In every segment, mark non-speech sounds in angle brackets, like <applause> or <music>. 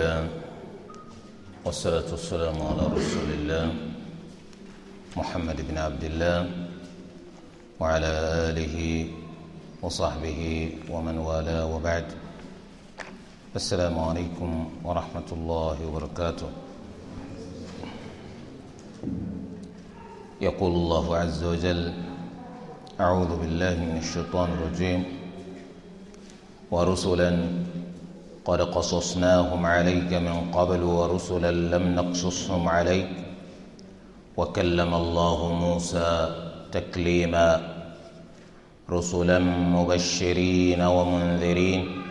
الله والصلاة والسلام على رسول الله محمد بن عبد الله وعلى آله وصحبه ومن والاه وبعد السلام عليكم ورحمة الله وبركاته يقول الله عز وجل أعوذ بالله من الشيطان الرجيم ورسلا قد قصصناهم عليك من قبل ورسلا لم نقصصهم عليك وكلم الله موسى تكليما رسلا مبشرين ومنذرين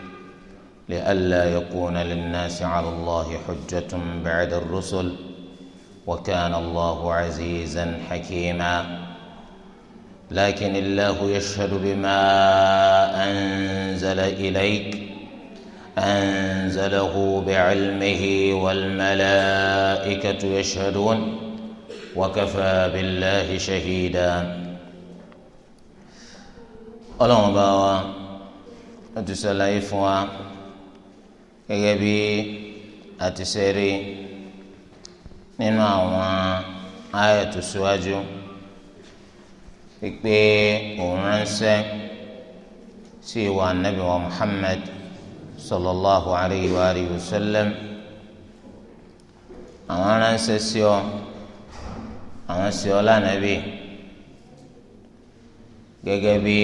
لئلا يكون للناس على الله حجة بعد الرسل وكان الله عزيزا حكيما لكن الله يشهد بما أنزل إليك أنزله بعلمه والملائكة يشهدون وكفى بالله شهيدا ọlọ́run bá wa ó ti ṣàlàyé fún wa gẹ́gẹ́ bí a ti ṣe rí nínú àwọn àyà tó ṣíwájú pípé òun ránṣẹ́ sí ìwà nàbì wa Muhammad. صلى الله عليه وآله وسلم sallam àwọn aránsẹ́ sí ọ àwọn sí ọ lánàbí gẹ́gẹ́ bí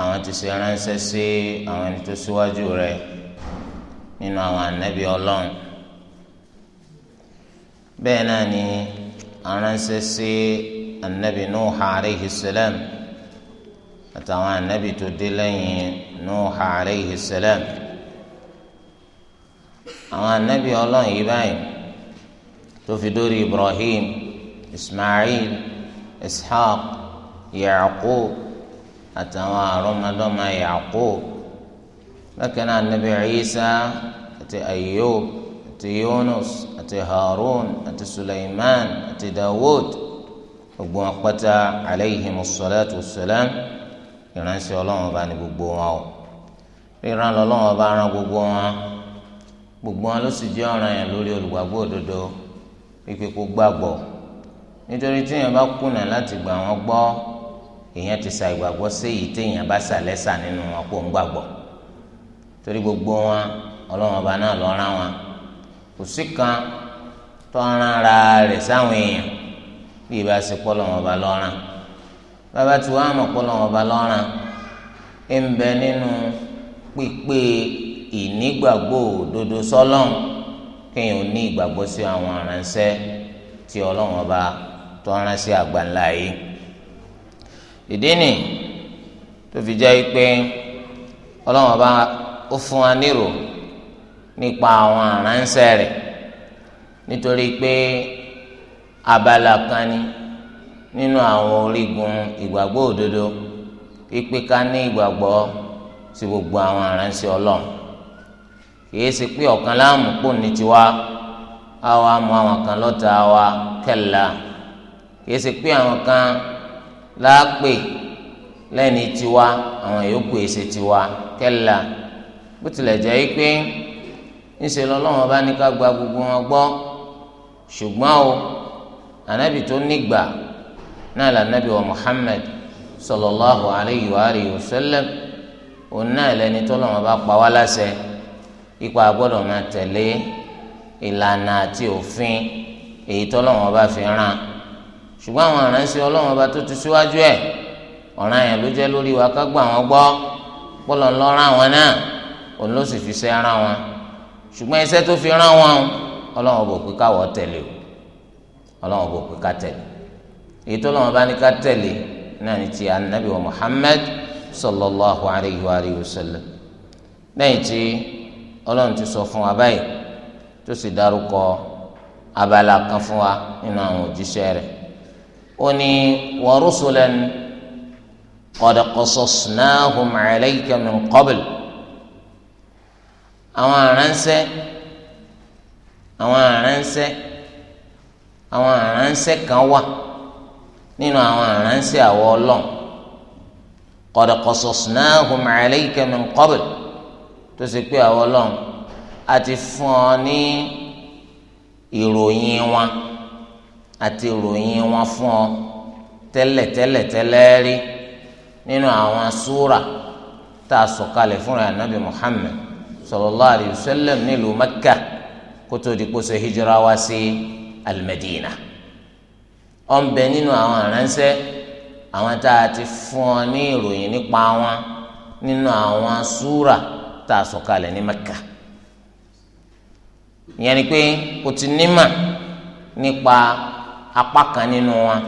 àwọn ti ṣe ránṣẹ́ sí àwọn ẹni tó síwájú rẹ̀ nínú àwọn ànábì ọlọ́run bẹ́ẹ̀ náà ni aránṣẹ́ sí ànábì Nuh alayhi salam àtàwọn ànábì tó dé lẹ́yìn nuuha aleyhi salam àwọn anabi ọlọ́run yìí báyìí tó fi dórí ibrahim ismail ishaq yaqub àtàwọn àrọmọdọ́mọ yaqub bákan náà anabi isa àti ayub àti yunus àti harun àti suleiman àti dawud gbogbo wọn aleyhi musalatu salam ìránṣẹ́ ọlọ́run ọba ni gbogbo wọn o ríran lọ́lọ́run ọba ran gbogbo wọn gbogbo wọn ló sì jẹ́ ọ̀ràn yẹn lórí olùgbàgbọ́ òdodo wípé kó gbàgbọ́ nítorí tí èèyàn bá kùnà láti gbà wọ́n gbọ́ èèyàn ti sa ìgbàgbọ́ sí èyí téèyàn bá sà lẹ́sà nínú wọn kó ń gbàgbọ́ torí gbogbo wọn ọlọ́run ọba náà ló rán wọn kò sí kan tó ń rán ara rẹ̀ sáwọn èèyàn bí ìbá ṣe pọ́ lọ́wọ́n ọba ló bàbá tí wàá mọ̀ pọ̀ lọ́wọ́ ọba lọ́ràn ń bẹ nínú pípé ìnígbàgbọ́ òdodo sọ́lọ́n kéèyàn ò ní ìgbàgbọ́ sí àwọn aránṣẹ́ tí ọlọ́run ọba tó ránṣẹ́ àgbáńlá yìí. ìdí nì tó fi jẹ́ pé ọlọ́run ọba ó fún wa nírò nípa àwọn aránṣẹ́ rẹ̀ nítorí pé abala kan ni nínú àwọn orígun ìgbàgbọ́ òdodo ipe ká ní ìgbàgbọ́ sí gbogbo àwọn aránṣẹ́ Ọlọ́run kìí ṣe pé ọ̀kan láàmú pò ní tiwa á wá mú àwọn kan lọ́ta wa kẹ̀lá kìí ṣe pé àwọn kan láàpè lẹ́ni tiwa àwọn yòókù èsè tiwa kẹ̀lá bó tilẹ̀ jẹ́ pé ńṣe lọ́lọ́wọ́n bá ní ká gba gbogbo wọn gbọ́ ṣùgbọ́n o ànábì tó nígbà. na là nàbí wa Muhammad sallallahu alayhi wa alihi wa sallam òun náà lẹni tó lọ́wọ́ ipa gbọ́dọ̀ máa tẹ̀lé ìlànà àti òfin èyí tó fi ràn ṣùgbọ́n àwọn aransi ọlọmọba bá tó ti síwájú ẹ̀ ọ̀ràn yẹn ló jẹ́ lórí wa ká gbọ́ pọ́lọ́ wọn náà òun ló ara wọn ṣùgbọ́n iṣẹ́ tó wọn bò pé káwọ́ tẹ̀lé o Ọlọ́run bò pé ká tẹ̀lé o. èyí tó lọ́wọ́ bá ní ká tẹ̀lé náà ní ti anabi wa muhammad sallallahu alayhi wa alihi wa sallam lẹ́yìn tí ọlọ́run ti sọ fún wa báyìí tó sì dárúkọ abala kan fún wa nínú àwọn òjíṣẹ́ rẹ̀ ó ní wa rusulan qad qasasnahum alayka àwọn aránṣẹ́ àwọn aránṣẹ́ àwọn aránṣẹ́ kan wà nínú àwọn àránṣẹ́ àwọ ọlọ́n qad qasasnahum alayka min qabl tó ṣe pé àwọ ọlọ́n àti fún ọ ní ìròyìn wọn àti ìròyìn wọn fún ọ tẹ́lẹ̀ tẹ́lẹ̀ tẹ́lẹ̀ rí nínú àwọn súrà tá a sọ̀kalẹ̀ fúnra ànábì Muhammad sallallahu alayhi nílùú Mẹ́kà kótó dikpó hijira wá sí al ọ̀n bẹ nínú àwọn aránṣẹ́ àwọn tá a ti fún ọ ní ìròyìn nípa wọn nínú àwọn súrà tá a sọ̀kalẹ̀ ní Mẹ́kà ìyẹn ni pé kò ti nímà nípa apá kan nínú wọn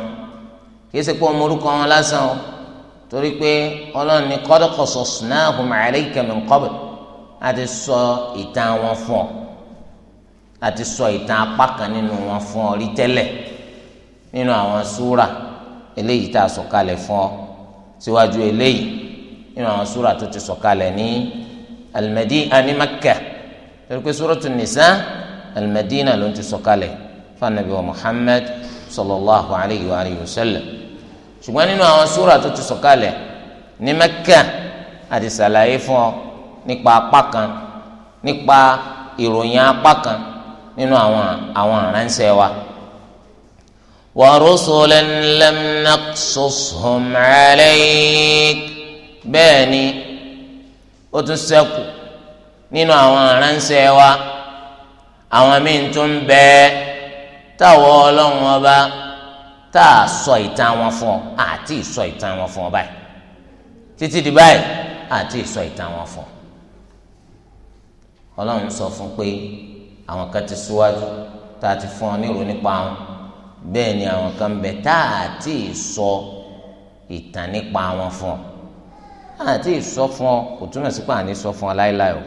kìí ṣe pé ọmọ orúkọ wọn lásán o torí pé ọlọ́run ní qad qasasnahum alayka min qabl a sọ ìtàn wọn fún ọ a sọ ìtàn apá kan nínú wọn fún ọ rí tẹ́lẹ̀ nínú àwọn súrà eléyìí tá a sọ̀kalẹ̀ fún ọ síwájú eléyìí nínú àwọn súrà tó ti sọ̀kalẹ̀ ní al-Madina ní Makkah torí pé súrà tún Nisa al-Madina ló ń ti sọ̀kalẹ̀ fún anabi wa Muhammad sallallahu alayhi wa alihi wa sallam ṣùgbọ́n nínú àwọn súrà tó ti sọ̀kalẹ̀ ní Makkah àti sàlàyé fún ọ nípa apá kan nípa ìròyìn apá kan nínú àwọn àwọn aránṣẹ́ wa. ورسلا لم نقصصهم عليك bẹ́ẹ̀ ni ó tún ṣẹ́kù nínú àwọn aránṣẹ́ wa àwọn míín tún bẹ táwọn ọlọ́run ọba tá a sọ ìtàn wọn fún ọ àti ìsọ ìtàn wọn fún ọ báyìí títí di báyìí àti ìsọ ìtàn wọn fún ọ ọlọ́run sọ fún pé àwọn kan ti síwájú tá a ti fún ọ nírò nípa wọn bẹ́ẹ̀ ni àwọn kan bẹ tá a ti sọ ìtàn nípa wọn fún ọ àti sọ fún ọ kò túmọ̀ sí pé àní sọ fún ọ láéláé o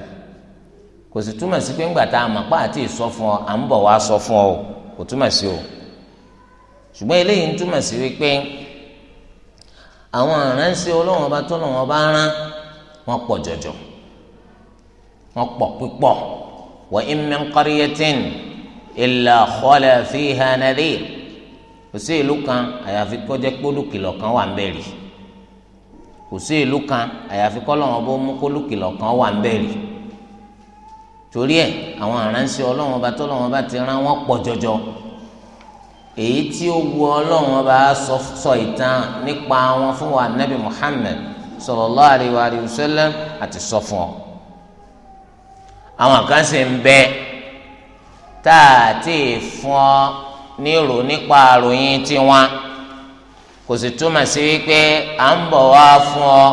kò sì túmọ̀ sí pé ńgbà tá a mọ̀ pé àti sọ fún ọ à ń bọ̀ wá sọ fún ọ o kò túmọ̀ sí o ṣùgbọ́n eléyìí ń túmọ̀ sí wípé àwọn aránṣẹ́ Ọlọ́run ọba tó lọ́wọ́ bá rán wọn pọ̀ jọjọ wọn pọ̀ púpọ̀ wa in min qaryatin illa khala fiha nadhir kò sí ìlú kan àyàfi kọjá kpólùkìlọ̀ kan wà ń bẹ̀ rí kò sí ìlú kan àyàfi kọ́lọ́wọ́n bó mú kólùkìlọ̀ kan wà ń bẹ̀ rí torí ẹ̀ àwọn aránṣẹ́ ọlọ́wọ́n bá tọ́lọ́wọ́n bá ti rán wọ́n pọ̀ jọjọ èyí tí ó wu ọlọ́wọ́n bá sọ ìtàn nípa wọn fún wa nabi Muhammad sallallahu alaihi wa sallam àti sọ fún ọ àwọn kan sì ń bẹ tá a ti fún ọ. nírò nípa àròyìn tiwọn kò sì túmọ̀ sí wípé à ń bọ̀ wá fún ọ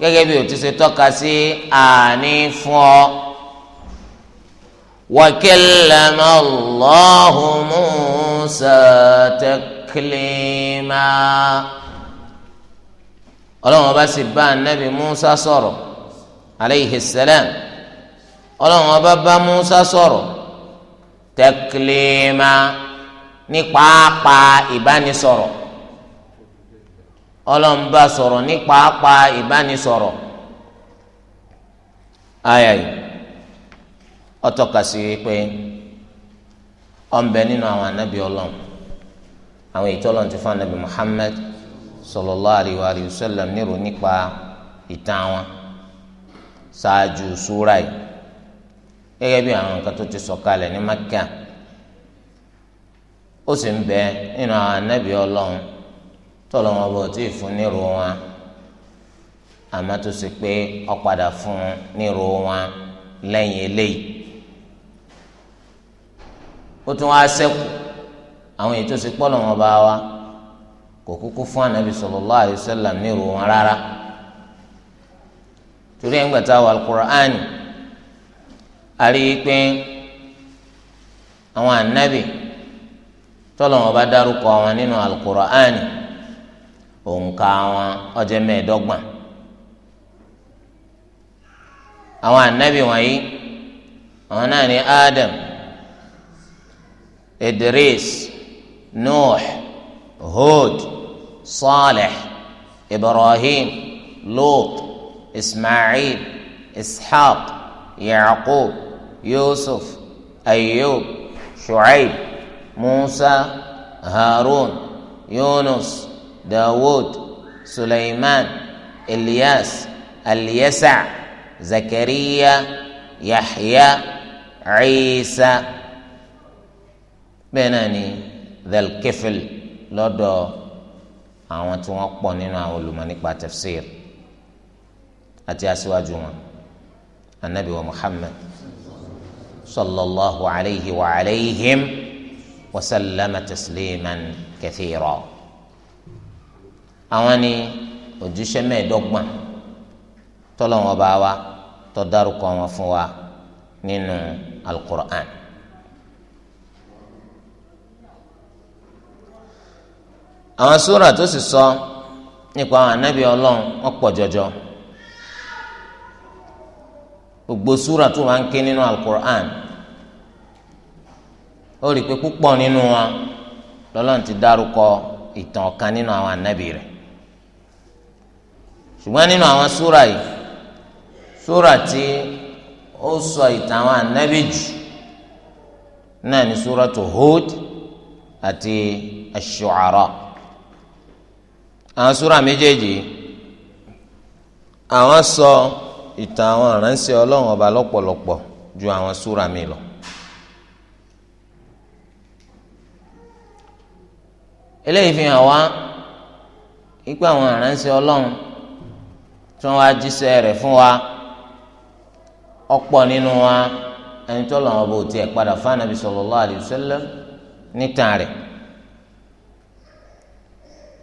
gẹ́gẹ́ bí o ti ṣe tọ́ka sí àní fún ọ. وكلم الله Musa تكليما ọlọ́run ọba sì bá anabi musa sọ̀rọ̀ aleyhi salam ọlọ́run ọba bá musa sọ̀rọ̀ tẹ́kílímà. ní pàápàá ìbánisọ̀rọ̀ ọlọ́mùbá sọ̀rọ̀ ní pàápàá ìbánisọ̀rọ̀ ayayi yìí ọtọ́ka sí pé ọ̀nbẹ nínú àwọn anabi ọlọm àwọn ètò ọlọ́run ti fún Muhammad sallallahu alaihi wa sallam nírò nípa ìtàn wọn ṣáájú súra yìí gẹ́gẹ́ bí àwọn nǹkan tó ti sọ̀kalẹ̀ ní Makkah. ó sì ń bẹ nínú àwọn anábì ọlọ́run tọ́lọ́ wọn bò tí fún nírú wọn àmọ́ tó ṣe pé padà fún nírú wọn lẹ́yìn eléyìí ó tún wá sẹ́kù àwọn èyí tó ṣe pọ́ lọ́wọ́ bá wa kò kúkú fún anabi sọlọlọ alaihi nírú wọn rárá torí ń wà al-Qur'ani pé àwọn anabi. tọ́lọ́wọ́n bá dárúkọ wọn nínú alukur'ani òǹkà wọn ó jẹ́ mẹ́ẹ̀ẹ́dọ́gbọ̀n àwọn ànábì wọ̀nyí àwọn náà ní adam idris nuh hud saleh ibrahim lut ismail ishaq yaqub yusuf ayub shu'aib musa harun yunus dawud suleiman ilyas alyasa zakariya yahya isa bẹ́ẹ̀ náà ni dhalkifil lọ́dọ̀ àwọn tí wọ́n pọ̀ nínú àwọn olùmọ̀ nípa tafsir àti aṣíwájú wọn anabi wa sallallahu alayhi wa alayhim. وسلم تسليما كثيرا àwọn ni òjíṣẹ́ mẹ́ẹ̀ẹ́dọ́gbọ̀n tọ́lọ́wọ́n bá wa tó dárúkọ wọn fún wa nínú alukur'an. àwọn súrà tó sì sọ nípa àwọn anábì ọlọ́run wọ́n pọ̀ jọjọ gbogbo súrà tó wà ń ké nínú alukur'an ó rí i pé púpọ̀ nínú wọn lọ́lọ́run ti dárúkọ ìtàn ọ̀kan nínú àwọn ànábì rẹ̀ ṣùgbọ́n nínú àwọn súra yìí súra tí ó sọ ìtàn àwọn ànábì jù náà ní súra tó Hud àti Ash-Shu'ara àwọn súra méjèèjì àwọn sọ ìtàn àwọn ìránṣẹ́ Ọlọ́run ọba lọ́pọ̀lọpọ̀ ju àwọn súra mi lọ. eléyìí fi hàn wá ipa àwọn aránṣẹ́ Ọlọ́run tí wọ́n wá jíṣẹ́ rẹ̀ fún wa ọ̀pọ̀ nínú wa ẹni tó lọ́wọ́ bó tiẹ̀ padà fún Ànábì sallallahu alayhi wa sallam níta rẹ̀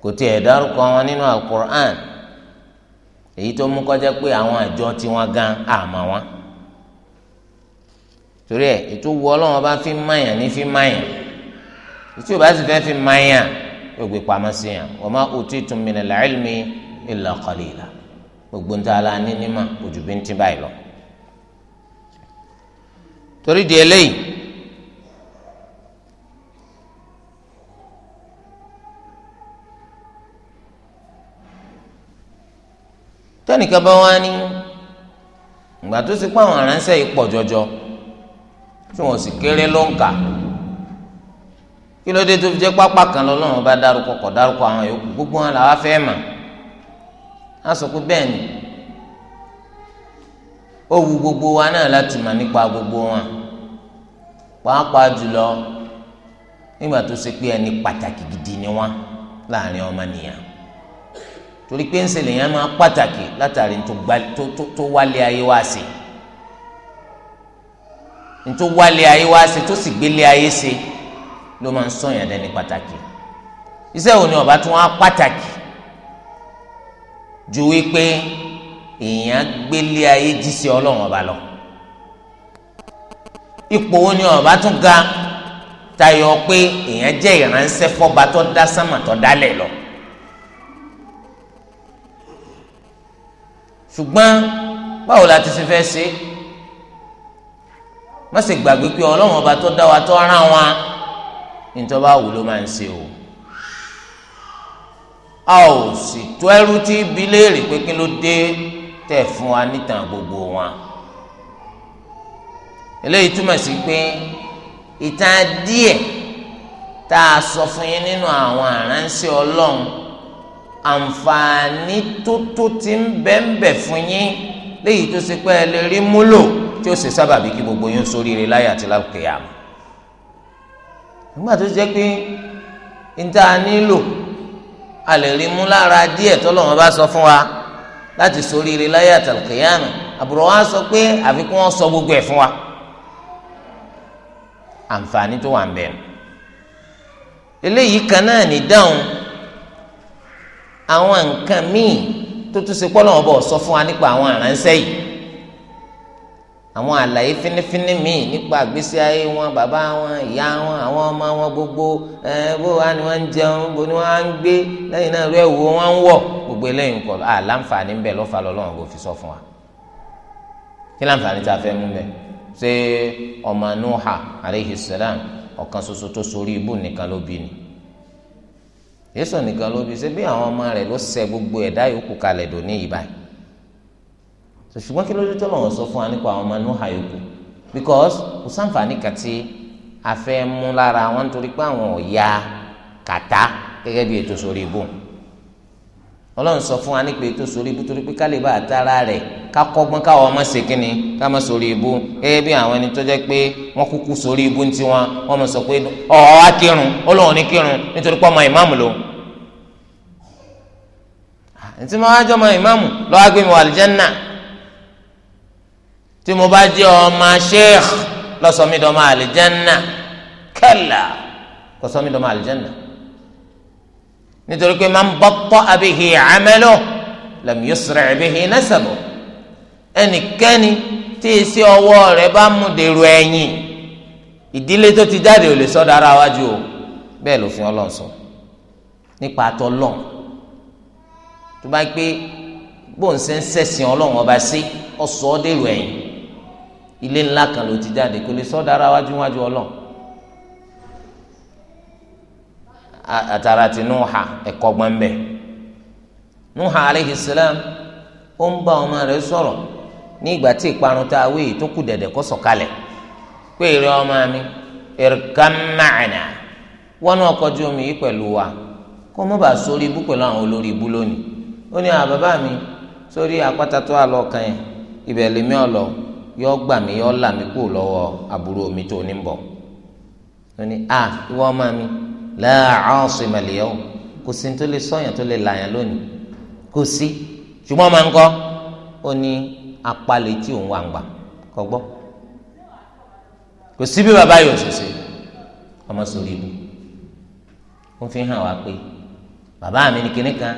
kò tiẹ̀ dárúkọ wọn nínú alukur'an èyí tó mú kọjá pé àwọn àjọ tiwọn gan àmà wọn torí ẹ̀ ètò wọ bá fi máyàn ní fi máyàn ètò ìbá fi máyàn yóò gbé pamọ́ sí yàn wa ma utitum minal ilmi illa qalila gbogbo ń ta la ní nímọ̀ ojú bí ń tí báyìí lọ. torí di eléyìí tẹnìkan bá wá ní ìgbà tó ti pa àwọn aránṣẹ́ yìí pọ̀ jọjọ tí wọ́n sì kéré ló kí ló dé tó fi jẹ́ pápá kan lọ́lọ́run bá dárúkọ kọ dárúkọ àwọn yòókù gbogbo wọn làwa fẹ́ mà á sọ pé gbogbo wa náà láti mà nípa gbogbo wọn pàápàá jùlọ nígbà tó ṣe pé ẹni pàtàkì gidi ni wọn láàrin ọmọnìyàn torí pé ń yẹn máa pàtàkì látàrí tó wálé ayé wá sí tó wálé ló máa ń sọyàn dẹni pàtàkì iṣẹ́ òní ọba tí wọ́n á pàtàkì ju wípé èèyàn gbélé ayé jíṣẹ́ ọlọ́run ọba lọ ipò wo ni ọba tún ga tayọ pé èèyàn jẹ́ ìránṣẹ́ fọ́ba tó dá sámà tó dálẹ̀ lọ ṣùgbọ́n báwo la ti ṣe fẹ́ ṣe má ṣe gbàgbé pé ọlọ́run ọba tó dá wa tó rán wa ntọ́ba wù ló máa ń ṣe o a ò sì tó ẹrú tí ibi pé kí ló dé tẹ̀ fún wa nítàn gbogbo wọn eléyìí túmọ̀ sí pé ìtàn díẹ̀ tá a sọ fún yín nínú àwọn àránṣẹ́ ọlọ́run àǹfààní tó tó ti ń bẹ́ńbẹ̀ fún yín léyìí tó ṣe pé ẹ lè rí múlò tí ó ṣe sábàbí kí gbogbo yín sóríire láyé àti lálùkẹ́yàmù nígbà tó jẹ́ pé níta nílò a lè rí mú lára díẹ̀ tọ́lọ́wọ́n bá sọ fún wa láti ṣoríire láyé àtàlùkìyàmù àbúrò wa sọ pé àfikún wọn sọ gbogbo ẹ̀ fún wa àǹfààní tó wà ń bẹ̀ eléyìí kan náà ní dáhùn àwọn nǹkan míì tó tún ṣe pọ́ bọ̀ sọ fún wa nípa àwọn àránṣẹ́ yìí àwọn àlàyé fínífíní míì nípa àgbésí ayé wọn bàbá wọn ìyá wọn àwọn ọmọ wọn gbogbo ẹ bó wà ni wọn ń jẹun bó ni wọn á ń gbé lẹ́yìn náà rẹ wo wọn ń wọ gbogbo eléyìí kọ à láǹfààní ń bẹ lọfà lọlọrun kò fi sọ fún wa kí láǹfààní tá a fẹ́ mú bẹ ṣé ọmọ nuha aleyhi salam ọ̀kan ṣoṣo tó sorí ibú nìkan ló bí ni yéṣọ nìkan ló bí ṣe bí àwọn ọmọ rẹ ló ṣe gbogbo ẹ̀dá yòókù kalẹ̀ dòní yìí báyìí ṣùgbọ́n kí ló dé tọ́lọ̀ wọn sọ fún wa nípa àwọn ọmọ inú àyòkù because kò sáǹfààní kàtí afẹ́ mú lára wọn nítorí pé àwọn ọ̀ya kàtá gẹ́gẹ́ bí ètò sórí ibù ọlọ́run sọ fún wa nípa ètò sórí ibù torí pé kálíbà àtàrà rẹ̀ kakọ́gbọ́n káwọn ọmọ ṣe kínni káwọn sórí ibù gẹ́gẹ́ bí àwọn ẹni tó jẹ́ pé wọ́n kúkú sórí ibù ń tiwọn wọ́n mọ̀ sọ pé ọ̀ọ́ á ọlọ́run ní kírun nítorí pé ọmọ ìmáàmù lòun ntí mo wá jọmọ ìmáàmù lọ́wọ́ gbé mi wà àlùjánnà tí mo bá jẹ́ ọmọ sheikh lọ́sọ̀mídọ́mọ àlìjẹ́nà kẹ́là kọ́sọ́mídọ́mọ àlìjẹ́nà nítorí pé man batta'a bihi 'amaluhu lam yusri' bihi nasabuhu ẹnikẹ́ni tí èsì ọwọ́ rẹ̀ bá mú dèrò ẹ̀yìn ìdílé tó ti jáde ò lè sọ́dọ̀ ara wájú o bẹ́ẹ̀ lòfin ọlọ́run sọ nípa àtọ́lọ́n tó bá gbé bóun ṣe ń ṣẹ̀sìn ọlọ́run ọba sí ọ̀sọ́ dèrò ẹ̀yìn Ile ńlá kan ló ti jáde kò lè sọ́dọ̀ ara wájú wájú ọlọ́run àtàrà ti nuuha ẹ̀kọ́ gbọ́nbẹ́ nuuha aleyhi salam ó ń bá ọmọ rẹ̀ sọ̀rọ̀ ní ìgbà tí ìparun ta a yìí tó kù kó ọmọ mi "Erika wọnú ọkọ̀ omi yìí pẹ̀lú wa kó mọ́ bá sórí ibú pẹ̀lú àwọn olórí ibú lónìí ó ní àbábá mi sórí tó yọ gbà mí yọ là mí kú lọwọ àbúrò mi tó ní bọ̀ ní a ìwọ ọmọ mi láàárọ̀ ọ̀sìnmọ̀lẹ́ kò sí tó lè sọ̀yàn tó lè làyàn lónìí kò sí ṣùgbọ́n máa ń kọ́ ó ní apalẹ̀ tí òun wà ń gbà kọ́ gbọ́ kò sí bí bàbá ibu ó fi hàn wá pé mi ní kinní kan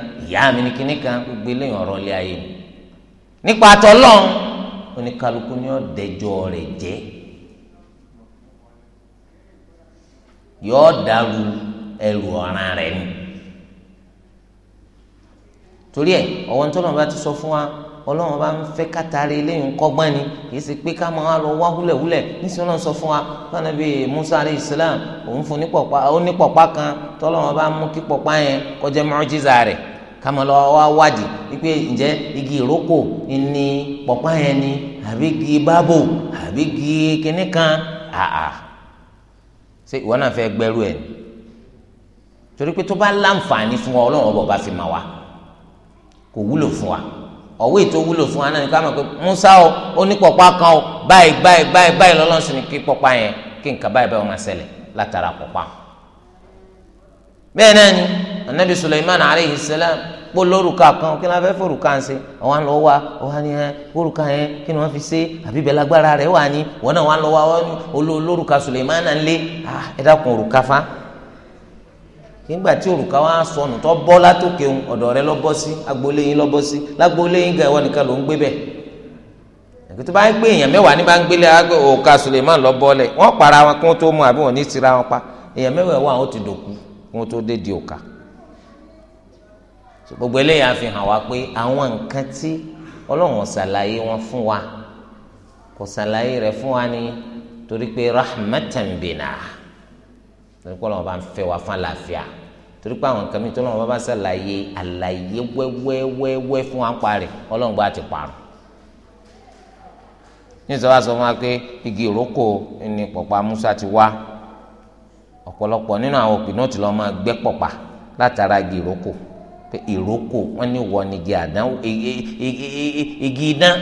mi ní kinní kan gbogbo eléyìí ilé ayé oníkálukú ni ọ̀dẹ́jọ́ rẹ̀ jẹ́ yọ dàrú ẹrù ọ̀ràn rẹ̀ ni torí ẹ ọwọ́ ntọ́nà bá ti sọ fún wa ọlọ́run bá ń fẹ́ kátàrí eléyìí kọ́gbọ́n ni kìí ṣe pé ká máa lọ wá húlẹ̀húlẹ̀ níṣẹ́ náà sọ fún wa lọ́nà bíi Musa alayhi salam òun fún nípọ̀pá ó nípọ̀pá kan tọ́lọ́run bá mú kí pọ̀pá yẹn kó jẹ́ rẹ̀ ká máa lọ wá wádìí wípé ǹjẹ́ igi ìrókò ni pọ̀pá yẹn ni àbí gi bábò àbí gi kinní kan àà ṣé ìwọ náà fẹ́ gbẹ́rú ẹ̀ torí pé tó bá láǹfààní fún ọ ọlọ́run ọba ọba fi mà wá kò wúlò fún wa ọ̀wé ètò wúlò fún wa náà ní ká mọ̀ pé Musa o ó ní pọ̀pá kan o báyìí báyìí báyìí báyìí lọ́lọ́run sì ní kí pọ̀pá yẹn kí nǹkan báyìí báyìí máa ṣẹlẹ̀ látara pọ̀pá bẹ́ẹ̀ náà ni anabi Sulaiman aleyhi salam kó lórúkà kan kí ni wọ́n fẹ́ fòrùkà ń ṣe àwọn àlọ́ wa wọ́n ní ẹ fòrùkà yẹn kí ni wọ́n fi ṣe àbí bẹ́ẹ̀ lágbára rẹ̀ wà ní wọ́n náà wọ́n lọ́ wa wọ́n olórúkà Sùlẹ̀mánà ńlẹ̀ ah, ẹ dákun òrùka fa nígbà tí òrùka wa sọnù tó bọ́ látòkè ọ̀dọ̀ rẹ̀ lọ́bọ́ sí agboolé yín lọ́bọ́ sí lágboolé yín gan ìwọ nìkan ló ń gbé bẹ́ẹ̀ tó bá ń gbé èèyàn mẹ́wàá ní bá ń gbélé àgbẹ̀ Suleiman lọ bọ́ọ̀lẹ̀ wọ́n para wọn kí wọ́n tó mú àbí wọ́n ní tira wọn pa èèyàn mẹ́wàá wà wọ́n ti dòkú kí wọ́n tó dé di òkà gbogbo eléyìí á fi hàn wá pé àwọn nǹkan tí ọlọ́run ṣàlàyé wọn fún wa kò ṣàlàyé rẹ̀ fún wa ní torí pé rahmatan bina torí pé ọlọ́run bá ń fẹ́ wa fún àlàáfíà torí pé àwọn nǹkan mi tó lọ́wọ́ bá ṣàlàyé àlàyé wẹ́wẹ́wẹ́wẹ́ fún wa ń parẹ́ ọlọ́run bá ti parun nítorí wàá sọ fún wa pé igi ìrókò ni pọ̀pá musa ti wá ọ̀pọ̀lọpọ̀ nínú àwọn òpin náà ti lọ́ọ́ máa gbẹ́ pọ̀pá látara igi ìrókò pé ìrókò wọn ní wọ ni igi àdánwò igi idán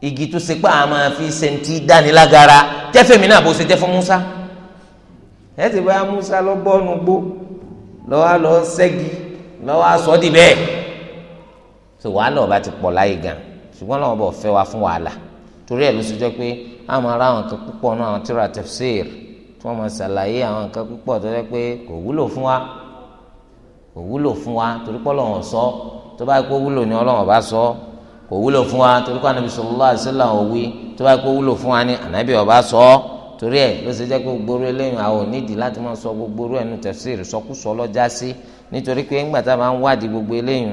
igi tó ṣe pé a máa fi sẹ́ńtì dánilágara jẹ́fẹ̀mí náà bó ṣe jẹ́ fún Musa ẹ ti bá Musa lọ bọ́ọ̀nù gbó lọ́wọ́ lọ ṣẹ́gi lọ́wọ́ aṣọ́dì bẹ́ẹ̀ tó wàhálà ọba ti pọ̀ láyé gan ṣùgbọ́n lọ́wọ́ bọ̀ fẹ́ wa fún wàhálà torí ẹ̀ ló ṣe jẹ́ pé a máa ra àwọn kan púpọ̀ náà àwọn tíra tafsir tí wọ́n máa ṣàlàyé àwọn nǹkan púpọ̀ tó jẹ́ pé kò wúlò fún wa kò wúlò fún wa torí pé Ọlọ́run sọ tó bá yẹ kó wúlò ni Ọlọ́run bá sọ kò wúlò fún wa torí pé Ànábì sallallahu alaihi wasallam ò wí tó bá yẹ kó wúlò fún wa ni Ànábì ó bá sọ torí ẹ̀ ló ṣe jẹ́ pé gbogbo rẹ̀ lẹ́yìn àwọn onídìí láti máa sọ gbogbo rẹ̀ nù tafsir sọkúsọ lọ́jà sí nítorí pé ńgbà tá a máa ń wádìí gbogbo eléyìí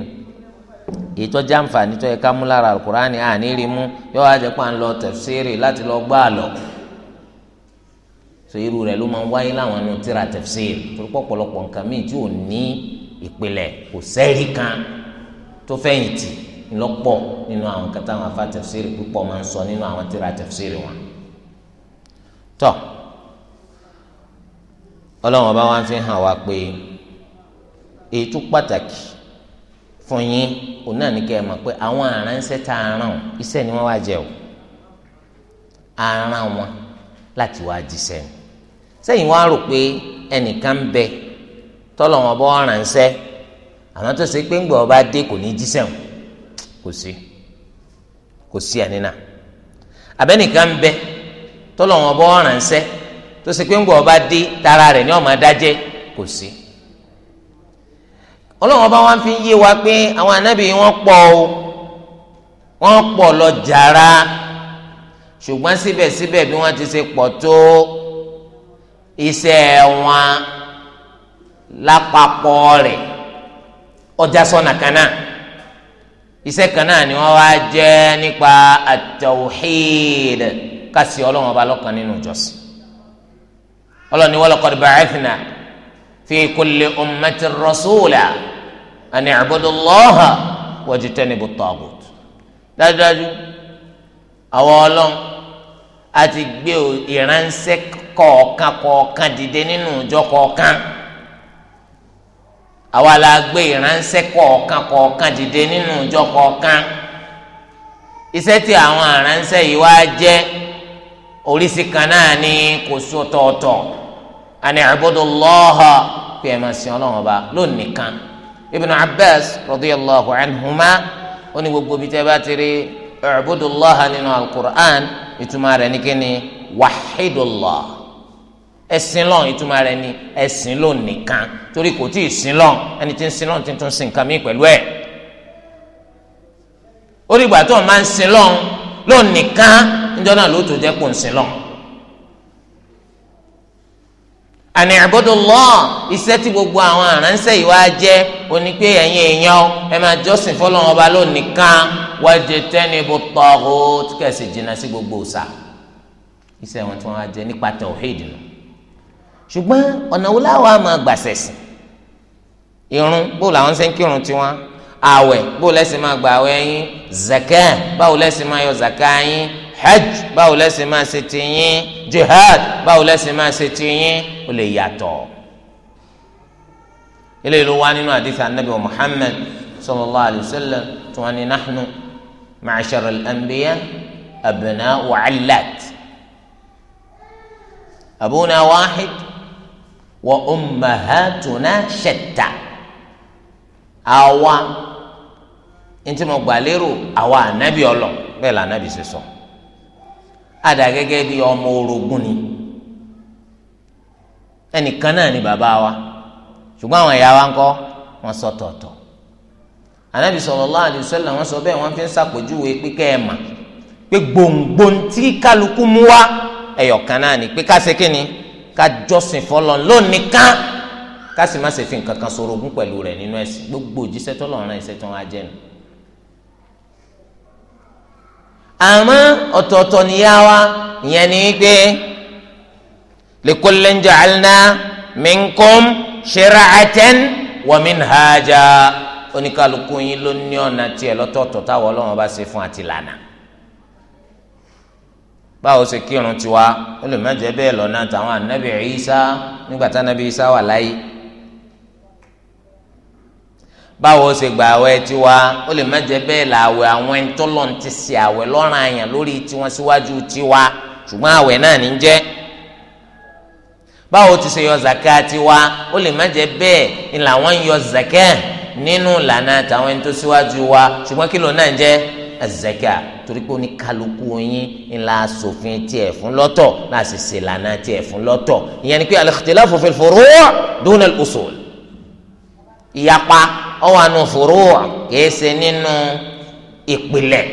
ètò jàǹfà nítorí ká mú lára Al-Qur'ani àní rí mú yọ wá jẹ́ pé à ń lọ tafsir láti lọ gbá àlọ́ so irú rẹ̀ ló máa ń wáyé láwọn ẹnu tíra tafsir torí pọ̀pọ̀lọpọ̀ nǹkan míì tí ò ní ìpìlẹ̀ kò sẹ́rí kan tó fẹ̀yìntì ńlọ́pọ̀ nínú àwọn nǹkan táwọn afá tafsir púpọ̀ máa ń sọ nínú àwọn tíra tafsir wọn. tọ́ ọlọ́run ọba wa fi hàn wá pé èyí tó pàtàkì fún yín òun náà ní kẹ́ ẹ mọ̀ pé àwọn aránṣẹ́ tá a rán iṣẹ́ ni wọ́n wá jẹ́ o a wọn láti wá jíṣẹ́ ni sẹ́yìn wá rò pé ẹnìkan ń bẹ tọ́lọ̀ wọn bọ́ ránṣẹ́ àmọ́ tó ṣe pé ọba dé kò ní jíṣẹ́ kò sí kò sí ẹni abẹ́nìkan ń bẹ tọ́lọ̀ wọn bọ́ ránṣẹ́ tó ṣe pé ọba dé tara rẹ̀ ní ọmọ kò sí ọlọ́wọ́n bá wọn fi wa pé àwọn wọn pọ̀ wọn pọ̀ lọ jàrá ṣùgbọ́n síbẹ̀síbẹ̀ bí wọ́n ti ṣe pọ̀ iṣẹ́ wọn lápapọ̀ rẹ̀ ọjà sọ̀nà kan náà iṣẹ́ kan náà ni wọ́n wá jẹ́ nípa at-tawhid kásì ọlọ́run ọba lọ́kan nínú ìjọsìn ọlọ́run ni wa laqad ba'athna fi kulli ummatin rasula an i'budu Allaha wajtanibu at-taghut dájúdájú àwọn ọlọ́run a gbé ìránṣẹ́ kan kọ̀ọ̀kan kọ̀ọ̀kan dìde nínú ìjọ kọ̀ọ̀kan àwa la gbé ìránṣẹ́ kọ̀ọ̀kan kọ̀ọ̀kan dìde nínú ìjọ kọ̀ọ̀kan iṣẹ́ tí àwọn ìránṣẹ́ yìí wá jẹ́ oríṣi kan náà ni kò so tọ̀ọ̀tọ̀ àní àbúdúlọ́hà pé ẹ̀ máa sin ọlọ́run ọba lónìí kan Ibn Abbas radiyallahu anhuma ó ní gbogbo bíi tẹ́ bá ti rí àbúdúlọ́hà nínú alukur'an ìtumọ̀ rẹ̀ ní kíni wàhídùlọ́hà. ẹsìn lọ́n ìtumọ̀ rẹ̀ ni ẹsìn lọ́n nìkan torí kò tí ì sin lọ́n ẹni tí ń sin lọ́n ti tún sin nǹkan mi pẹ̀lú ẹ̀ ó rí ìgbà tó o máa ń sin lọ́n lọ́n nìkan níjọ́ náà ló tó jẹ́ kó ń sin lọ́n. àní àbọ̀dọ̀lọ́ iṣẹ́ tí gbogbo àwọn àránṣẹ́ yìí wá jẹ́ oní pé ẹ̀yin èèyàn ẹ máa jọ́sìn fọ́lọ́run ọba lọ nìkan wájú tẹ́ni bó tọ́ ọ́ kẹ̀sì jìnnà sí gbogbo òòṣà iṣẹ́ wọn tí wọ́n á jẹ nípa tẹ̀ òhèdè náà ṣùgbọ́n ọ̀nà wo láwọn á máa gbàṣẹ̀ sí irun bó làwọn ṣe ń kírun tiwọn àwẹ̀ bó lẹ́sìn máa gbà àwẹ̀ yín zakah báwo lẹ́sìn máa yọ zakah yín hajj báwo lẹ́sìn máa ṣe ti yín jihad báwo lẹ́sìn máa ṣe ti yín ó lè yàtọ̀ eléyìí ló wá nínú àdìsí anabi muhammed sallallahu alayhi wa sallam tí wọn ní nahnu ma'ashar al-anbiya abna'u allat abuna wahid wa ummahatuna shatta àwa ntí mo gbà lérò àwa ànábì ọlọ bẹ́ẹ̀ la ànábì ṣe sọ àdá gẹ́gẹ́ bí ọmọ orogún ni ẹnìkan náà ni bàbá wa ṣùgbọ́n àwọn ìyá wa ń kọ́ wọn sọ tọ̀tọ̀ ànábì sallallahu alaihi wasallam wọn sọ bẹ́ẹ̀ wọ́n fi ń ṣàpèjúwe pípẹ́ ẹ̀ mà pé gbòǹgbò kálukú mú wá ẹ̀yọ̀kan náà ni pé ká kí ni ká jọ́sìn fọlọ́ lónìkan ká sì má ṣe fi nǹkan kan sorogún pẹ̀lú rẹ̀ nínú ẹ̀sìn gbogbo òjíṣẹ́ tó lọ́ọ́ ran iṣẹ́ tó ń wá jẹ́ nu. àmọ́ ọ̀tọ̀ọ̀tọ̀ níyà wa ìyẹn ni pé likullin ja'alna minkum shira'atan wa minhaja oníkàlùkù yín ló ní ọ̀nà tiẹ̀ lọ́tọ̀ọ̀tọ̀ táwọn ọlọ́run bá ṣe fún àtìlànà báwo ṣe kírun tiwa ó lè má jẹ́ bẹ́ẹ̀ lọ́nà tàwọn ànábì Ìsá nígbà tí ànábì Ìsá wà láyé báwo ṣe gbà àwẹ̀ tiwa ó lè má jẹ́ bẹ́ẹ̀ làwẹ̀ àwọn ẹni tó lọ́n ti ṣe àwẹ̀ lọ́ràn àyàn lórí tiwọn síwájú tiwa ṣùgbọ́n àwẹ̀ náà ní jẹ́ báwo ti ṣe yọ zaka tiwa ó lè má jẹ́ bẹ́ẹ̀ ni ń yọ zaka nínú ìlànà tàwọn ẹni tó síwájú wa ṣùgbọ́n kí ló náà jẹ́ zaka torí pé oníkálukú yín ńlá sòfin tiẹ̀ fún lọ́tọ̀ náà sì ṣèlànà tiẹ̀ fún lọ́tọ̀ ìyẹn ni pé al-ikhtilafu fil furu' duna al-usul ìyapa ọwọ́ àánú furu' kìí ṣe nínú ìpìlẹ̀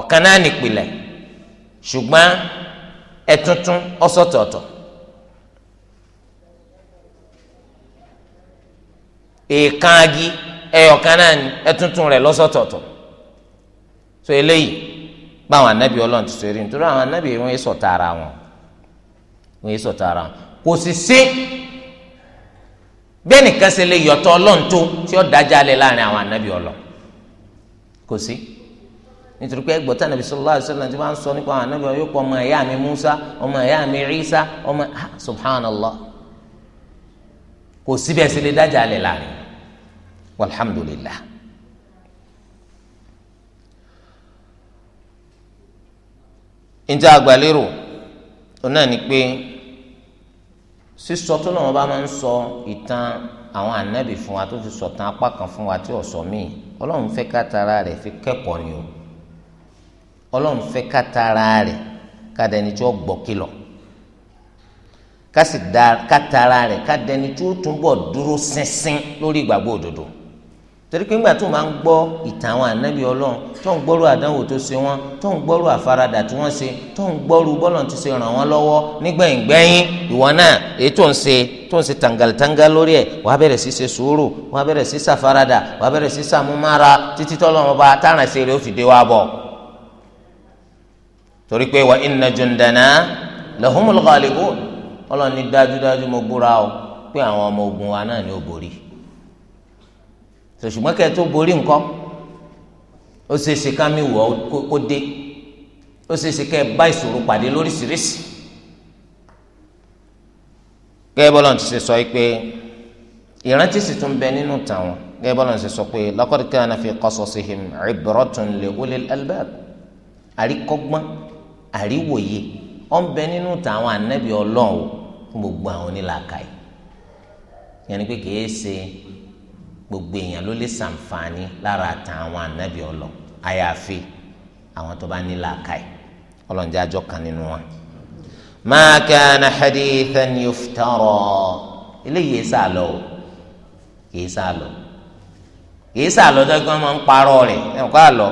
ọ̀kan náà nìpìlẹ̀ ṣùgbọ́n ẹ̀tuntun ọ̀sọ̀tọ̀ọ̀tọ̀ èèkan agi ẹyọkan náà ẹ̀tuntun rẹ̀ lọ́sọ̀tọ̀ọ̀tọ̀ so eléyìí báwọn anabi Ọlọ́run ti sori nítorí àwọn anabi wọn yé sọta ara wọn wọn yé sọta ara wọn kò sì sí bẹ́ẹ̀ nìkan ṣe lè yọ̀tọ̀ Ọlọ́run tó tí ó dájà lé láàrin àwọn anabi Ọlọ́run kò sí nítorí pé ẹgbọ́tà nàbí sallallahu alaihi wasallam tí wọ́n á sọ nípa àwọn anabi yóò ọmọ ẹ̀yà mi Musa ọmọ ẹ̀yà mi Isa ọmọ ah subhanallah kò síbẹ̀ ṣe lè dájà lé láàrin walhamdulillah. níta àgbàlérò òun náà ni pé sísọ tó náà wọn bá máa ń sọ ìtàn àwọn ànábì fún wa tó fi sọ̀tàn apá kan fún wa tí ò míì ọlọ́run fẹ́ ká tara fi kẹ́kọ̀ọ́ ni o ọlọ́run fẹ́ ká tara rẹ̀ ká dẹni tí ó gbọ́ kìlọ̀ ká sì dá ká tara rẹ̀ ká dẹni tí ó túbọ̀ dúró ṣinṣin lórí ìgbàgbọ́ òdodo torí pé ńgbà tó máa ń gbọ́ ìtàn àwọn ànábì ọlọ́run tó ń gbọ́rú àdánwò tó ṣe wọ́n tó ń gbọ́rú àfaradà tí wọ́n ṣe tó ń gbọ́rú bọ́lọ̀ tó ṣe ràn wọ́n lọ́wọ́ nígbẹ̀yìngbẹ̀yìn ìwọ náà èyí tó ń ṣe tó ń ṣe tàǹgàlítàǹgà lórí ẹ̀ wàá bẹ̀rẹ̀ sí ṣe sùúrù wàá bẹ̀rẹ̀ sí ṣàfaradà wàá bẹ̀rẹ̀ sí ṣàmúmára títí tọ́lọ́run ọba tààràn ṣe rè ṣùgbọ́n kẹ́ ẹ tó borí nǹkan ó ṣe é ṣe ká mi wọ̀ ọ́ kó dé ó ṣe é ṣe kẹ́ ẹ bá ìṣòro pàdé lóríṣiríṣi gẹ́gẹ́ bọ́lá ti ṣe sọ pé ìrántí sì tún bẹ nínú tàwọn gẹ́gẹ́ bọ́lá ti sọ pé laqad kana fi qasasihim ibratun li ulil albab àríkọ́gbọ́n àríwòye ó ń bẹ nínú tàwọn ànábì ọlọ́run gbogbo àwọn onílàákàyè yẹn ni pé kìí ṣe gbogbo èèyàn ló lè ṣàǹfààní lára àtàn àwọn ànábì ọlọ àyàfi àwọn tó bá ní làákàyè ọlọ́njẹ́ àjọ kan nínú wọn. ma kana hadithan yuftara eléyìí èsà lọ o kìí sà lọ kìí sà máa ń parọ́ rẹ̀ ẹ̀kọ́ àlọ́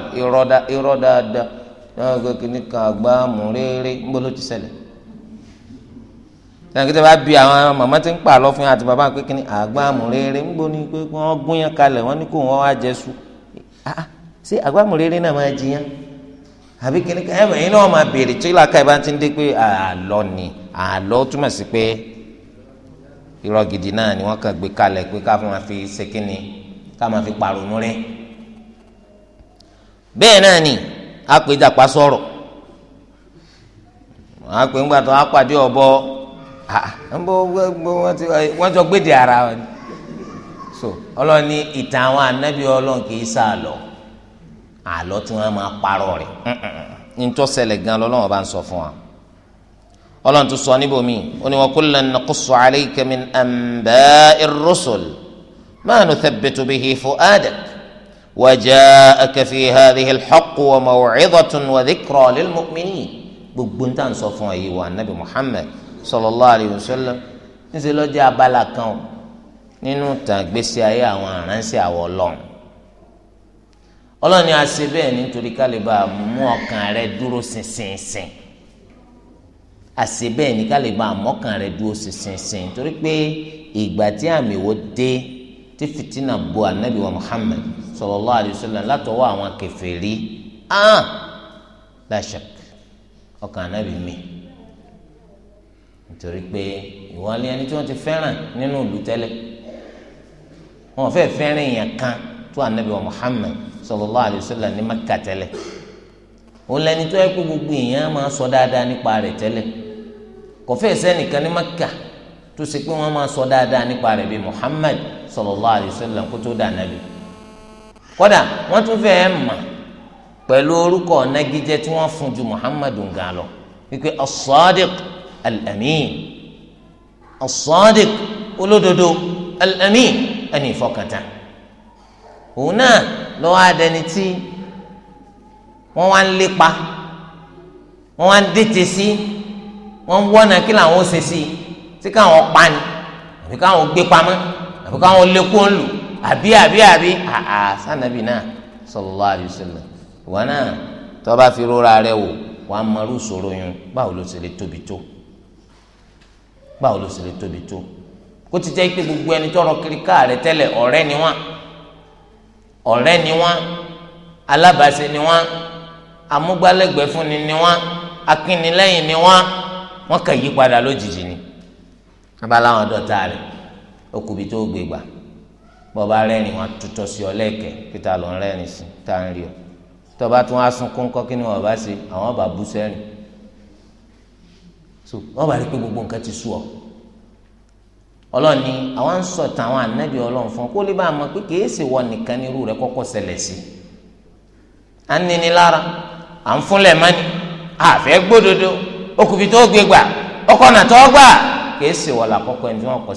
irọ́ dáadáa kìnnìkan àgbà mú réré ń gbọ́dọ̀ ti ṣẹlẹ̀ tẹnikẹ́tẹ́ bá bi àwọn màmá tí ń pa àlọ́ fún yẹn àti bàbá pé kíni àgbàmù rere ń gbóni pé wọ́n gún yẹn kalẹ̀ wọ́n ní kó wọ́n wá jẹ su ah, ah, ṣé àgbàmù rere náà máa jiyàn àbí kíni ẹ ẹ̀yin náà máa béèrè tí ìlàkà ìbá ti ń dé pé àlọ́ ni àlọ́ túmọ̀ sí pé irọ́ gidi náà ni wọ́n kàn gbé kalẹ̀ pé ká máa fi ṣe kíni ká máa fi pàrònú rẹ̀ bẹ́ẹ̀ náà ni àpèjàpá sọ̀rọ̀ àpèǹgbàtàn àpàdé ọ̀bọ nbọ gbogbo wọn ti wọn jọ gbèdè ara wọn ni so ọlọ́run ní ìtàn àwọn anábì ọlọ́run kì í sá àlọ́ àlọ́ tí wọ́n máa parọ́ rẹ̀ ntọ́sẹ̀lẹ̀ gan lọ́lọ́run bá ń sọ fún wa ọlọ́run tó sọ níbòmí ó ní wa kullan naqussu alayka min anba'i ar-rusul ma nuthabbitu bihi fu'adak wa ja'aka fi hadhihi al-haqqu wa maw'izatun wa dhikra lil-mu'minin gbogbo ń tà ń sọ fún wa yìí wa anábì Muhammad sallallahu alayhi wa sallam níṣẹ́ ló jẹ́ abala kan o nínú tàn gbèsè ayé àwọn aránṣẹ́ àwọ̀ ọlọ́run ọlọ́run ni a ṣe bẹ́ẹ̀ nítorí kálíbà mú ọkàn rẹ dúró ṣinṣinṣin a ṣe bẹ́ẹ̀ ní kálíbà mọ́kàn rẹ dúró ṣinṣinṣin torí pé ìgbà tí àmì wo dé tí fìtínà bo anabi wa Muhammad sallallahu alayhi wa sallam látọwọ́ àwọn kèfèrí ah la ọkàn anabi mi nítorí pé ìwọ ni ẹni tí wọ́n ti fẹ́ràn nínú ìlú tẹ́lẹ̀ wọ́n fẹ́ẹ́ fẹ́ràn èèyàn kan tó ànábì wa Muhammad sallallahu alayhi wa sallam ní Mẹ́kà tẹ́lẹ̀ òun lẹni tó yẹ pé gbogbo èèyàn máa sọ dáadáa nípa rẹ̀ tẹ́lẹ̀ kò fẹ́ẹ́ sẹ́nìkan ní Mẹ́kà tó ṣe pé wọ́n máa sọ dáadáa nípa rẹ̀ bíi Muhammad sallallahu alayhi kó tó dà kódà wọ́n tún fẹ́ẹ́ mà pẹ̀lú orúkọ nagijẹ tí wọ́n fún ju Muhammad gan lọ wípé as الأمين الصادق as الأمين أني al هنا ẹni ìfọkàntán òun náà lọ́wọ́ adẹni tí wọ́n wá ń lépa wọ́n wá ń dètè sí wọ́n ń wọ́nà kí làwọn ó ṣe sí tí káwọn pa ni àbí káwọn gbé pamọ́ àbí káwọn lékún lù àbí àbí àbí àà sànàbì náà sallallahu alaihi wasallam náà tó fi rọra rẹ wò wàá mọrú sòrò yun báwo ló ṣe lè tóbi tó báwo ló sì lè tóbi tó kó ti jẹ́ pé gbogbo ẹni tọrọ kiri káà rẹ tẹ́lẹ̀ ọ̀rẹ́ ni wọ́n ọ̀rẹ́ ni wọ́n alábàáṣe ni wọ́n amúgbálẹ́gbẹ̀ẹ́ fúnni ni wọ́n akínilẹ́yìn ni wọ́n wọ́n kàn yí padà lójijì ni abaláwọn dọ́ta rẹ̀ okùnbi tó gbé gbà bọ́ba rẹ́rìn wọn tutọ́ sí ọ lẹ́ẹ̀kẹ́ pété ló rẹ́rìn sí tá à ń rí ọ tọ́ba tún á sunkún kọ́ kí bá ṣe àwọn bá bú sẹ́rìn so wọ́n bá rí gbogbo nǹkan ti sú ọ ọlọ́ọ̀ni àwọn ń sọ tàwọn ànábì ọlọ́run fún kó lè bá a wọ nìkan ní irú rẹ̀ kọ́kọ́ ṣẹlẹ̀ sí à ń nini lára à ń fúnlẹ̀ mọ́ni àfẹ́ gbódodo okùnfin tó gbé gbà ọkọ̀ nà tó gbà kìí ṣe wọ làkọ́kọ́ ẹni tí wọ́n kọ̀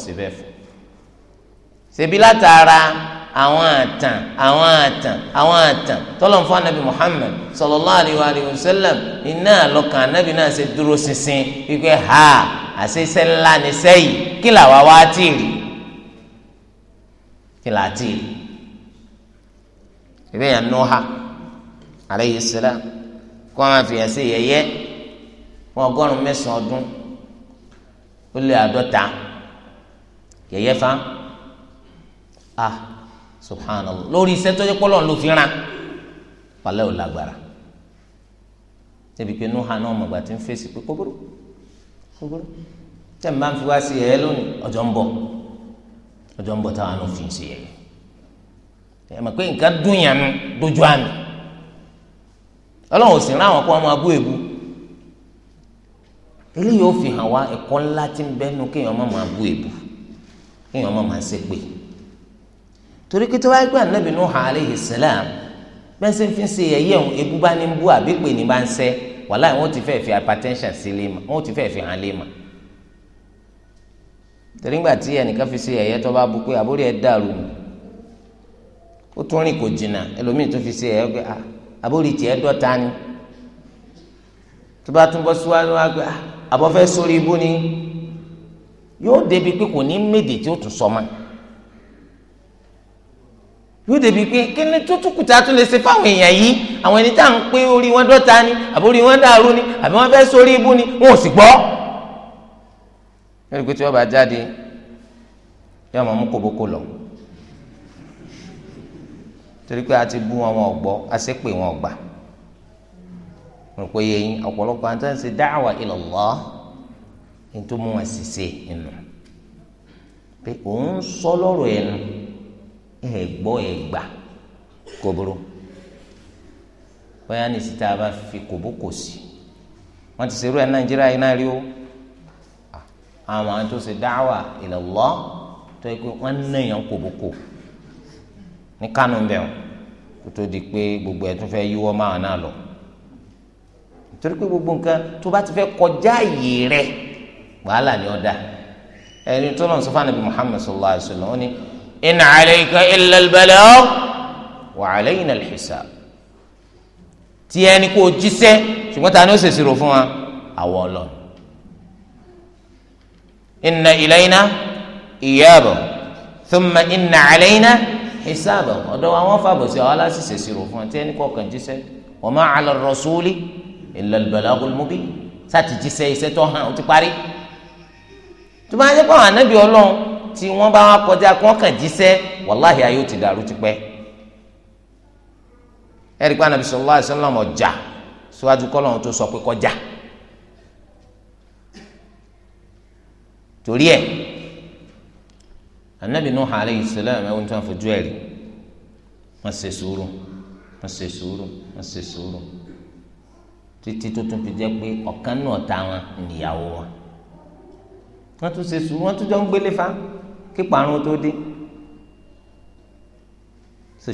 àwọn àtàn àwọn àtàn àwọn àtàn tọ́lọ́n fún anabi muhammed sallallahu alayhi wa sallam iná àlọ́kàn anabi náà ṣe dúró ṣinṣin wípé ha àṣeṣe ńlá ni sẹ́yìn kí làwa wá tì rí kí làá tì rí ìbí yẹn nùhà alayhi salam kó wọn fi ẹsẹ yẹyẹ wọn ọgọ́rùn mẹ́sàn ọdún ó lé àádọ́ta yẹyẹ fa ah subhanallah lórí iṣẹ́ tó yẹ kọ́ lọ́n ló fi ràn palẹ́ ò lágbára débi pé nuha náà mọ̀gbà tí ń fèsì pé kókóró kókóró tẹ̀ ń bá ń fi wá sí ẹ̀ẹ́ lónìí ọjọ́ ń bọ̀ ọjọ́ ń bọ̀ táwọn náà fi ń ṣe ẹ̀yẹ ẹ̀ mọ̀ pé nǹkan dùn yàn nu dojú àmì ọlọ́run ò sì rán àwọn kó wọn máa bú èbú eléyìí ó fi hàn wá ẹ̀kọ́ ńlá tí ń bẹ́nu kéèyàn má máa bú èbú kéèyàn má máa ṣépè. torí pé tí wàá gbé anabi salam bẹ́sẹ̀ fi ń se ẹ̀yẹ́ ohun ebú bá ní bú àbí pè ní bá ń sẹ́ ti fẹ́ fi hypertension sí lé ma ti fẹ́ fi hàn fi se tó bá bu pé àbórí ẹ̀ dàrú ó tún rìn kò jìnnà ẹlòmíì tó fi se ẹ̀yẹ́ pé ah, ni tó bá tún bọ́ síwájú wá ah, pé ni yóò débi pé kí ni tó tún kùtà tún lè ṣe fáwọn èèyàn yìí àwọn ẹni tá à ń pé orí wọn dọ́ta ni àbí orí wọn dàrú ni àbí wọn fẹ́ sórí ibú ni wọn ò sì gbọ́. lórí pé tí wọ́n bá jáde yóò máa mú kòbókò lọ torí pé a ti bú wọn wọn gbọ́ a sì pè wọn gbà. mo pe yẹn ọ̀pọ̀lọpọ̀ àti ṣe da'wa ila ní tó mú wọn sì ṣe nù pé òun sọ lọ́rọ̀ ẹnu. ẹ gbọ́ ẹ gbà kò burú bóyá ní a bá fi kòbókò sí wọ́n ti ṣerú ẹ̀ nàìjíríà yìí náà rí o àwọn tó ṣe dáwà ila tó yẹ pé wọ́n kòbókò ní kánò ń bẹ̀ kó tó di pé gbogbo ẹ̀ tún fẹ́ yíwọ máa náà lọ torí pé gbogbo nǹkan tó bá ti kọjá wàhálà ni da ẹni tó sọ Muhammad alayhi in عليك illa al وعلينا الحساب. alayna al-hisab tí ẹni kò jíṣẹ́ ṣùgbọ́n ta ni ó ṣèṣì rò fún wa àwọ̀ ọlọ́run inna ilayna iyabahum thumma inna alayna hisabahum ọ̀dọ̀ àwọn fàbọ̀ sí àwọn aláṣẹ ṣèṣì rò fún wa tí ẹni kò kàn jíṣẹ́ wa ma ala ar-rasuli illa al-balaghul jíṣẹ́ iṣẹ́ tó hàn ó ti parí tó bá yẹ kó àwọn anábì ọlọ́run tí wọ́n bá wá kọjá kí wọ́n kàn jíṣẹ́ wàláhì ayé ó ti dàrú tipẹ́ ẹ̀rí pé anabi sallallahu alaihi ọjà síwájú kọlọ lọ́run tó sọ pé kọjá torí ẹ anabi alayhi salam ẹ̀wọ̀n tí wọ́n fojú ẹ̀ rí wọ́n ṣe sùúrù ṣe sùúrù ṣe sùúrù títí tó tún fi pé náà ta wọn wọn tún ṣe kí parun tó dé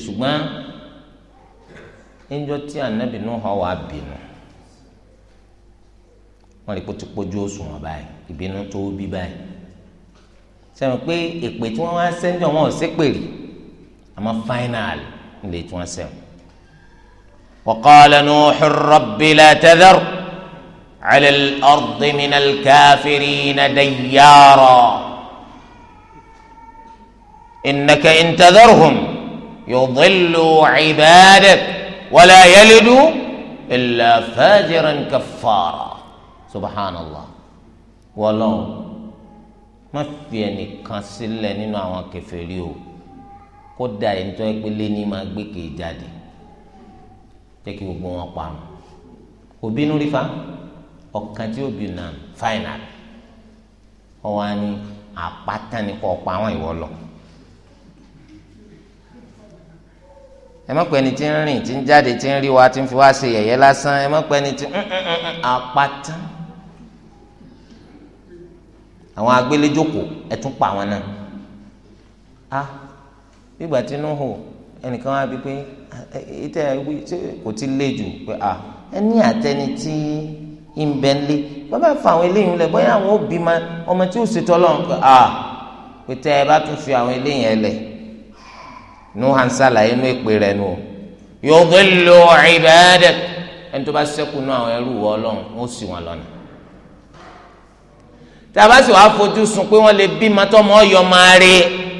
ṣùgbọ́n ẹnjọ́ tí anabi Nuhu wà á bínú wọ́n lè kótó pójú òṣùwọ̀n báyìí ìbínú tó bí báyìí sẹ́mi pé èpè tí wọ́n wá sẹ́ńjọ́ wọn ò ṣépè rí àmọ́ fáínàlì nílé tí wọ́n sẹ́wọ̀n. وقال نوح رب لا تذر على الأرض من الكافرين ديارا innaka intadharhum yudillu ibadak wala yalidu illa fajiran kaffara subhanallah wọlọ́n má fi ẹnìkan sílẹ̀ nínú àwọn kèfèrí o kódà ẹni tó yẹ pé lẹ́ni máa gbé kèé jáde jẹ́ kí gbogbo wọn parun òbí inú rífa ọ̀kan tí ó bí nà fáìnàlì ọ̀wá ni àpáta ni kò pa àwọn ìwọ lọ. ẹ má pẹ́ni tí ń rìn tí ń jáde tí ń rí wa tí ń fi wá ṣe yẹ̀yẹ́ lásán ẹ má pẹ́ni tí apáta àwọn agbéléjòkó ẹ tún pa àwọn náà a ah, gbígbà tí inú hù ẹnìkan wá bí pé ah, ìtẹ kò ti lé jù pé a ah, ẹni àtẹni tí ń bẹ ń lé bàbá fa àwọn eléyìí lẹ bóyá àwọn òbí ma ọmọ tí ó ṣètò Ọlọ́run pé a pé tẹ ẹ bá tún fi àwọn eléyìí ẹ lẹ nuha ń sàlàyé inú èpè rẹ̀ nù yudillu ibadak ẹni tó bá ṣẹ́kù nù àwọn ẹrú wọ ọlọ́run ó sì wọn lọ́nà tàbá sì wàá fojú sun pé wọ́n lè bímọ tọmọ ọyọ máa rí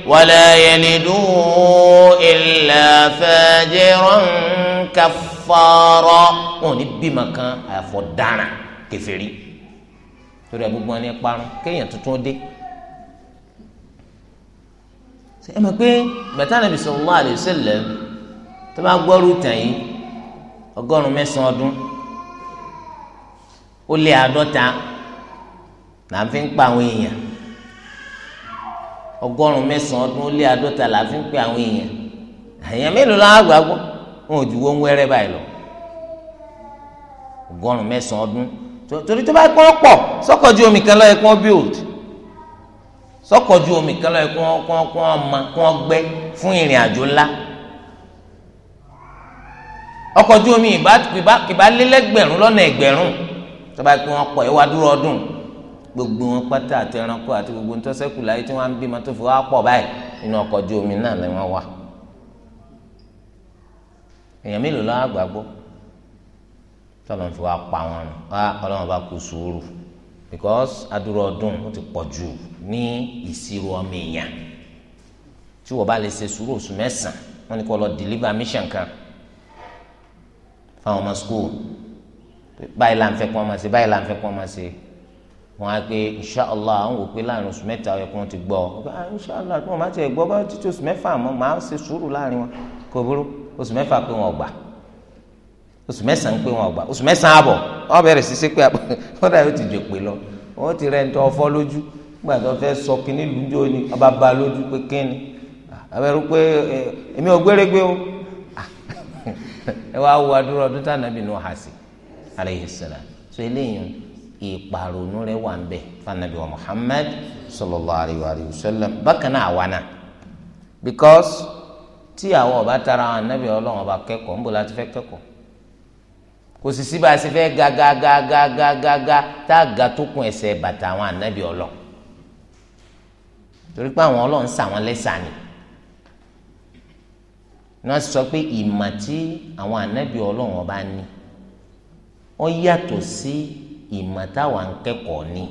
wala yalidu illa fajiran kaffara wọn ò ní bímọ kan àfọ̀dára kèfèrí torí ẹ̀ gbogbo wọn ní parun kéèyàn tuntun dé ẹ mọ̀ pé bàtà nàbì sallallahu alaihi wasallam tó bá gbọ́rú tàn yìí ọgọ́rùn-ún mẹ́sàn-án ọdún ó lé àádọ́ta là ń fi ń pa àwọn èèyàn ọgọ́rùn-ún mẹ́sàn-án ọdún ó lé àádọ́ta là ń fi ń pa àwọn èèyàn èèyàn mélòó láwọn àgbàgbọ́ wọn ò ju wọn wẹ́rẹ́ báyìí lọ ọgọ́rùn-ún mẹ́sàn-án ọdún torí tó bá pọ́n pọ̀ sọ́kọ̀ ju omi kan lọ́yẹ̀ kí wọ́n build sọkọjú omi kan lọ kí wọn kí wọn kí wọn ma kí wọn gbẹ́ fún ìrìn àjò ńlá ọkọjú omi ìbá kìbá lélẹ́gbẹ̀rún lọ́nà ẹgbẹ̀rún tọba pé wọn pọ̀ ẹwà dúró ọdún gbogbo wọn pátá àti ẹranko àti gbogbo ntọ́sẹ́kù láyé tí wọ́n ń bímọ tó fi wá pọ̀ báyìí nínú ọkọjú omi náà ni wọ́n wà èèyàn mélòó lọ́wọ́ àgbà gbọ́ tọ́lọ́n fi wá pa wọn rìn wá ọlọ́run bá kú sùúrù because adúrò ọdún ó ti pọ̀ jù ní ìṣirò ọmọ èèyàn tí wọ́n bá lè ṣe sùúrù oṣù mẹ́sàn-án wọ́n ní kó lọ deliver mission kan fáwọn ọmọ school báyìí là ń fẹ́ kí wọ́n máa ṣe báyìí là ń fẹ́ kí wọ́n máa ṣe wọ́n á pé inshàlá àwọn wò pé láàrin oṣù mẹ́ta ọ̀yọ́ kí wọ́n ti gbọ́ ah, inshàlá tí wọ́n bá ti gbọ́ bá títí oṣù mẹ́fà mọ́ màá ṣe sùúrù láàrin wọn kò burú oṣù mẹ́fà pé wọ́n gbà. oṣù mẹ́sàn-án pé wọn ọgbà oṣù mẹ́sàn-án àbọ̀ wọn bẹ̀rẹ̀ sí sépè wọn dà yóò ti lọ wọn ti rẹ nítorí ọfọ lójú nígbà tó fẹ́ sọ ọba bá lójú pé kínní abẹ́rú pé èmi ò gbé o <laughs> ẹ wá wo adúrò ọdún tá alayhi so rẹ wà ń bẹ fanabi wa sallallahu alayhi wa sallam bákan náà àwa náà because tí àwọn ọba tara àwọn anabi ọba ń kò sì sí bá a ṣe fẹ́ ga ga ga ga ga ga ga tá a ga tó kun ẹsẹ̀ bàtà àwọn ànábì ọlọ torí pé àwọn ọlọ́run sà wọ́n lẹ́sà ni wọ́n sọ pé ìmọ̀ tí àwọn ànábì ọlọ́run ọba ní ó yàtọ̀ sí ìmọ̀ táwa ń kẹ́kọ̀ọ́ ní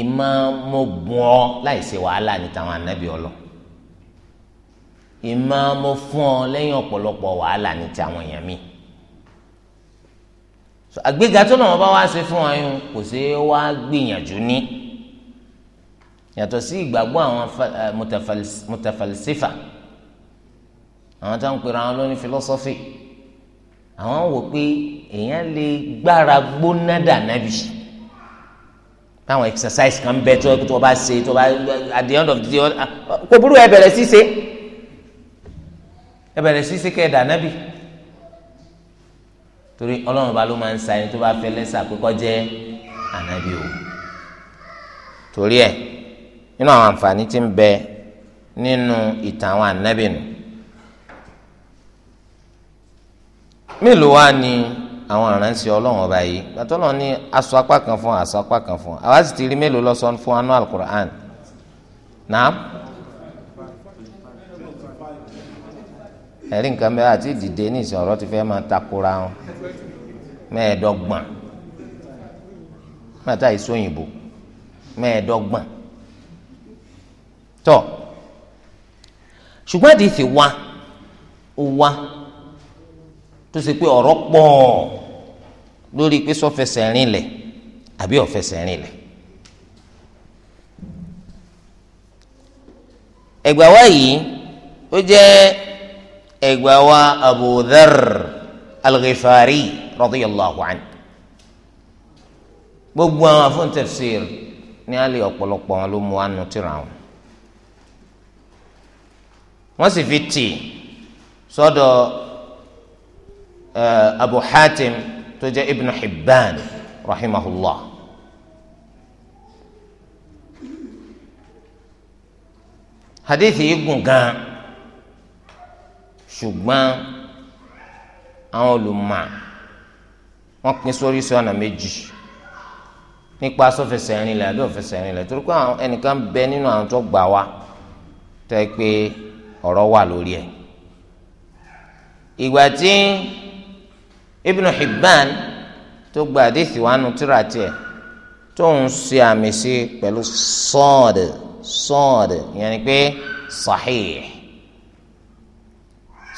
ìmọ̀ mo bùn ọ láì ṣe wàhálà ní tàwọn ànábì ọlọ ìmọ̀ mo fún ọ lẹ́yìn ọ̀pọ̀lọpọ̀ wàhálà ní tàwọn èèyàn míì àgbéga tó náà wọn bá wá ṣe fún wa yún kò ṣe é wá gbìyànjú ní yàtọ̀ sí ìgbàgbọ́ àwọn mutafalsifa àwọn tó ń pera àwọn lóní philosophy àwọn wò pé èèyàn lè gbára gbóná dà táwọn exercise kan bẹ tó tó bá ṣe tó bá at the end of the day kò burú ẹ bẹ̀rẹ̀ sí ṣe ẹ bẹ̀rẹ̀ sí ṣe kẹ́ ẹ dà torí ọlọ́run ba ló máa ń sa ẹni tó bá fẹ́ lẹ́sà pé jẹ́ ànábì o torí ẹ nínú àwọn àǹfààní tí ń bẹ nínú ìtàn àwọn ànábì nù mélòó wá ni àwọn àránṣẹ́ ọlọ́run ọba yìí gbàtọ́ lọ ní aṣọ apá kan fún aṣọ apá kan fún àwa sì ti rí mélòó lọ́sọ̀ fún anú alukur'an náà. ẹ̀rí nǹkan bẹ́ẹ̀ àti ìdìde ní ìsìn ọ̀rọ̀ ti fẹ́ máa takora wọn mẹ́ẹ̀ẹ́dọ́gbọ̀n mẹ́ta ìsóyìnbó mẹ́ẹ̀ẹ́dọ́gbọ̀n tọ́ ṣùgbọ́n àdìsí wa ó wá tó ṣe pé ọ̀rọ̀ pọ̀ lórí pé sọ́fẹsẹ̀ rinlẹ̀ àbí ọ̀fẹsẹ̀ rinlẹ̀ ẹgbàá wa yìí ó jẹ́ ẹgbà eh, wa Abu Dharr al-Ghifari radiyallahu anhu gbogbo àwọn afúntẹ̀sír ní alẹ́ ọ̀pọ̀lọpọ̀ wọn ló mú àánú tìrà wọn wọ́n sì fi tì sọ́dọ̀ eh, Abu Hatim tó jẹ́ Ibn Hibban rahimahullah. hadithi yìí gùn gan-an ṣùgbọ́n àwọn olùmọ̀ wọ́n pín sórí sí ọ̀nà méjì nípa sọ́fẹsẹ̀ ìrìnlẹ̀ àbí ọ̀fẹsẹ̀ ìrìnlẹ̀ torí pé ẹnìkan bẹ nínú àwọn tó gbà wá tẹ́ pé ọ̀rọ̀ wà lórí ẹ̀ ìgbà tí Ibn Hibban tó gba àdéhìí wánu tíra tiẹ̀ tó ń ṣe àmì sí pẹ̀lú sọ́ọ̀dì sọ́ọ̀dì ìyẹn ni pé sahih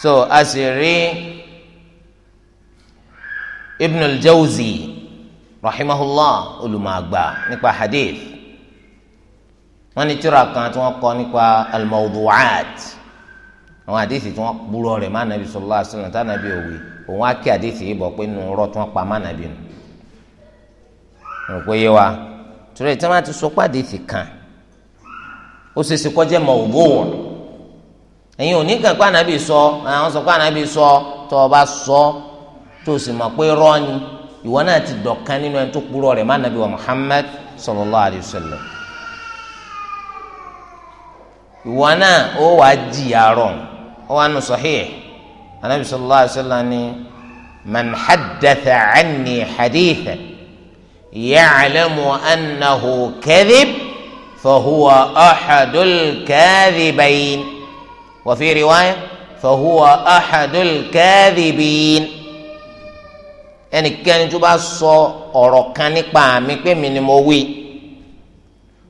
so a sì rí ibn al-jawzi rahimahullah olùmọ̀gbà nípa hadith wọ́n ní tírà kan tí wọ́n kọ nípa al-mawdu'at àwọn hadith tí wọ́n gbúrọ̀ rẹ̀ máa nàbí sallallahu alaihi wasallam tánàbí òwe òun á kí hadith yìí bọ̀ pé nù rọ̀ tí wọ́n pa máa nàbí nù rò yé wa torí tí wọ́n ti sọ pé hadith kan ó ṣeéṣe kó jẹ́ mawdu' ẹ̀yin ò ní kàn pé ànábì sọ àwọn sọ pé ànábì sọ tó o bá sọ tó o sì mọ̀ pé rọ́ ni ìwọ náà ti dọ̀kan nínú ẹni tó kúrò rẹ̀ má nàbí wa Muhammad sallallahu alayhi wa sallam ìwọ náà ó wà á jìyà rọ ó wà nù sahih anabi sallallahu alayhi ni man haddatha anni haditha ya'lamu annahu kadhib fahuwa ahadul kadhibayn. وفي رواية فهو أحد الكاذبين kadhibin ẹnikẹ́ni tó bá sọ ọ̀rọ̀ kan nípa mi pé mi ni mo wí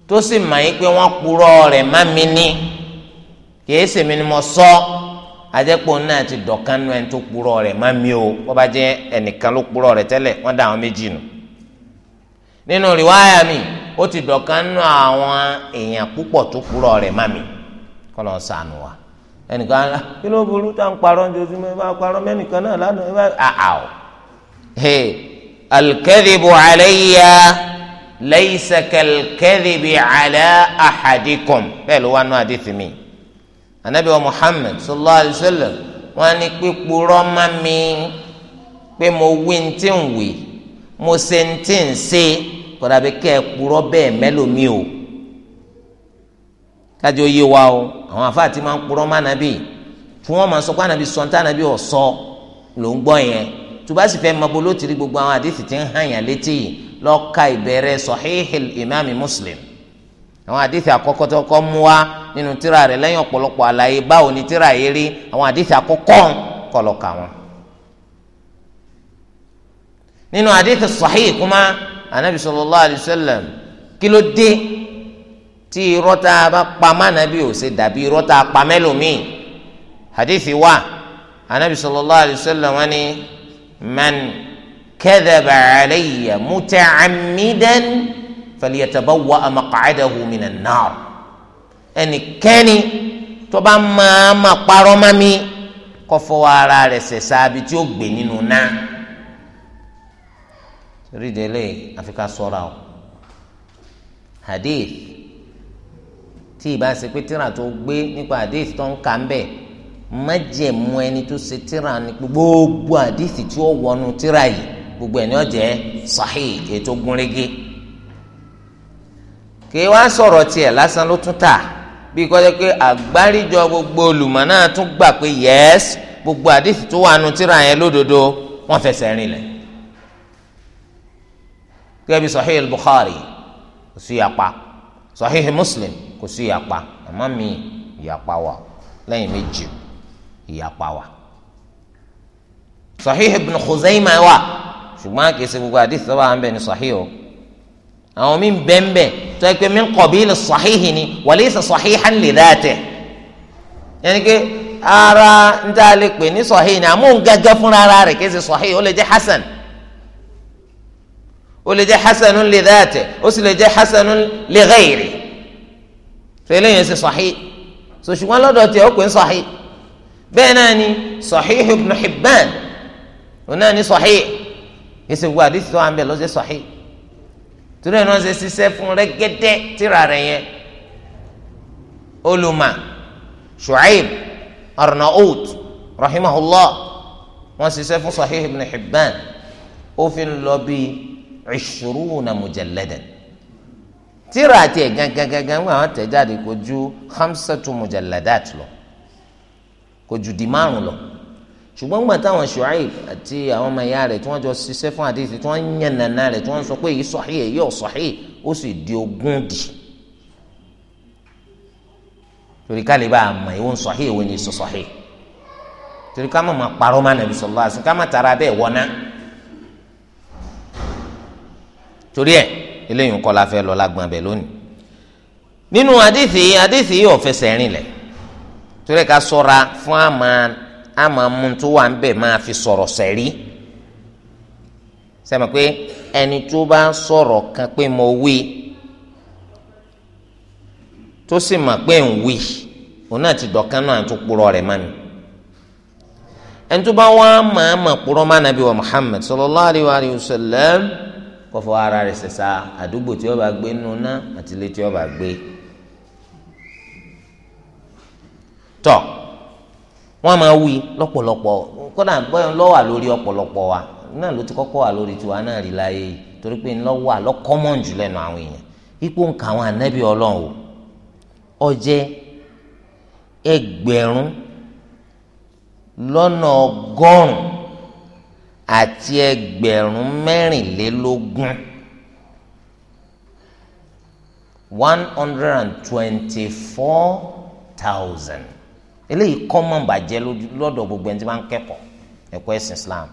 tó sì mà yín pé wọ́n purọ́ rẹ̀ má mi ní kìí sì mi ni mo sọ ajẹ́pọ̀ náà ti dọ̀kan nu ẹni tó purọ́ rẹ̀ má mi o wọ́n bá jẹ́ ẹnìkan ló purọ́ rẹ̀ tẹ́lẹ̀ wọ́n dá àwọn méjì nù nínú rìwáyà mi ó ti dọ̀kan nu àwọn èèyàn púpọ̀ tó purọ́ rẹ̀ má mi kọ́ lọ́n sànù wa ẹnìkan á ah, kí ló burú tá à ń parọ́ ojoojúmọ́ ẹ bá parọ́ mẹ́nìkan náà lánàá ẹ bá àhàó ah, ah. he alkẹ́dìbò àlẹ́yà lẹ́yìísẹ̀kẹ́lkẹ́dìbì àlẹ́ àhàdìkùn bẹ́ẹ̀ ló wà nù àdìsí mi anabi wa Muhammad sallallahu alayhi wa sallam wọ́n ní pípurọ́ mọ́ mi pé mo wí ní tí ń wí mo ṣe ní ń ṣe kọ́dà bí kẹ́ ẹ bẹ́ẹ̀ mẹ́lòmíì o kájọ yé wa o àwọn àfáà ti máa ń purọ́ má nàbí tí wọ́n máa sọ pé ànàbí sọ níta ànàbí ò sọ ló ń gbọ́ yẹn tó bá sì fẹ́ mọ bolo tìrí gbogbo àwọn àdìsí ti ń hàn yàn létí yìí lọ ka ìbẹ̀rẹ̀ sọ̀híhìl ìmáàmì Muslim àwọn àdìsí àkọ́kọ́ tó kọ́ mú wa nínú tíra rẹ̀ lẹ́yìn ọ̀pọ̀lọpọ̀ àlàyé báwo ni tíra yìí rí àwọn àdìsí àkọ́kọ́ kọ́ lọ nínú àdìsí sọ̀híhì kuma anabi sallallahu alayhi wa kí ló dé tí irọ́ tá a bá pa mánàbí ò ṣe dàbí irọ́ tá a pa mẹ́lòmíì hadithi wa anabi sallallahu alayhi wa sallam wani man kadhaba alayya muta'ammidan falyatabawwa maq'adahu minan nar ẹnikẹ́ni tó bá máa ma parọ́ mọ́ mi kó fọwọ́ ara rẹ̀ ṣẹ̀ sáábi tí ó gbé nínú náà rídìí eléyìí àfi hadith tí ìbá se pé tíra tó gbé nípa hadith tó ń kà ń bẹ̀ májẹ̀mú ẹni tó ṣe tíra ní gbogbo hadith tí ó wọnú tíra yìí gbogbo ẹni ó jẹ́ sahih ètò gúnrégé kí wá sọ̀rọ̀ tiẹ̀ lásán ló tún tà bí kọ́jà pé àgbáríjọ gbogbo olùmọ̀ náà tún gbà pé yẹ́s gbogbo hadith tó wà nù tíra yẹn lódodo wọ́n fẹsẹ̀ rinlẹ̀ gẹ́gẹ́ bí sahih al-Bukhari sí apá sahih Muslim kò sí ìyapa àmọ́ mi ìyapa wà lẹ́yìn méjì ìyapa wà. sahih ibn Khuzaimah wà ṣùgbọ́n kì í ṣe gbogbo àdìsí tó bá ń bẹ ní sahih o àwọn mi ń bẹ ń bẹ tó ẹ pé mi ń kọ̀ min qabili sahihi ni wa laysa sahihan li dhatihi yẹn ni pé ara ń tá a lè pè ní sahih ni ń gẹ́gẹ́ fúnra ara rẹ̀ kì í ṣe sahih ó lè jẹ́ hasan ó lè jẹ́ hasanun li dhatihi ó sì lè jẹ́ hasanun lè ghayrihi. so eléyìí ṣe sahih so ṣùgbọ́n lọ́dọ̀ tiẹ̀ ó pè ń sahih bẹ́ẹ̀ náà ni sahih ibn hibban òun náà ni sahih èsì wo àdìsí tó wà ń bẹ̀ lọ́sẹ̀ sahih torí ẹ̀ náà ṣe ṣiṣẹ́ fún rẹ́gẹ́dẹ́ tíra rẹ̀ yẹn olùmọ̀ shu'aib arnaut rahimahullah wọ́n ṣiṣẹ́ fún sahih ibn hibban ó fi lọ bí 20 mujallada tíra àti ẹ̀ gangangangan wọn àwọn tẹ̀ jáde kò ju hamsatu mujalladat lọ kò ju di márùn lọ ṣùgbọ́n gbà táwọn Shu'aib àti àwọn ọmọ ìyá rẹ̀ tí wọ́n jọ ṣiṣẹ́ fún àdéhìí tí wọ́n ń yàn nàna rẹ̀ tí wọ́n ń sọ pé èyí sahih èyí ò sahih ó sì di ogún dì torí ká lè bá a mọ̀ èwo ń sahih èwo ni sọ sahih torí ká má máa parọ́ máa nàbí sallallahu alaihi wasallam ká má tara bẹ́ẹ̀ wọ́ná torí ẹ̀ eléyìí ńkọ́ la fẹ́ lọ lágbọ́n bẹ̀ lónìí nínú àdìsí àdìsí yìí ọ̀fẹsẹ̀ rìn lẹ̀ torí ká sọ́ra fún àmà àmà mútu wà ń bẹ̀ máa fi sọ̀rọ̀ sẹ̀rí sẹ́mi pé ẹni tó bá sọ̀rọ̀ kan pé mo wí tó sì mà pé ń wí òun náà ti dọ̀kan náà tó kpọ̀rọ̀ rẹ̀ mọ́ni ẹni tó bá wà máa mà kpọ̀rọ̀ mọ́ anabi wa Muhammad sallallahu alayhi wa sallam kọfọ ara rẹ̀ ṣẹṣà àdúgbò tí ó bá gbé nínú náà àti ilé tí ó bá gbé tọ wọn máa wí lọ́pọ̀lọpọ̀ kódà bọyọ lọ wà lórí ọ̀pọ̀lọpọ̀ wa náà ló ti kọ́kọ́ wà lórí tiwa náà rí láyé torí pé ńlọ wà lọkọmọn jù lẹ́nu àwọn èèyàn ipò nǹkan àwọn ànábì Ọlọ́run o ọjẹ ẹgbẹ̀rún lọ́nà ọgọ́rùn àti ẹgbẹ̀rún mẹ́rìnlélógún one hundred and twenty-four thousand eléyìí kọ́mọ̀n bàjẹ́ lọ́dọ̀ gbogbo ẹni tí wọ́n ń kẹ́kọ̀ọ́ ẹ̀kọ́ ẹ̀sìn Islam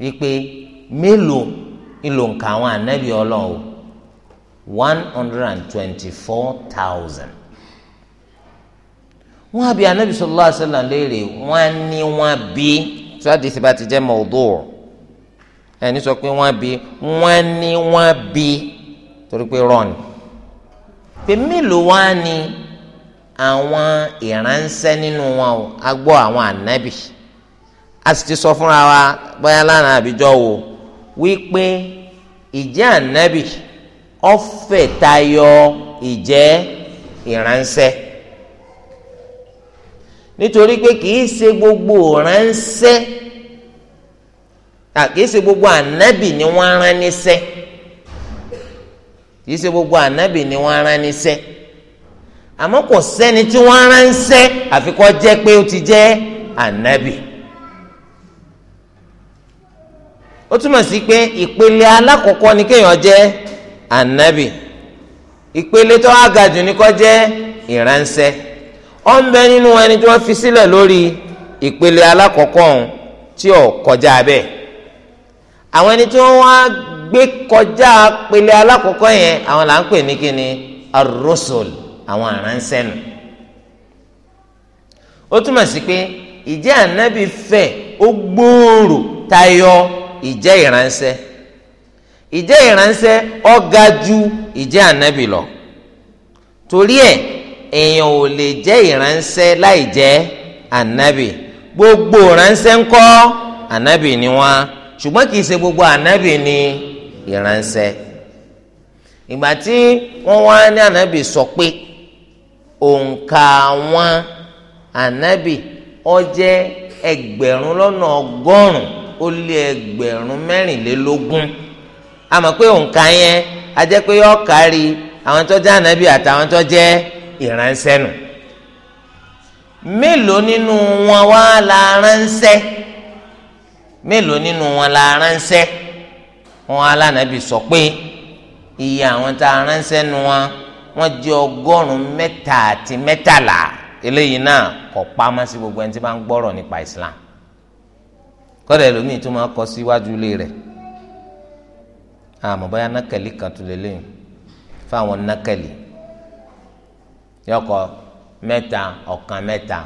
wípé mélòó ìlòǹkà àwọn ànábì ọlọ́run one hundred and twenty-four thousand wọ́n á bí ànábì sallallahu alaihi wasallam léèrè wọ́n á ní wọ́n bí tí àdìsí bá ti jẹ́ mọ̀ọ́dọ̀ ẹni sọ pé wọ́n bi wọ́n ní wọ́n bi torí pé rọ́ọ̀nì pé mélòó wá ni àwọn ìránṣẹ́ nínú wọn o a gbọ́ àwọn ànábì a sì ti sọ fúnra wa bóyá lánàá àbíjọ wo wípé ìjẹ́ ànábì ọ̀fẹ́ tayọ ìjẹ́ ìránṣẹ́ nítorí pé kìí ṣe gbogbo ránṣẹ́ kìí ṣe gbogbo ànábì ni wọ́n rán níṣẹ́ gbogbo ànábì ni wọ́n rán níṣẹ́ àmọ́ kò sẹ́ni tí wọ́n ránṣẹ́ jẹ́ pé ó ti jẹ́ ànábì. ó túmọ̀ sí pé ìpele alákọ̀ọ́kọ́ ni kéèyàn jẹ́ ànábì ìpele tó ni ọ ń bẹ nínú ẹni tí wọ́n fi sílẹ̀ lórí ìpele alákọ̀ọ́kọ́ ọ̀hún tí ò kọjá bẹ́ẹ̀ àwọn ẹni tí wọ́n wá gbé kọjá ìpele alákọ̀ọ́kọ́ yẹn àwọn là ń pè ní kíni arosol àwọn aránṣẹ́ nù ó túmọ̀ sí pé ìjẹ́ ànábì fẹ̀ ó gbòòrò tayọ ìjẹ́ ìránṣẹ́ ìjẹ́ ìránṣẹ́ ó ìjẹ́ ànábì lọ torí ẹ̀ èèyàn ò lè jẹ́ ìránṣẹ́ láì jẹ́ ànábì gbogbo ń kọ́ ànábì ni wọ́n ṣùgbọ́n kì í ṣe gbogbo ànábì ni ìránṣẹ́ ìgbà tí wọ́n wá ní ànábì sọ pé òǹkà àwọn ànábì ọ jẹ́ ẹgbẹ̀rún lọ́nà ọgọ́rùn ó lé ẹgbẹ̀rún mẹ́rìnlélógún a mọ̀ pé òǹkà yẹn a jẹ́ pé àwọn tó jẹ́ ànábì ìránṣẹ́ nù mélòó nínú wọn wá la ránṣẹ́ mélòó nínú wọn la ránṣẹ́ wọn alánàbì sọ pé iye àwọn tá a ránṣẹ́ nu wọn wọ́n jẹ́ ọgọ́rùn-ún mẹ́ta àti mẹ́tàlá eléyìí náà kò pamọ́ sí gbogbo ẹni tí bá ń gbọ́rọ̀ nípa Islam kọ́dà ẹlòmíì tó máa kọ síwájú ilé rẹ̀ àmọ́ báyà nákàlí kan tó lè léyìn fáwọn nákàlí yọkọ mẹ́ta ọ̀kan mẹ́ta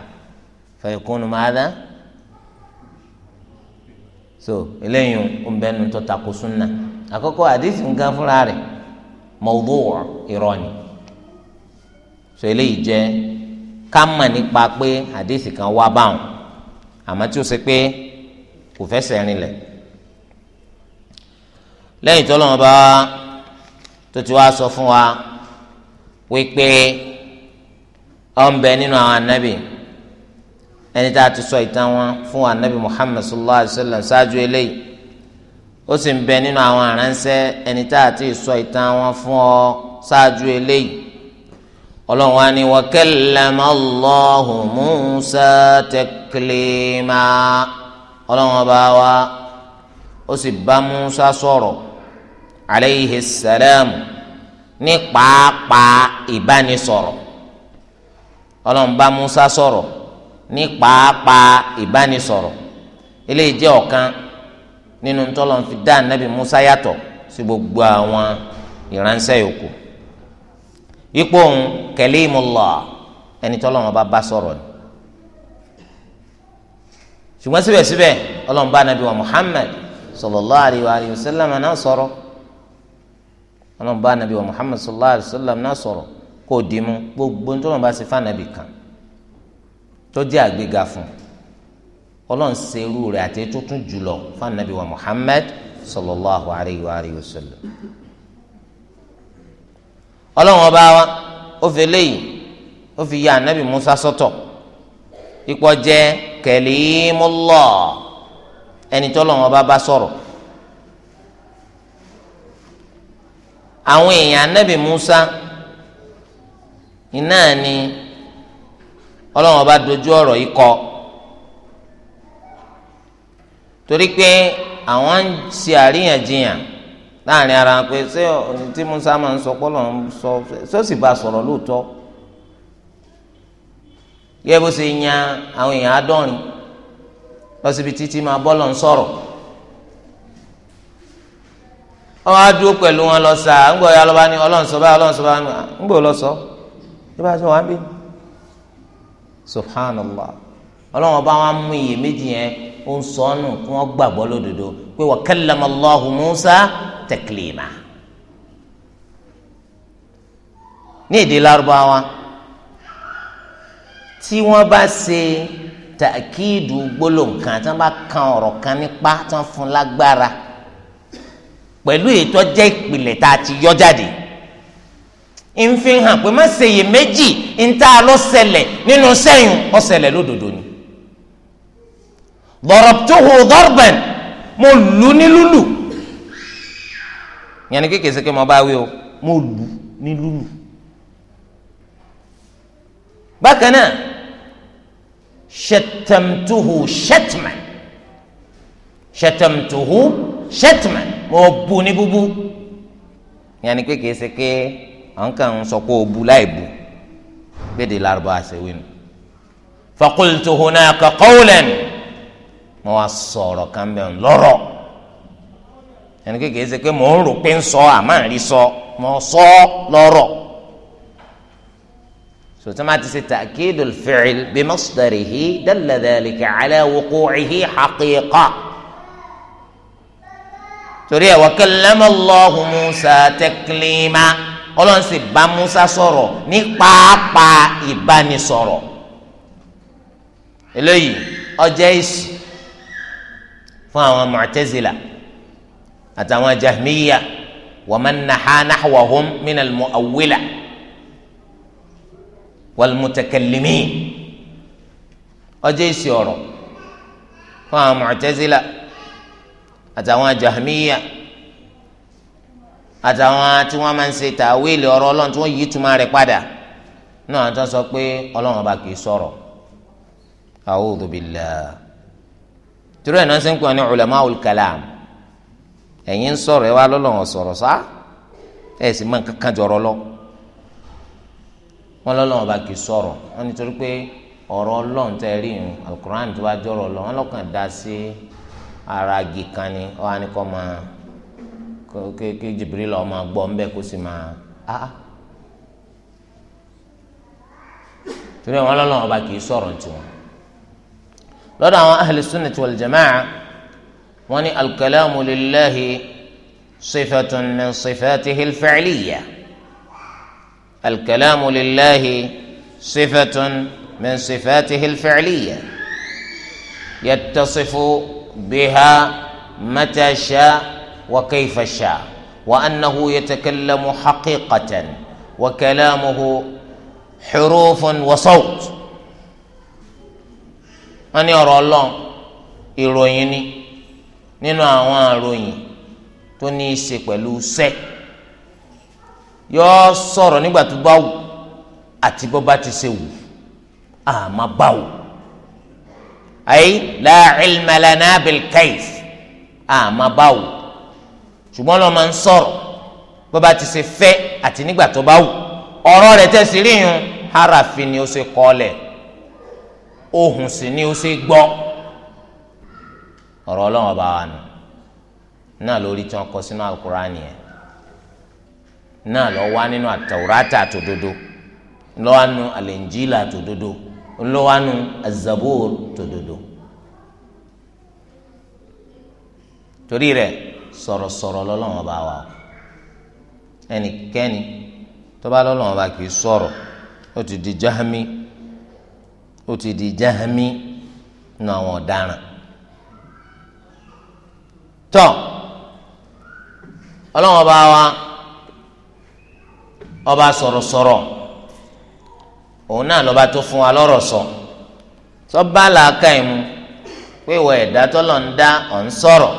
fẹ̀kúnnù máa dá so eléyìí ọ̀nbẹ́nu tó takò súnà àkọ́kọ́ àdìsí nǹkan fúnra rẹ̀ mọ̀wúwọ̀ irọ́ so eléyìí jẹ́ ká mọ̀ nípa pé àdìsí kan wá báwọn àmọ́ tí ó ṣe pé kò fẹsẹ̀ rinlẹ̀ lẹ́yìn tó lọ́wọ́ bá tó ti wá sọ fún wa wípé àwọn bẹ nínú àwọn anabi ẹni tá a ti sọ ìtàn wọn fún anabi muhammad sallallahu alayhi wa sallam ṣáájú eléyìí ó sì ń bẹ nínú àwọn aránṣẹ́ ẹni tá a ti sọ ìtàn wọn fún ọ ṣáájú eléyìí ọlọ́run wa ni wa kallama Musa taklima ọlọ́run ọba wa ó sì bá Musa sọ̀rọ̀ alayhi salam ní pàápàá ìbánisọ̀rọ̀ ọlọ́run bá Musa sọ̀rọ̀ ní pàápàá ìbánisọ̀rọ̀ eléyìí jẹ́ ọ̀kan nínú tọ́lọ́run fi dá ànábì Musa yàtọ̀ sí gbogbo àwọn ìránṣẹ́ yòókù ipò òun kalimullah ẹni tọ́lọ́run bá bá sọ̀rọ̀ ni ṣùgbọ́n síbẹ̀síbẹ̀ ọlọ́run bá ànábì wa Muhammad sallallahu alayhi wa alayhi wa sallam náà sọ̀rọ̀ ọlọ́run bá wa Muhammad sallallahu alayhi wa náà sọ̀rọ̀ odimu o dìímú gbogbo nítorí wọn bá kan tó jẹ́ àgbéga fún ọlọ́run ṣe irú rẹ̀ àti tuntun jùlọ fànàbì wa Muhammad sallallahu alayhi wa alayhi wa sallam ọlọ́run ọba wa ó ya anabi Musa sọ́tọ̀ ipò jẹ́ kalimullah ẹni ọba bá sọ̀rọ̀ anabi Musa. iná ni ọlọ́run ọba dojú ọ̀rọ̀ yìí kọ torí pé àwọn ń ṣe àríyànjiyàn láàrin ara pé ṣé tí Musa máa ń sọ pé ọlọ́run sọ ṣé ó sì bá a sọ̀rọ̀ lóòótọ́ yẹ bó ṣe yan àwọn èèyàn àádọ́rin lọ síbi títí máa bọ́ lọ́n sọ̀rọ̀ wọ́n á pẹ̀lú wọn lọ sàá ńgbọ́ ya lọ́ba ni ọlọ́run sọ báyìí ọlọ́run sọ báyìí ńgbọ́ lọ sọ. bí wàá sọ wàá bí subhanallah ọlọ́run ọba wa mú iye méjì yẹn ó ń sọ ọ́nù kí wọ́n gbàgbọ́ lódodo pé wa kallama Allahu Musa taklima ní èdè lárúbáwá tí wọ́n bá ṣe tàkìdù gbólóǹkan tí wọ́n bá kan ọ̀rọ̀ kan nípa tí wọ́n fún lágbára pẹ̀lú ètò jẹ́ ìpìlẹ̀ tá a ti yọ jáde ń fi hàn pé má ṣe yè méjì ń tá a lọ ṣẹlẹ̀ nínú sẹ́yìn ó ṣẹlẹ̀ lódodo ni. darabtuhu darban mo lù ní lùlù yẹn ni kékeré sèké mo bá wí o mo lù ní lùlù. bákan náà shatamtuhu shatman shatamtuhu shatman mo bù ní búbú yẹn kékeré sèké. à ń sɔ ko bu la yi bu láì bu gbèdé lárúbá àṣewé nu fakultu hunaka qawlan mo wá sɔrɔ kan bẹ́ẹ̀ lọ́rọ̀ ẹni kékeré ṣe pé mò ń rò pé ń sọ àmọ́ àrí sọ mo sọ sɔ a lọ́rọ̀ sotoma ti ṣe ta'kidul fi'l bi masdarihi dalla ka ala wuqu'ihi haqiqa torí ẹ̀ wa kalama Allahu Musa taklima. ọlọ́run sì bá musa sọ̀rọ̀ ní pàápàá ìbánisọ̀rọ̀ eléyìí ọjọ́ èsì fún àwọn mu'tazila àtàwọn jahmiya wa man naha nahwahum minal mu'awwila wal mutakallimin ọjọ́ èsì ọ̀rọ̀ fún àwọn mu'tazila àtàwọn jahmiya àtàwọn tí wọ́n máa ń ṣe tàwéèlì ọ̀rọ̀ ọlọ́run tí wọ́n yí túmọ̀ rẹ̀ padà náà tó sọ pé ọlọ́run ọba kìí sọ̀rọ̀ a'udhu billah tìrọ ẹ̀ náà ṣe ń pè ní ulama'ul kalam ẹ̀yin ń sọ̀rọ̀ ẹ wá lọ́lọ́run sọ̀rọ̀ sá ẹ̀ sì máa ń kankan jọ̀rọ̀ lọ wọn lọ́lọ́run ọba kìí sọ̀rọ̀ wọn nítorí pé ọ̀rọ̀ ọlọ́run tẹ́ rí ìhun alukur'an tó wá jọ̀rọ̀ lọ wọn lọ́kàn dá sí ara igi kan ni ọ kéèké Jibril ọmọ gbọ́ ń bẹ́ kó sì máa a ah, ah. torí àwọn ọlọ́run ọba kì í sọ̀rọ̀ tiwọn lọ́dọ̀ àwọn ahli sunnati wal jama'a wọ́n ní al-kalamu lillahi sifatun min sifatihi al-fi'liya al-kalamu lillahi sifatun min sifatihi al وكيف شاء وأنه يتكلم حقيقة وكلامه حروف وصوت wọ́n ní ọ̀rọ̀ ọlọ́run ìròyìn ni nínú àwọn àròyìn tó ní í ṣe pẹ̀lú sẹ́ yóò sọ̀rọ̀ nígbà tó bá wù àti bó bá ti ṣe wù àmọ́ bá wù ayé la ilma lana bil bá wù ṣùgbọ́n lọ́ọ́ máa ń sọ̀rọ̀ bó bá ti ṣe fẹ́ àti nígbà tó bá wù ọ̀rọ̀ rẹ̀ tẹ̀sí ríyun harafi ni ó ṣe kọ́lẹ̀ ohùn sì ni ó ṣe gbọ́ ọ̀rọ̀ ọlọ́run ọba wa nù náà lórí tí wọ́n kọ sínú alukurani yẹn náà lọ wá nínú àtàwùrátà tòdodo lọ́wọ́ nu àlẹ́njìlá tòdodo lọ́wọ́ nu azabur tòdodo torí rẹ̀ sọ̀rọ̀sọ̀rọ̀ lọ́lọ́wọ́n bá wà o ẹnikẹ́ni tó bá lọ́lọ́wọ́n bá kì í sọ̀rọ̀ ó ti di jahami ó ti di jahami nínú àwọn ọ̀daràn tọ́ ọlọ́wọ́n bá wà ọba sọ̀rọ̀sọ̀rọ̀ òun náà lọ́ba tó fún wa lọ́rọ̀ sọ sọ́ba làákà ìmú pé ìwọ ẹ̀dá tọ́lọ̀ ń dá ọ̀ ń sọ̀rọ̀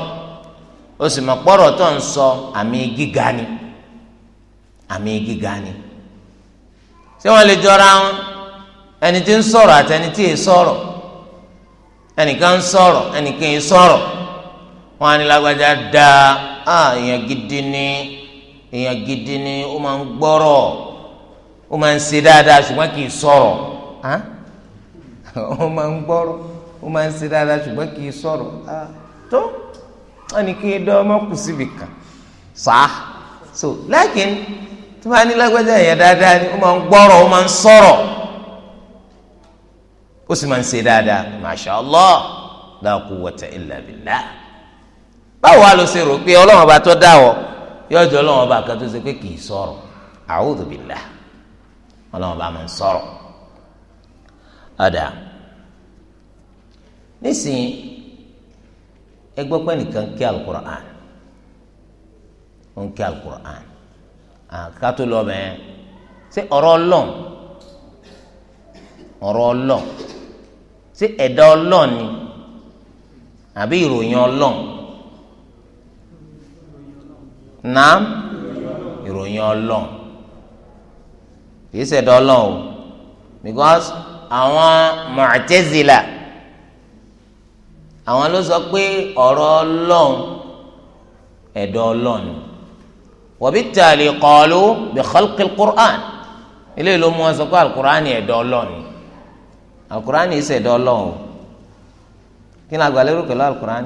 ó sì mọ̀ pọ́rọ̀ tó ń sọ àmì gíga ni àmì gíga ni ṣé wọ́n lè jọra wọn ẹni tí ń sọ̀rọ̀ àti ẹni tí èè sọ̀rọ̀ ẹnìkan ń sọ̀rọ̀ ẹnìkan èè sọ̀rọ̀ wọn á ní lágbájá dáa á èèyàn gidi ni èèyàn gidi ni ó máa ń gbọ́rọ̀ ó máa ń ṣe dáadáa ṣùgbọ́n kì í sọ̀rọ̀ <laughs> ó máa ń gbọ́rọ̀ ó máa ń ṣe dáadáa ṣùgbọ́n kì í sọ̀rọ̀ tó wọn ni kí ẹdọ ọmọ kù síbi kan sáà so lákìn tí wọn á ní lágbájá yẹn dáadáa ni ó máa ń gbọ́rọ̀ ó máa ń sọ̀rọ̀ ó sì máa ń ṣe dáadáa masha allah la quwwata illa billah báwo wá ló ṣe rò pé ọlọ́wọ́n bá tó dá ọ yóò jọ ọlọ́wọ́n bá kan tó ṣe pé kì í sọ̀rọ̀ a'udhu ọlọ́wọ́n bá máa ń sọ̀rọ̀ ọ̀dà nísìnyí. ẹgbẹ́ pẹ́ nìkan kí alukur'an ó ń kí alukur'an àkàtó lọ bẹ́ẹ̀ ṣé ọ̀rọ̀ ọlọ́n ọ̀rọ̀ ọlọ́n ṣé ẹ̀dá ọlọ́n ni àbí ìròyìn ọlọ́n nàám ìròyìn ọlọ́n kìí ṣẹ̀dá ọlọ́n o because àwọn Mu'tazila. àwọn ló sọ pé ọ̀rọ̀ ọlọ́run ẹ̀dọ̀ ọlọ́run wọ̀bí tààlì kọ́ọ̀lù bí khalqil qur'an ilé ìlú mu wọn sọ pé alukur'an ẹ̀dọ̀ ọlọ́run alukur'an yìí ṣẹ̀dọ̀ ọlọ́run kí ni àgbàlérò pẹ̀lú alukur'an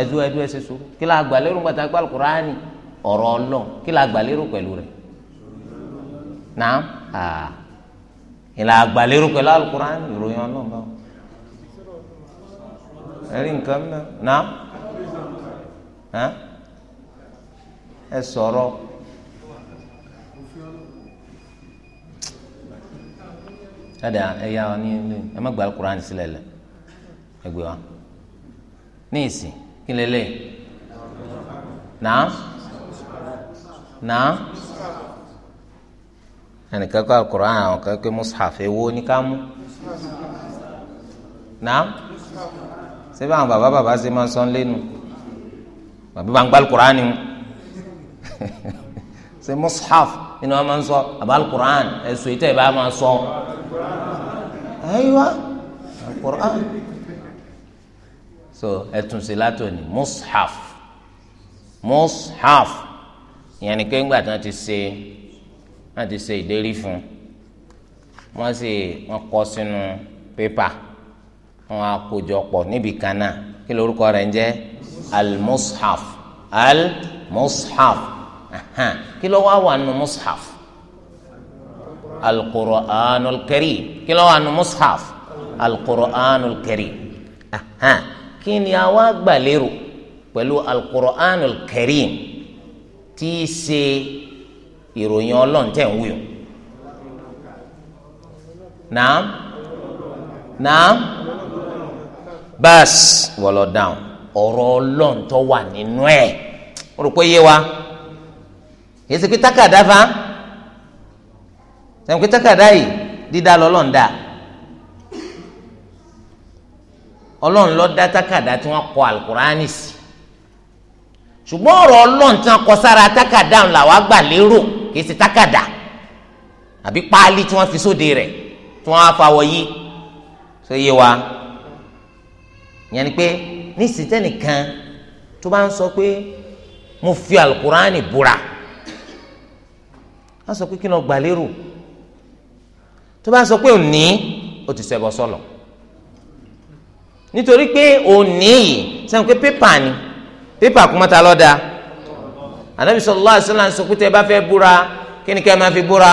ẹ̀dú ẹ̀dú ẹ̀ṣẹ̀ sọ kí ni àgbàlérò pẹ̀lú alukur'an ọ̀rọ̀ ọlọ́run kí ni àgbàlérò pẹ̀lú rẹ̀ náà kí ni àgbàlérò pẹ̀lú alukur'an ìròyìn ọlọ́run ẹ̀rí nǹkan mẹ́ náà ẹ sọ̀rọ̀. tada ẹ yá wa ní ẹ má gba alukur'an sílẹ̀ lẹ̀ ẹ gbé wa ní ìsìn kí n lè lè nà nà ẹnìkan kọ alukur'an àwọn kan pé mushaf ní ká mú nà ṣé báwọn bàbá bàbá ṣe máa sọ lẹ́nu bàbá bá ń gbá alukur'an ni ṣe mushaf inú wọn máa ń sọ àbá alukur'an ẹ̀sùn ìtẹ̀ ìbá máa sọ ayiwa alukur'an so ẹtùn sí látòní mushaf mushaf ìyẹn ni kéńgbà tí wọn ti ṣe wọn ti ṣe ìdérí fún wọn sì wọn kọ sínú pépà wọn àkójọpọ̀ níbi kan náà kí lorúkọ rẹ̀ ń jẹ́ al-mushaf al-mushaf kí ló wá wà nù mushaf al-Qur'anul Karim kí ló wà nù mushaf al-Qur'anul Karim kí ni a wá pẹ̀lú al-Qur'anul Karim tí í ṣe ìròyìn ọlọ́run ń wí o. naam Bas wọlọ dáhùn ọ̀rọ̀ Ọlọ́run tó wà nínú ẹ̀ o rò pé yé wa kìí ṣe pé tákàdá fa ṣe pé tákàdá yìí dídá lọ́lọ́run dá Ọlọ́run ló dá tákàdá tí wọ́n kọ alukurani sí ṣùgbọ́n ọ̀rọ̀ Ọlọ́run tí wọ́n kọ sára tákàdá ńlá wàá gbà lérò kìí ṣe àbí páálí tí wọ́n fi sóde rẹ̀ tí wọ́n á wọ yí ṣe yé wa. So, ìyẹn ni pé ní sìtẹ́nìkan tó bá ń sọ pé mo fi alukurani búra wọ́n sọ pé kí ni ọgbà lérò tó bá sọ pé òní ó ti sọ ẹbọ sọlọ nítorí pé òní yìí sẹ́wọ̀n pé pépà ni pépà kúmọ́ta lọ́dà ànábì sallallahu alaihi wasallam sọ pé tẹ́ ẹ bá fẹ́ búra kí ni ká ẹ máa fi búra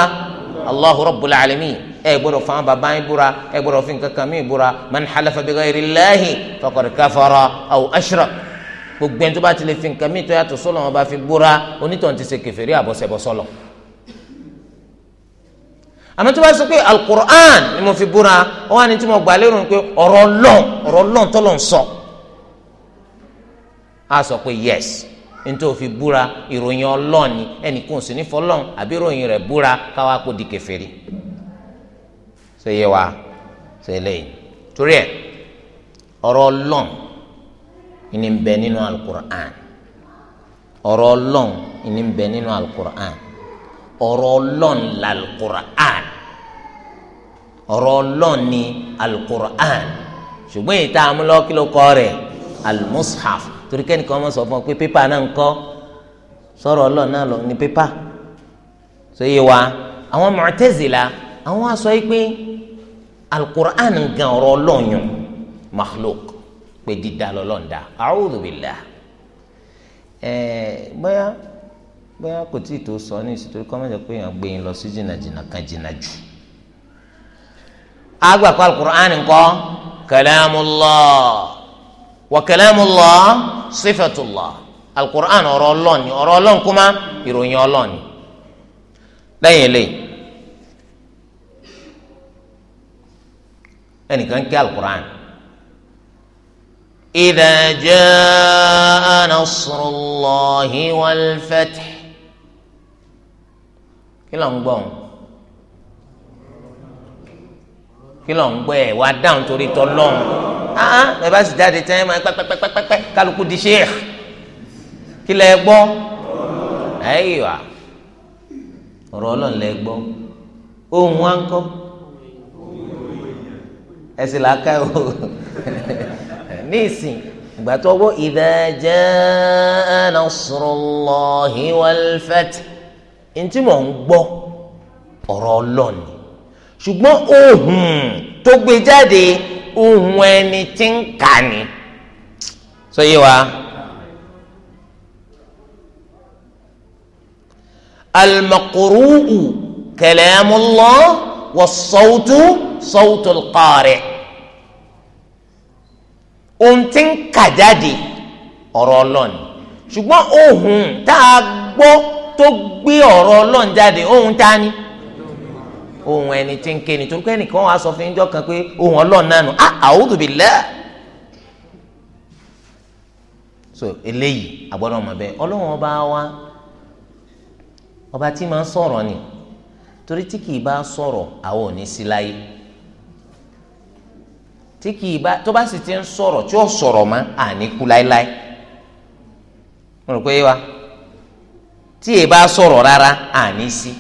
allahu rabbul alamin ẹ gbọ́dọ̀ fún àwọn baba yín búra ẹ gbọ́dọ̀ fún kankan mi búra man halafa bi ghayri llahi faqad kafara aw ashrak gbogbo ẹni tó bá ti lè fi nǹkan mi tó yàtọ̀ sọ́lọ̀ wọn bá fi búra onítọ̀hún ti ṣe kèfèrí àbọ̀sẹ̀bọ̀ sọ́lọ̀ àmọ́ tó bá sọ pé alukur'an ni mo fi búra ó wà ní tí mo gbà lérò pé ọ̀rọ̀ lọ́n ọ̀rọ̀ lọ́n tọ́lọ̀ ń sọ á sọ pé yẹ́sì nítorí òfin búra ìròyìn ọlọ́ọ̀ni ẹnìkan ò sì ní fọlọ́ọ̀n àbí ìròyìn rẹ̀ búra káwá kó di kèfèrí ṣe yé wa ṣe léyìn torí ẹ ọ̀rọ̀ ọlọ́ọ̀n ìní ń bẹ nínú alukur'an ọ̀rọ̀ ọlọ́ọ̀n ìní ń bẹ nínú alukur'an ọ̀rọ̀ ọlọ́ọ̀n làlùkur'an ọ̀rọ̀ ọlọ́ọ̀n ni alukur'an ṣùgbọ́n ìta amúlọ́kìlọ́kọ rẹ̀ almushaf torí kẹ́nìkan ọmọ sọ fún ọ pé pépà náà ń kọ́ sọ̀rọ̀ ọlọ́ọ̀ náà lọ ní pépà so yé wa àwọn Mu'tazila àwọn aṣọ yìí pé alukur'an gan ọ̀rọ̀ lọ́yún makhluk pé dídá lọ́lọ́ǹda a'udhu billah ẹ̀ẹ́ bóyá bóyá kò tí ì tó sọ ní ìsìtò kọ́mẹ́jọ pé èèyàn gbé yín lọ sí jìnnàjìnnà kan jìnnà jù agbàkọ́ alukur'an kọ́ kalamullah wa kalamullah sifatullah alukur'an ọ̀rọ̀ ọlọ́ọ̀ni ọ̀rọ̀ ọlọ́ọ̀n kuma ìròyìn ọlọ́ọ̀ni lẹ́yìn eléyìí ẹnìkan kí alukur'an idha jaa nasrullahi wal fath kí ló ń gbọ́n. kí ló ń gbọ́ ẹ̀ wá dáhùn torí tọ́ lọ́hùn áá ah, ah, bàbá sì jáde tẹ́ ẹ máa pẹ́pẹ́pẹ́pẹ́ kálukú di sheikh kí lẹ gbọ́ ẹ̀yà ọ̀rọ̀ ọlọ́run lẹ gbọ́ ohun wa ń kọ́ ẹ̀sìn làákà o <laughs> ní ìsìn ìgbà tó wọ́ idha jaa nasrullahi wal fath ntí mò ń gbọ́ ọ̀rọ̀ ọlọ́run ṣùgbọ́n ohun tó gbé jáde ohun ẹni tí ń kà ní. sọ yé wa. al-maqru'u kalamullah was-sawtu sawtul ohun tí ń kà jáde ọ̀rọ̀ ọlọ́ni ṣùgbọ́n ohun tá a gbọ́ tó gbé ọ̀rọ̀ ọlọ́ni jáde ohun tá a ní. ohun ẹni tí ń ké ni torí pé ẹnìkan wàá sọ kan pé ohun ọlọ́run náà nù ah a'udhu so eléyìí àgbọ́dọ̀ mọ̀ bẹ́ẹ̀ ọlọ́run ọba wa ọba tí máa ń sọ̀rọ̀ ni torí tí kìí bá sọ̀rọ̀ àwọn ò ní sí láyé tí kìí bá tó bá sì ti ń sọ̀rọ̀ tí ó sọ̀rọ̀ mọ́ àní kú láéláé mo rò wa tí bá sọ̀rọ̀ rárá àní Si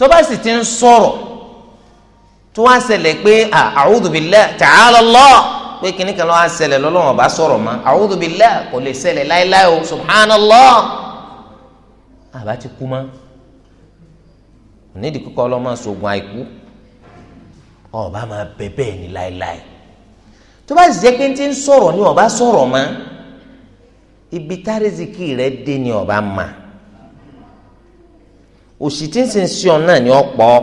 tó bá sì ti ń sọ̀rọ̀ tó wá ṣẹlẹ̀ pé a'udhu billahi ta'ala Allah pé kíní kan ló wá ṣẹlẹ̀ lọ́lọ́wọ́n bá sọ̀rọ̀ mọ́ a'udhu billahi kò lè ṣẹlẹ̀ láéláé o subhanallah àbá ti kú mọ́ onídìí kúkọ́ ọlọ́mọ sọ̀gùn àìkú ọba máa bẹ bẹ́ẹ̀ láéláé tó bá sì jẹ́ pé ti ń sọ̀rọ̀ ni ọba sọ̀rọ̀ mọ́ ibi tárẹ́sìkì rẹ̀ dé ni ọba máa òṣì tí ń sìn sí ọ náà ni ọ pọ̀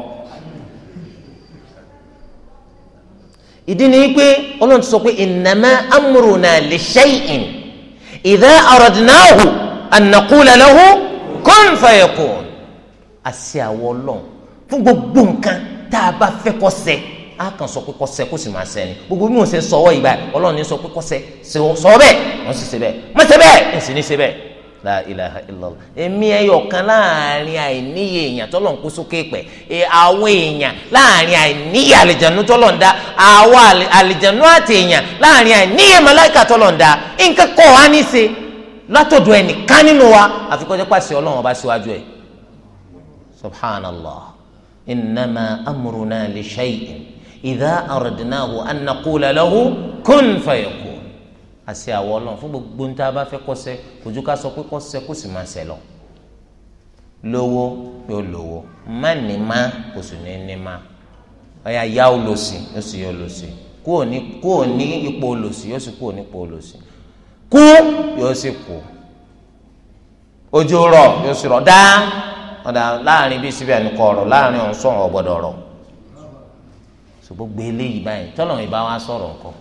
ìdí ni pé ọlọ́run ti sọ pé innama amruna li shay'in idha aradnahu an naqula lahu kun fayakun àṣẹ àwọn ọlọ́run fún gbogbo nǹkan tá a bá fẹ́ kó ṣẹ á kàn sọ pé kó ṣẹ kó sì máa ṣẹ ni gbogbo bí mo ṣe sọ ọ ìgbà ọlọ́run ní sọ pé kó ṣẹ sọ bẹ́ẹ̀ wọ́n sì ṣe bẹ́ẹ̀ mọ̀ ṣe bẹ́ẹ̀ n sì ní ṣe bẹ́ẹ̀ la ilaha illallah èmi ẹyọ kan láàrin àìníye èèyàn tọ́lọ̀ ń kó sókè pẹ̀ àwọn èèyàn láàrin àìníye àlìjànú tọ́lọ̀ ń da àwọn àlìjànú àti èèyàn láàrin àìníye màláìkà tọ́lọ̀ ń da nǹkan kọ́ wa ní í ṣe látọ̀dọ̀ ẹnìkan nínú wa àfi kó jẹ́ pàṣẹ ọlọ́run ọba síwájú ẹ̀ subhanallah innama amruna li shay'in idha aradnahu an naqula lahu kun àṣẹ àwọ Ọlọ́run fún gbogbo ní tá a bá fẹ́ kọsẹ̀ ojú ká sọ pé kọsẹ̀ kò sì máa ṣẹ lọ lówó pé ó lówó má ní má kò sì ní ní má ọyà yá ó lò sí ó sì yọ lò sí kúò ní kúò ní ipò olòṣì yóò sì kúò ní ipò olòṣì kú yóò sì kú ojú rọ yóò sì rọ dáa ọ̀dà láàrin bíi síbi ẹnu kọ̀ọ̀rọ̀ láàrin ọ̀sán ọ̀gbọ̀dọ̀ rọ̀ ṣùgbọ́n gbé eléyìí báyìí tọ́lọ̀ ìbá wa sọ̀rọ̀ nǹkan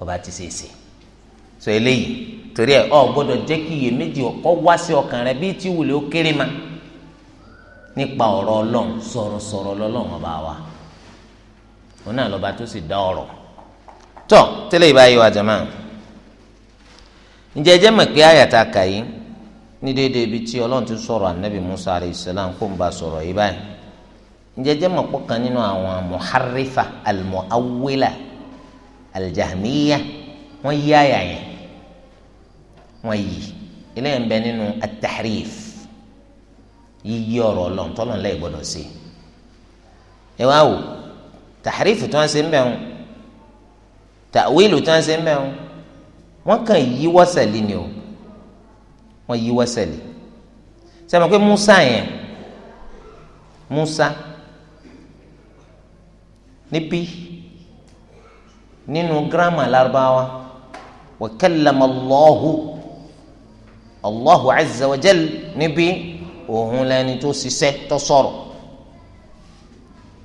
kò bá ti ṣèṣe so eléyìí torí ẹ ọ gbọ́dọ̀ jẹ́ kí iyèméjì ọkọ wá sí ọkàn rẹ bíi tí wùlé ó kéré ma nípa ọ̀rọ̀ Ọlọ́run sọ̀rọ̀ sọ̀rọ̀ lọ́lọ́run ọba wa òun náà lọba tó sì dá ọ̀rọ̀ tọ tẹ́lẹ̀ ìbáyé wa jama ǹjẹ́ ẹjẹ́ mọ̀ pé àyàtà kàyí ní déédéé ibi tí Ọlọ́run ti sọ̀rọ̀ anabi Musa alayhi salam kó n ba sọ̀rọ̀ yìí báyìí ǹjẹ́ ẹjẹ́ mọ̀ pọ̀ kan nínú àwọn muharrifa almuawila aljahmiya wọ́n yí àyà yẹn wọ́n yí eléyìí ń bẹ nínú atahrif yíyí ọ̀rọ̀ Ọlọ́run tọlọ ńlẹ gbọ́dọ̀ sí ẹ wá wò tahrif tí wọ́n ṣe ń bẹ ń tàwílù tí wọ́n ṣe ń bẹ ń wọ́n kàn yí wọsẹlì ni o wọ́n yí wọsẹlì sẹmọ pé Musa yẹn Musa níbí nínú gírámà lárúbáwá wa kallama Allahu Allahu azza wa jal níbí òun lẹni tó ṣiṣẹ́ tó sọ̀rọ̀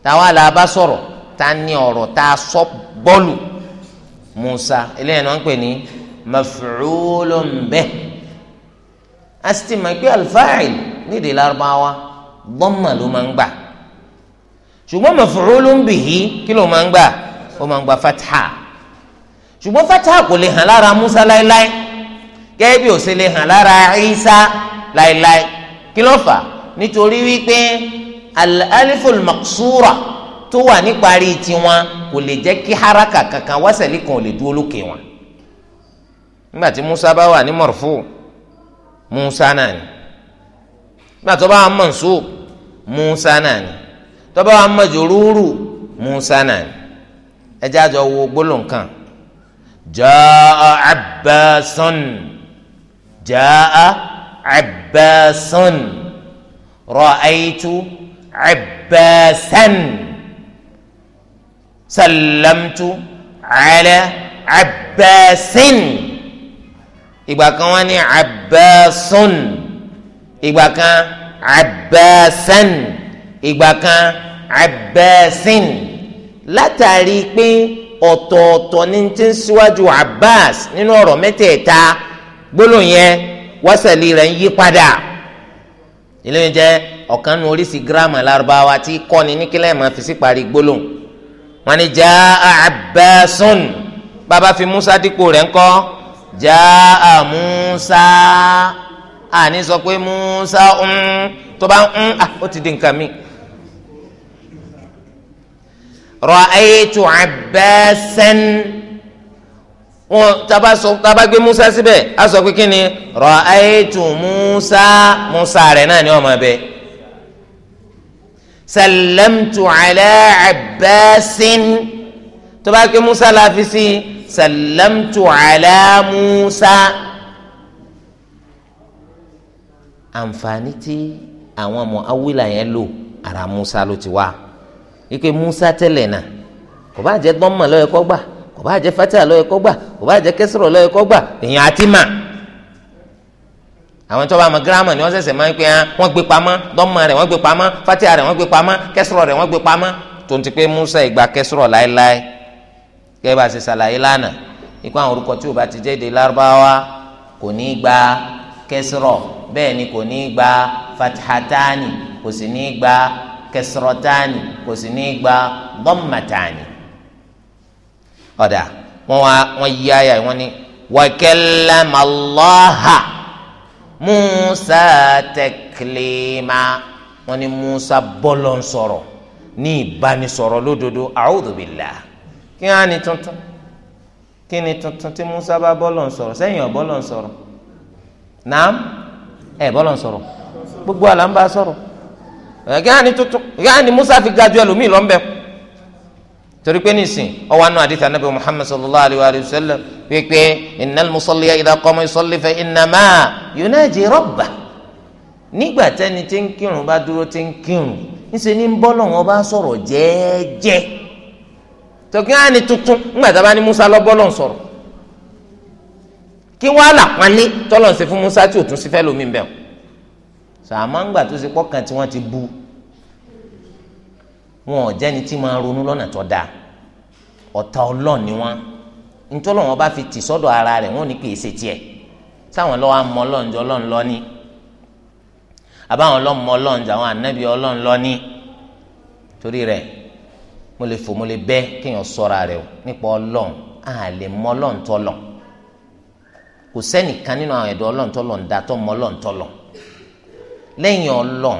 táwa là bá sọ̀rọ̀ ta ni ọ̀rọ̀ tá a sọ bọ́ọ̀lù Musa eléyìí náà ń pè ní maf'ulun bih a nídìí lárúbáwá dhamma ló máa ń gbà kí ló máa ó máa ń gba fatha ṣùgbọ́n fatha kò lè hàn lára Musa láéláé gẹ́gẹ́ bí ó ṣe lè hàn lára Isa láéláé kí ló fà nítorí wípé aliful maqsura tó wà níparí tiwọn kò lè jẹ́ kí haraka kankan wásẹ̀lì kan lè dúró lókè wọn nígbà tí Musa bá wà ní mọ̀rọ̀fù Musa náà ni nígbà tó bá wà mansub Musa náà ni tó bá wà majruru Musa náà ni ẹjẹ́ àjọ wo gbólóhùn kan jaa abbasun jaa abbasun ra'aytu abbasan sallamtu ala abbasin ìgbà kan wọ́n ní abbasun ìgbà kan abbasan ìgbà kan abbasin látàrí pé ọ̀tọ̀ọ̀tọ̀ ni ti ń síwájú Abbas nínú ọ̀rọ̀ mẹ́tẹ̀ẹ̀ta gbólóhùn yẹn wọ́sẹ̀lì rẹ̀ ń yí padà ilé yẹn jẹ́ ọ̀kan nu oríṣi gírámà lárúbáwá tí kọ́ni ní kílẹ̀ fi sí parí gbólóhùn wọn ni já Abbasun bàbá fi Musa dípò rẹ̀ ńkọ́ já Musa àní sọ pé Musa ń um. tó bá ń um, ah, ó ti di nǹkan mìíràn ra'aytu abbasan wọn taba sọ taba gbé musa síbẹ̀ a sọ pé kí ni ra'aytu musa musa rẹ̀ náà ni wọ́n máa bẹ salamtu ala abbasin tọba gbé musa la fi sí salamtu ala musa àǹfààní tí àwọn ọmọ awila lò ara musa ló ti wá ike musa tẹ́lẹ̀ náà kò bá jẹ́ gbọ́mọ̀ lọ́yẹ kọ́ gbà kò bá jẹ́ fatah lọ́yẹ kọ́ gbà kò bá jẹ́ kẹsìrọ̀ lọ́yẹ kọ́ gbà èèyàn àti mà àwọn tó bá mọ gírámà ni wọ́n ṣẹ̀ṣẹ̀ máa ń pè hàn wọ́n gbé pamọ́ dọ́mọ rẹ̀ wọ́n gbé pamọ́ fatah rẹ̀ wọ́n gbé pamọ́ kẹsìrọ̀ rẹ̀ wọ́n gbé pamọ́ tó ń ti pé musa ìgbà kẹsìrọ̀ láéláé kẹ́ bá ṣe ṣàlàyé lánàá ikú àwọn orúkọ tí o bá ti jẹ́ èdè lárúbáwá kò ní gba kẹsìrọ̀ bẹ́ẹ̀ ni kò ní gba fatahatani kò sì ní gba kẹsìrọ̀tàní kò sì ní gba bọ́m̀màtàní. ọ̀dà wọn wá wọn yí àyà wọn ni wàkẹ́lámàlọ́hà musa tẹkìlìmà wọn ni musa bọ́lọ̀ ń sọ̀rọ̀ ní ìbánisọ̀rọ̀ lódodo àwòdùbìlà kí wọn á ní tuntun kí ni tuntun tí musa bá bọ́lọ̀ ń sọ̀rọ̀ sẹ́yìn nàám ẹ̀ bọ́lọ̀ gbogbo àlà bá sọ̀rọ̀ yaani eh, tuntun yaani musa fi ga ju ẹlòmíì lọ nbẹ torí pé nísìn ọwọ anu àdìsí anabi muhammad sallallahu alayhi wa sallam pépé innal musalliya idha qama yusalli fa innama yunaji rabbah nígbà tẹni tí ń kírun bá dúró tí ń kírun níṣẹ ní bọ́lọ̀ wọn bá sọ̀rọ̀ jẹ́ẹ́jẹ́ tòkí yaani tuntun ńgbà tá a bá ní musa lọ bọ́lọ̀ sọ̀rọ̀ kí wọ́n á tọ́lọ̀ ń ṣe fún musa tí ò tún sí fẹ́ lómi bẹ́ẹ̀ sàmáǹgbà tó ṣe pọ́kàn tí wọ́n ti bu wọn ò jẹ́ni tí máa ronú lọ́nà tó dáa ọ̀tá ọlọ́ọ̀ ni wọ́n nítorí wọn bá fi tì sọ́dọ̀ ara rẹ̀ wọn ò ní kì í ṣe tiẹ̀ sáwọn lọ́wọ́ amọ̀ ọlọ́ọ̀njọ́ ọlọ́ọ̀n lọ ní àbáwọn ọlọ́mọ ọlọ́ọ̀njọ́ àwọn ànábì ọlọ́ọ̀n lọ ní torí rẹ̀ mo lè fò mo lè bẹ́ kéèyàn sọ́ra rẹ̀ nípa ọlọ́ọ̀n a lè mọ lẹ́yìn ọlọ́run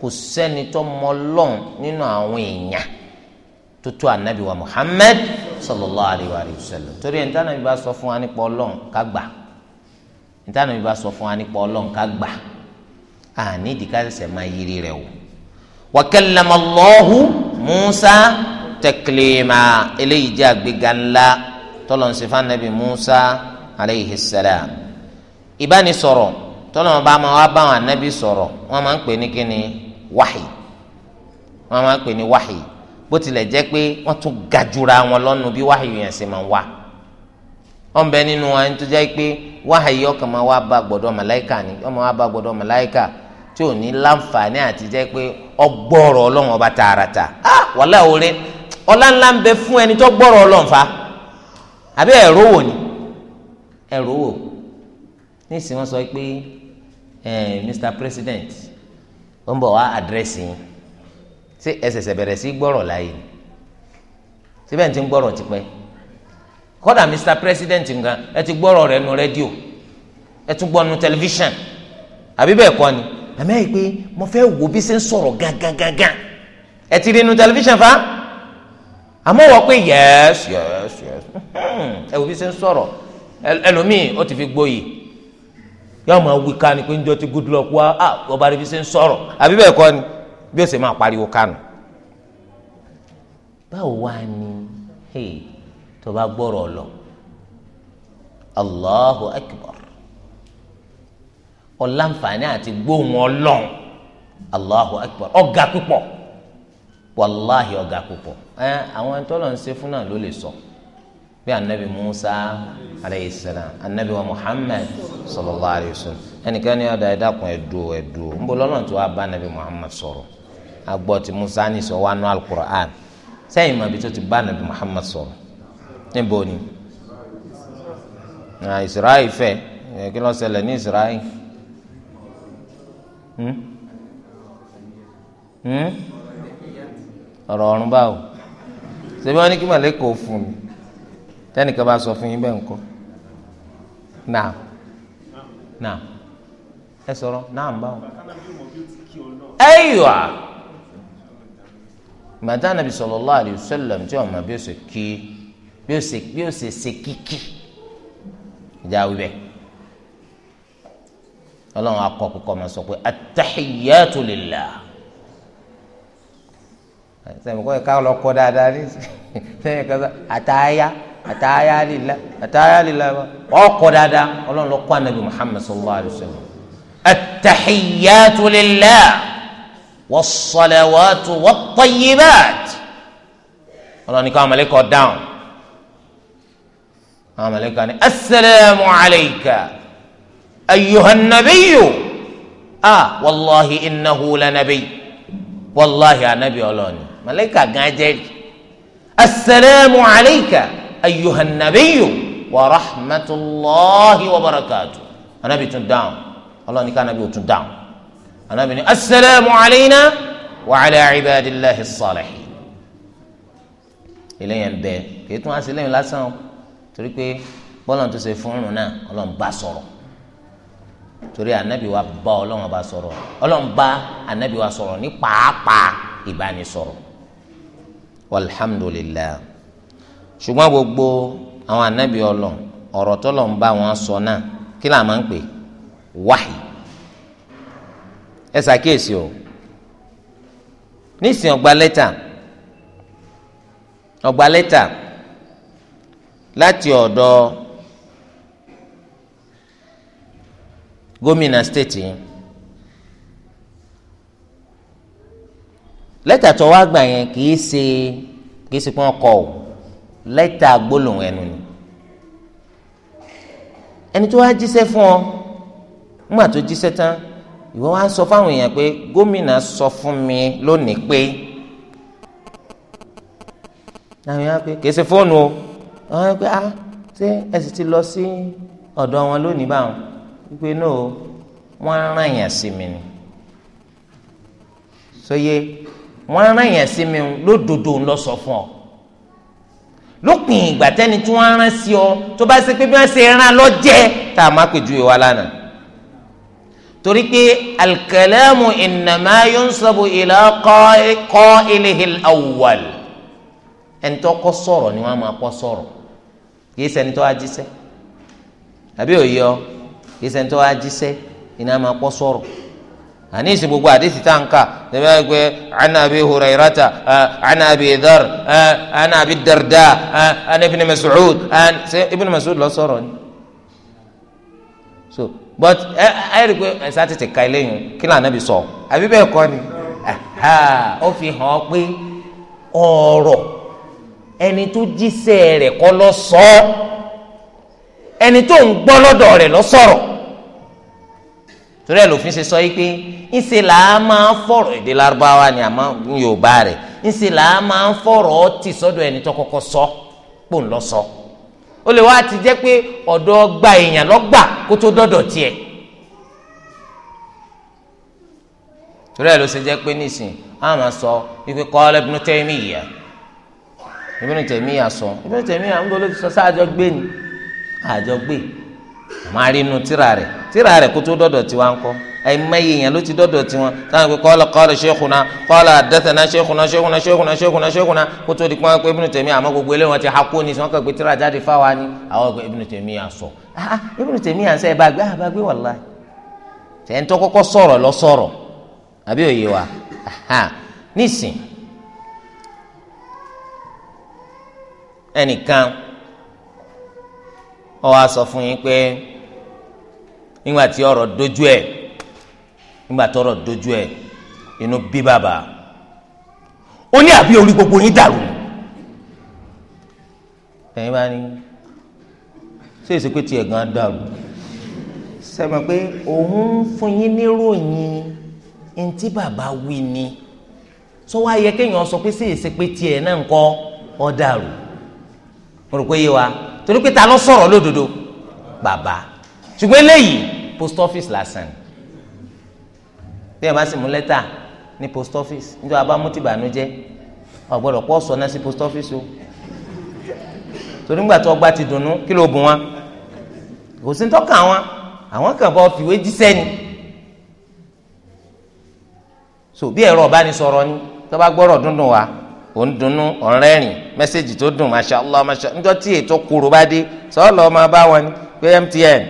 kò sẹ́ni tó mọ ọlọ́run nínú àwọn èèyàn tó tó anabi wa muhammed sallallahu alayhi wa sallam torí ẹni tánàbí bá sọ fún wa nípa ọlọ́run ká gbà ẹni tánàbí bá sọ fún wa nípa ọlọ́run ká gbà àní ìdíkàsẹ̀sẹ̀ máa yiri rẹ̀ o wa kallama musa taklima eléyìí jẹ́ àgbéga ńlá tọ́lọ̀ ń sèfà nàbì musa alayhi salam ìbánisọ̀rọ̀. tọ́lọ́mọ bá máa wá bá àwọn anábì sọ̀rọ̀ wọ́n máa ń pè ní kíni wáhì wọ́n máa ń pè ní wáhì bó tilẹ̀ jẹ́ pé wọ́n tún gajura wọn lọ́nu bí wáhì yẹn sì máa nínú wa tó jẹ́ pé wáhì yọ kàn máa wá bá gbọ́dọ̀ ni wọ́n máa wá bá gbọ́dọ̀ màláìkà tí ò ní láǹfààní àti jẹ́ pé ọgbọ́rọ̀ ọlọ́run ọba tààràtà eh, Mr. President ó ń bọ̀ wá àdírẹ́sì yín ṣé ẹ ṣẹ̀ṣẹ̀ bẹ̀rẹ̀ sí gbọ́rọ̀ láàyè síbẹ̀ ń ti ń gbọ́rọ̀ tipẹ́ kódà Mr. President nǹkan ẹ ti gbọ́rọ̀ rẹ̀ nu rédíò ẹ tún gbọ́ nu tẹlifíṣàn àbí bẹ́ẹ̀ kọ́ ni àmì ẹ̀ pé mo fẹ́ wo bí ṣe ń sọ̀rọ̀ gangangangan ẹ ti rí nu tẹlifíṣàn fa àmọ́ wọ́n pé yes yes yes hmm, ẹ wo bí ṣe ń sọ̀rọ̀ ẹlòmíì ó ti fi gbóyè yóò máa wí ká ni pé njọ́ ti Goodluck wá á ọba rẹ̀ fi ṣe ń sọ̀rọ̀ àbí bẹ́ẹ̀ kọ́ ni bí ó sì máa pariwo kánù. báwo wá ni tó bá gbọ́rọ̀ lọ Allahu Akbar ọ̀làǹfààní àti gbóhùn ọlọ́run Allahu Akbar ọ̀gá púpọ̀ wàláhì ọ̀gá púpọ̀ ẹ àwọn ẹni tó lọ ń ṣe fún náà ló lè sọ. So bí anabi musa alayhi salam anabi wa muhammad sallallahu alayhi wa sallam ẹnìkan ní ọ̀dà ẹ̀dá kan ẹ̀dùn ẹ̀dùn ń bọ̀ tí wàá bá anabi muhammad sọ̀rọ̀ agbọ́ ti musa ní sọ wà nù alukur'an sẹ́yìn mọ̀ bí tó ti bá anabi muhammad sọ̀rọ̀ níbo ni israel fẹ́ kí ló ṣẹlẹ̀ ní israel hmm? hmm? ọ̀rọ̀ ọ̀run báwo ṣe bí wọ́n ní kí mọ̀lẹ́kọ̀ọ́ fún mi tẹnìkan bá sọ fún yín bẹ́ẹ̀ ńkọ́ náà náà ẹ sọ̀rọ̀ náà ń bá wọn. ẹyọ màtá nàbì sallallahu alayhi wa sallam tí ọmọ bí ó ṣe kí bí ó ṣe bí ó ṣe ṣe kíkí ìjà wíwẹ Ọlọ́run akọ kókó máa sọ pé at-tahiyyatu lillah sẹmi kọ́ ẹ ká lọ kọ́ dáadáa ní sẹmi <laughs> kọ́ ẹ àtàyà àtàyàlìlá àtàyàlìlá ọkọ dáadáa Ọlọ́run ló kọ anabi Muhammad sallallahu alayhi wa sallam attahiyatu lillah wassalawatu wattayyibat Ọlọ́run ní ká àwọn mẹlẹkọ dáhùn àwọn mẹlẹkọ ní asalaamu alayka ayyuhan nabiyyu ah wàllahi innahu lanabiy wàllahi anabi Ọlọ́run mẹlẹkọ gan jẹ́rìí asalaamu alayka ayyuhannabiyu wa rahmatulahi wa barakatu anabi tún dáhùn ọlọ́ni ká anabi ò tún dáhùn anabi ni asalaamu alayna wa ala ibadillahi salihin eléyàn bẹ kìí tún àṣẹ lẹ́yìn lásán o torí pé bọ́lá tó ṣe fún ọ̀run náà ọlọ́run bá sọ̀rọ̀ torí anabi wa bá ọlọ́run bá sọ̀rọ̀ ọlọ́run bá anabi wa sọ̀rọ̀ ní pàápàá ìbánisọ̀rọ̀ walhamdulilayi ṣùgbọ́n gbogbo àwọn ànábì ọlọ ọ̀rọ̀ tọ́lọ̀ ń bá wọn sọ náà kí là máa ń pè wáhì ẹ ṣàkíyèsí o nísìnyí ọgbà lẹ́tà ọgbà lẹ́tà láti ọ̀dọ̀ gómìnà stéètì lẹ́tà tó wá gbà yẹn kì í ṣe kì í ṣe pé wọ́n kọ o lẹ́tà gbólóhùn ẹnu ni ẹni tó wá jíṣẹ́ fún ọ nígbà tó jíṣẹ́ tán ìwọ wá sọ fáwọn èèyàn pé gómìnà sọ fún mi lónìí pé àwọn èèyàn pé kèsì fóònù o àwọn èèyàn pé ah ṣé ẹ sì ti lọ sí ọ̀dọ̀ wọn lónìí báwọn wípé náà wọ́n rán èèyàn sí mi ni sọ yé wọ́n rán èèyàn sí mi lódodo ńlọ sọ fún ọ lópin ìgbà tẹ́ni tí wọ́n rán sí ọ tó bá ṣe pé bí wọ́n ṣe rán lọ jẹ́ tá a má pèjú ìwà lánàá torí pé al-kalamu innama yunsabu ila qa'ilihi al-awwal ẹni tó kọ́ sọ̀rọ̀ ni wọ́n máa kọ́ sọ̀rọ̀ kìí ṣẹni tó wá jíṣẹ́ àbí òye ọ kìí ṣẹni tó wá jíṣẹ́ ìnáà máa kọ́ sọ̀rọ̀ àní ìsìn gbogbo àdìsí tá à ń kà tẹ̀lé ẹgbẹ́ anabi hurairata anabi dar anabi darda anabi masoud ṣe ibn masoud lọ sọ̀rọ̀ ni so but ẹ ẹ rí i pé ẹ̀sà tètè ka eléyìí kí ni anabi sọ àbí bẹ́ẹ̀ kọ́ ni ó fi hàn pé ọ̀rọ̀ ẹni tó jíṣẹ́ rẹ̀ kọ́ lọ sọ ẹni tó ń gbọ́ lọ́dọ̀ rẹ̀ lọ sọ̀rọ̀ torí ẹ lòfin ṣe sọ yìí pé ńṣe là á máa ń fọ̀rọ̀ èdè lárúbáwá ni àmọ́ yorùbá rẹ̀ ńṣe là á máa ń fọ̀rọ̀ ọtí sọ́dọ̀ ẹni tó kọ́kọ́ sọ pò ń lọ sọ ó lè wá ti jẹ́ pé ọ̀dọ̀ gba èèyàn lọ́gbà kó tó dọ́dọ̀ tiẹ̀ torí ẹ ló ṣe jẹ́ pé nísìn á máa sọ wípé kọ́lá Ibn Taymiyyah Ibn Taymiyyah sọ Ibn Taymiyyah ń bọ́ ló ti sọ sáà àjọgbé ni àjọgbé. Ah, máa rí inú tíra rẹ̀ tíra rẹ̀ kó tó dọ́dọ̀ tiwa ń kọ́ ẹ̀mẹ́yẹ yẹn ló ti dọ́dọ̀ tiwọn táwọn pé qala qala shaykhuna qala haddathana shaykhuna shaykhuna shaykhuna shaykhuna shaykhuna kó tó di pọ́n pé Ibn Taymiyyah àmọ́ gbogbo eléwọ̀n ti hakó ni sọ́n kàn pé tíra jáde fáwa ni àwọn pé Ibn Taymiyyah sọ ah, ah Ibn Taymiyyah sẹ́ ẹ bá gbé àbá ah, gbé wallahi tẹ̀ ń tọ́ kọ́kọ́ sọ̀rọ̀ lọ sọ̀rọ̀ àbí òye wa ah, nísìn ẹnìkan ó wá sọ fún yín pé nígbà tí ọ̀rọ̀ dojú ẹ̀ nígbà tí ọ̀rọ̀ dojú ẹ̀ inú bí bàbá ó ní àbí orí gbogbo yín dàrú ẹ̀yin bá ní ṣé èsì pé tiẹ̀ gan dàrú sẹ́mi pé òun fún yín ní ròyìn ntí bàbá wí ni sọ wá yẹ kéèyàn sọ pé ṣé èsì pé tiẹ̀ náà ń kọ́ ọ dàrú mo rò pé yé wa torí pé ta ló sọ̀rọ̀ lódodo bàbá ṣùgbọ́n eléyìí post office lásán bí ẹ bá sì mú lẹ́tà ní post office níjọ́ abámútì bànújẹ́ ọ̀gbọ́dọ̀ pọ̀ sọ náà sí post office o torí ńgbà tó ọgbà ti dùnnú kí ló bùn wọn kò sí tọ́ka wọn àwọn kan bọ́ fìwé jíṣẹ́ ni so bí ẹ̀rọ ọ̀bánisọ̀rọ̀ ni tó bá gbọ́rọ̀ dúndùn wa ò ń dunnú ò ń rẹ́rìn mẹ́sẹ̀gì tó dùn masha allah masha níjọ́ tí ètò kúrò bá dé sọ́ọ̀lọ́ ọmọ bá wọn ni pé mtn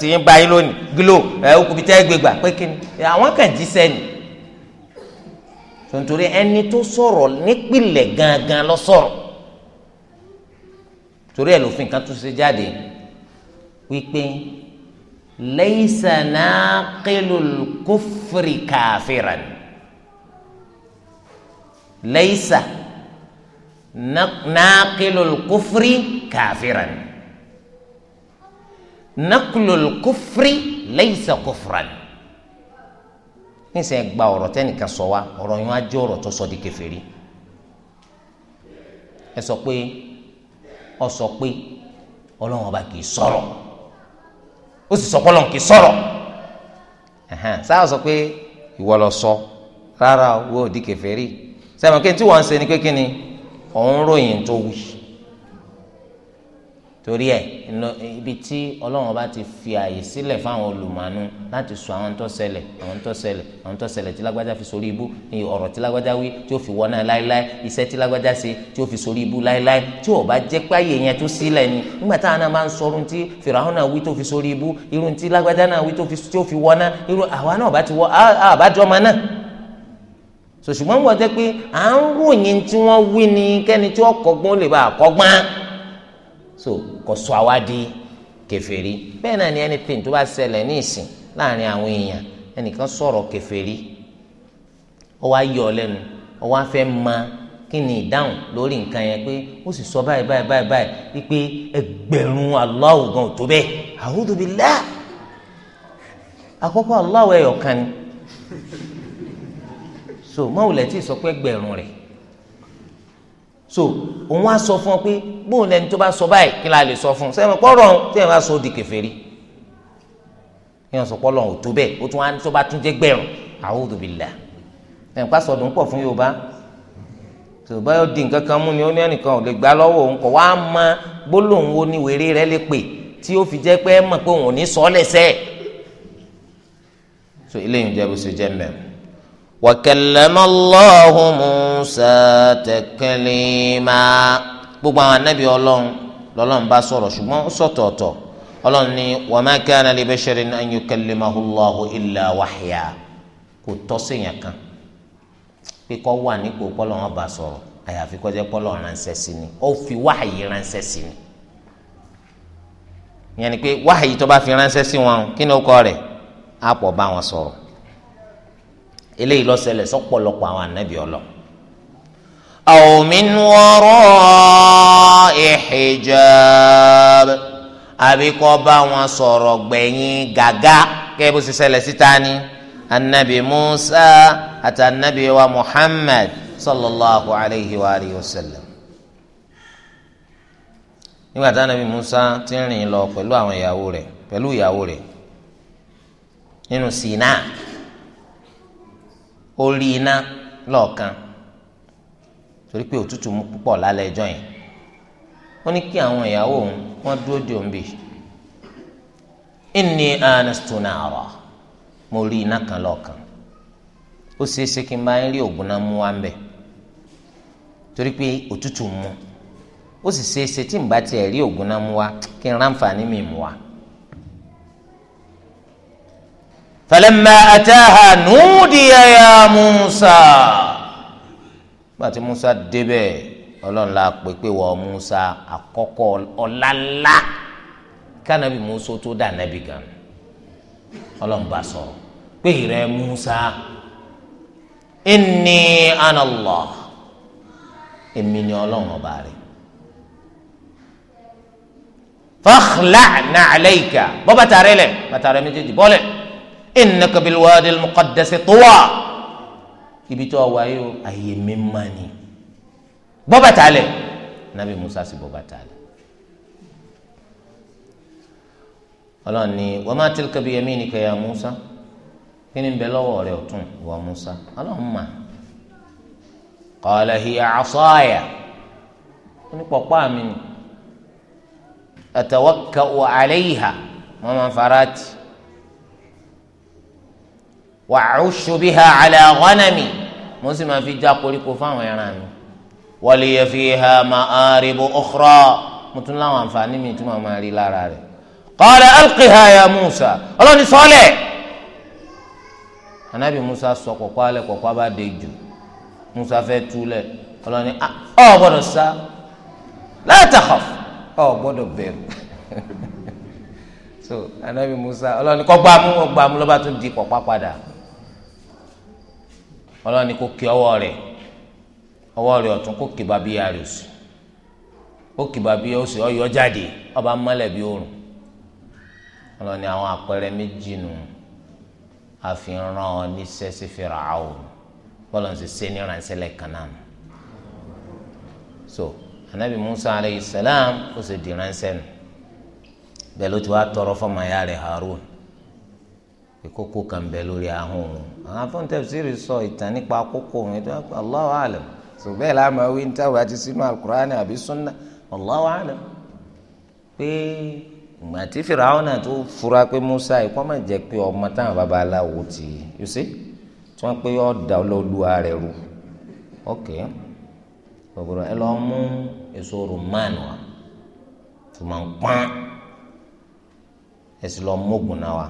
ti yín bá yín lónìí glo ẹ̀ ó kùbìtẹ́ ẹ̀ gbégbà pé kí ni àwọn kan jíṣẹ́ ni tontori ẹni tó sọ̀rọ̀ nípìnlẹ̀ gangan lọ sọ̀rọ̀ torí ẹ̀ lófin kan tó ṣe jáde wípé laysa naqilul kufri kafiran ni laysa naqilul kufri kafiran naqilul kufri laysa kufran nísìnyí gba ọ̀rọ̀ tẹ́nìkan sọ wa ọ̀rọ̀ yẹn wá jẹ́ ọ̀rọ̀ tó sọ di kèfèrí ẹ sọ pé ọ sọ pé ọlọ́run ọba kì í sọ̀rọ̀ ó sì sọ pé ọlọ́run kì í sọ̀rọ̀ rárá wo di kèfèrí sẹ́mi kí n tí wọ́n ń ṣe ni pé kí ni òun ròyìn tó wù torí ẹ ibi tí ọlọ́run bá ti fi àyè sílẹ̀ fáwọn olùmọ̀ọ́nù láti sọ àwọn tó ṣẹlẹ̀ àwọn tó ṣẹlẹ̀ àwọn tó ṣẹlẹ̀ tí lágbájá fi sórí ibú ni ọ̀rọ̀ tí lágbájá wí tí ó fi wọná láéláé iṣẹ́ tí lágbájá ṣe tí ó fi sórí ibú láéláé tí ò bá jẹ́ páyé yẹn tó sílẹ̀ ni nígbà táwọn náà máa ń sọrun tí fìràhùn náà wí tó fi sórí ibú irun tí lágbájá náà wí tó fi wọná irun àwa náà náà sòṣùgbọ́n wọ́n jẹ́ pé à ń ròyìn tí wọ́n wí ni kẹ́ni tí wọ́n kọ́gbọ́n lè bá àkọ́gbọ́n so kò sọ àwa di kèfèrí bẹ́ẹ̀ náà ni anything tó bá ṣẹlẹ̀ ní ìsìn láàrin àwọn èèyàn ẹnìkan sọ̀rọ̀ kèfèrí ó wá yọ ọ lẹ́nu ó wá fẹ́ ma kí ni ìdáhùn lórí nǹkan yẹn pé ó sì sọ báyìí báyìí báyìí báyìí wípé ẹgbẹ̀rún Allahu gan ò tó bẹ́ẹ̀ a'udhu billah àkọ́kọ́ Allahu ẹ̀yọ̀ kan ni so mọ́wùlẹ̀ tí sọ pé gbẹ̀rún rẹ̀ so òun á sọ fún ọ pé bóun lẹni tó bá sọ báyìí kí la lè sọ fún un sẹ́yìn pọ́rọ̀ ọ̀hún tí èèyàn bá sọ ó di kèfèrí èèyàn sọ pọ́lọ̀ ọ̀hún tó bẹ́ẹ̀ ó tún á tó bá tún jẹ́ gbẹ̀rún a'udhu billah ẹ̀yìn pa sọ̀dún pọ̀ fún Yorùbá so báyọ̀ di nǹkan kan mú ni ó ní ẹnìkan ò lè gbá lọ́wọ́ òun kọ̀ wá mọ gbólóhùn wo ni wèrè rẹ lè pè tí ó fi jẹ́ pé ẹ mọ̀ pé òun ò ní sọ ọ́ lẹ́sẹ̀ so eléyìí jẹ́ bó ṣe jẹ́ mẹ́rin wàkẹlẹmọ lọhùn musa tẹkẹlẹmà gbogbo àwọn anabi Ọlọ́run lọ́lọ́run bá sọ̀rọ̀ ṣùgbọ́n ó sọtọọtọ Ọlọ́run ni wa ma kana li basharin an yukallimahu Allahu illa wahya kò tọ́ séèyàn kan pé kó wà nípò pọ́lọ́run bá sọ̀rọ̀ àyàfi kó jẹ́ pọ́lọ́run ránṣẹ́ sí ni ó fi wáhàyè ránṣẹ́ sí ni ìyẹn pé wáhàyè tó bá fi ránṣẹ́ sí wọn kí ni ó kọ rẹ̀ á pọ̀ bá wọn sọ̀rọ̀ eléyìí ló ṣẹlẹ̀ sọ́pọ̀lọpọ̀ àwọn ànábì ọlọ. aw min wara'i hijab àbíkọ́ bá wọn sọ̀rọ̀ gbẹ̀yìn gàgá kẹ́ bó ṣe ṣẹlẹ̀ síta ni anabi musa àti anabi wa muhammad sallallahu alayhi wa alihi wa sallam. nígbà tí anabi musa ti rìn lọ pẹ̀lú àwọn ìyàwó rẹ̀ pẹ̀lú ìyàwó rẹ̀ nínú sinai orí iná lọ́ọ̀kan torí pé òtútù mú púpọ̀ lálẹ́ ẹjọ́ yẹn ó ní kí àwọn ìyàwó òun wọ́n dúró di òun bì inni anastu nara mo rí iná kan lọ́ọ̀kan ó ṣeé ṣe kí n bá rí ògùn náà mú wá ń bẹ̀ torí pé òtútù mú ó sì ṣeé ṣe tí n bá tiẹ̀ rí ògùn náà mú wá mi mú فلما ataha nudiya يا موسى، gbàtí musa débẹ̀ ọlọ́run la pè pé wọ́n musa àkọ́kọ́ ọ̀làlá kánábì musa tó dà nábì gan ọlọ́run bá sọ̀rọ̀ pé ìrẹ́ musa inni ana Allah èmi ni ọlọ́run ọba rẹ̀ fakhla' na'layka bọ́ bàtà rẹ lẹ̀ bàtà rẹ méjèèjì bọ́lẹ̀ innaka bil wadi al muqaddasi tuwa ibi tó wà yìí ayé mímá ni bọ́ bàtà lẹ̀ nabi musa sì bọ́ bàtà lẹ̀ ọlọ́run ni wa ma tilka bi yaminika ya musa kí ni ń bẹ lọ́wọ́ rẹ ọ̀tún wa musa ọlọ́run mà qala hiya asaya ó ní àmì ni atawakka'u alayha wọ́n máa fara tì wa'ushu biha ala ghanami mo sì máa fi já koríko fáwọn ẹran mi wa liya fiha ma'aribu ukhra mo tún láwọn àǹfààní mi tí mo máa rí lára rẹ̀ qala alqiha ya Musa ọlọ́ni sọ́ọ̀lẹ̀ anabi Musa sọ kọ̀kọ́ alẹ́ kọ̀kọ́ bá dé jù Musa fẹ́ túlẹ̀ ọlọ́ni ọ̀ ah, gbọ́dọ̀ sá la takhaf ọ̀ gbọ́dọ̀ bẹ̀rù <laughs> so anabi Musa ọlọ́ni kọ́ gbàmú ọgbàmú lọ́ba tún di kọ̀pá padà ọlọ́ni kò kí ọwọ́ rẹ̀ ọwọ́ rẹ̀ ọ̀tún kò kí babíyá rẹ̀ òsì kò kí babíyá òsì ọyọ jáde ọba mọ́lẹ̀ bí oòrùn ọlọ́ni àwọn àpẹẹrẹ méjì nù àfihàn ọ níṣẹ́ sí Fíráò bọ́lá ń ṣe ṣe ní ìrànṣẹ́lẹ̀ kan náà so anabi Musa alayhi salam ó sì di ìrànṣẹ́ nù bẹ́ẹ̀ ló ti wá tọrọ fọmọ ya rẹ̀ Harun ìkókó kan bẹ́ẹ̀ lórí ahọ́n òun àwọn afọ́ntẹ́fsìrì sọ ìtàn nípa àkókò òun ètò Allahu alam sọ bẹ́ẹ̀ la máa wí níta wàá ti sínú alukur'ani àbí sunna Allahu alam pé ìgbà tí fìràwọ́nà tó fura pé Musa ikọ́ máa jẹ́ pé ọmọ táwọn babaláwo ti you see tí wọ́n pé ọ̀dà olóòlùwà rẹ̀ rú ok gbogbo ẹ lọ mú èso roman wa tó máa ń pọ́n ẹ sì lọ mú ògùn náà wa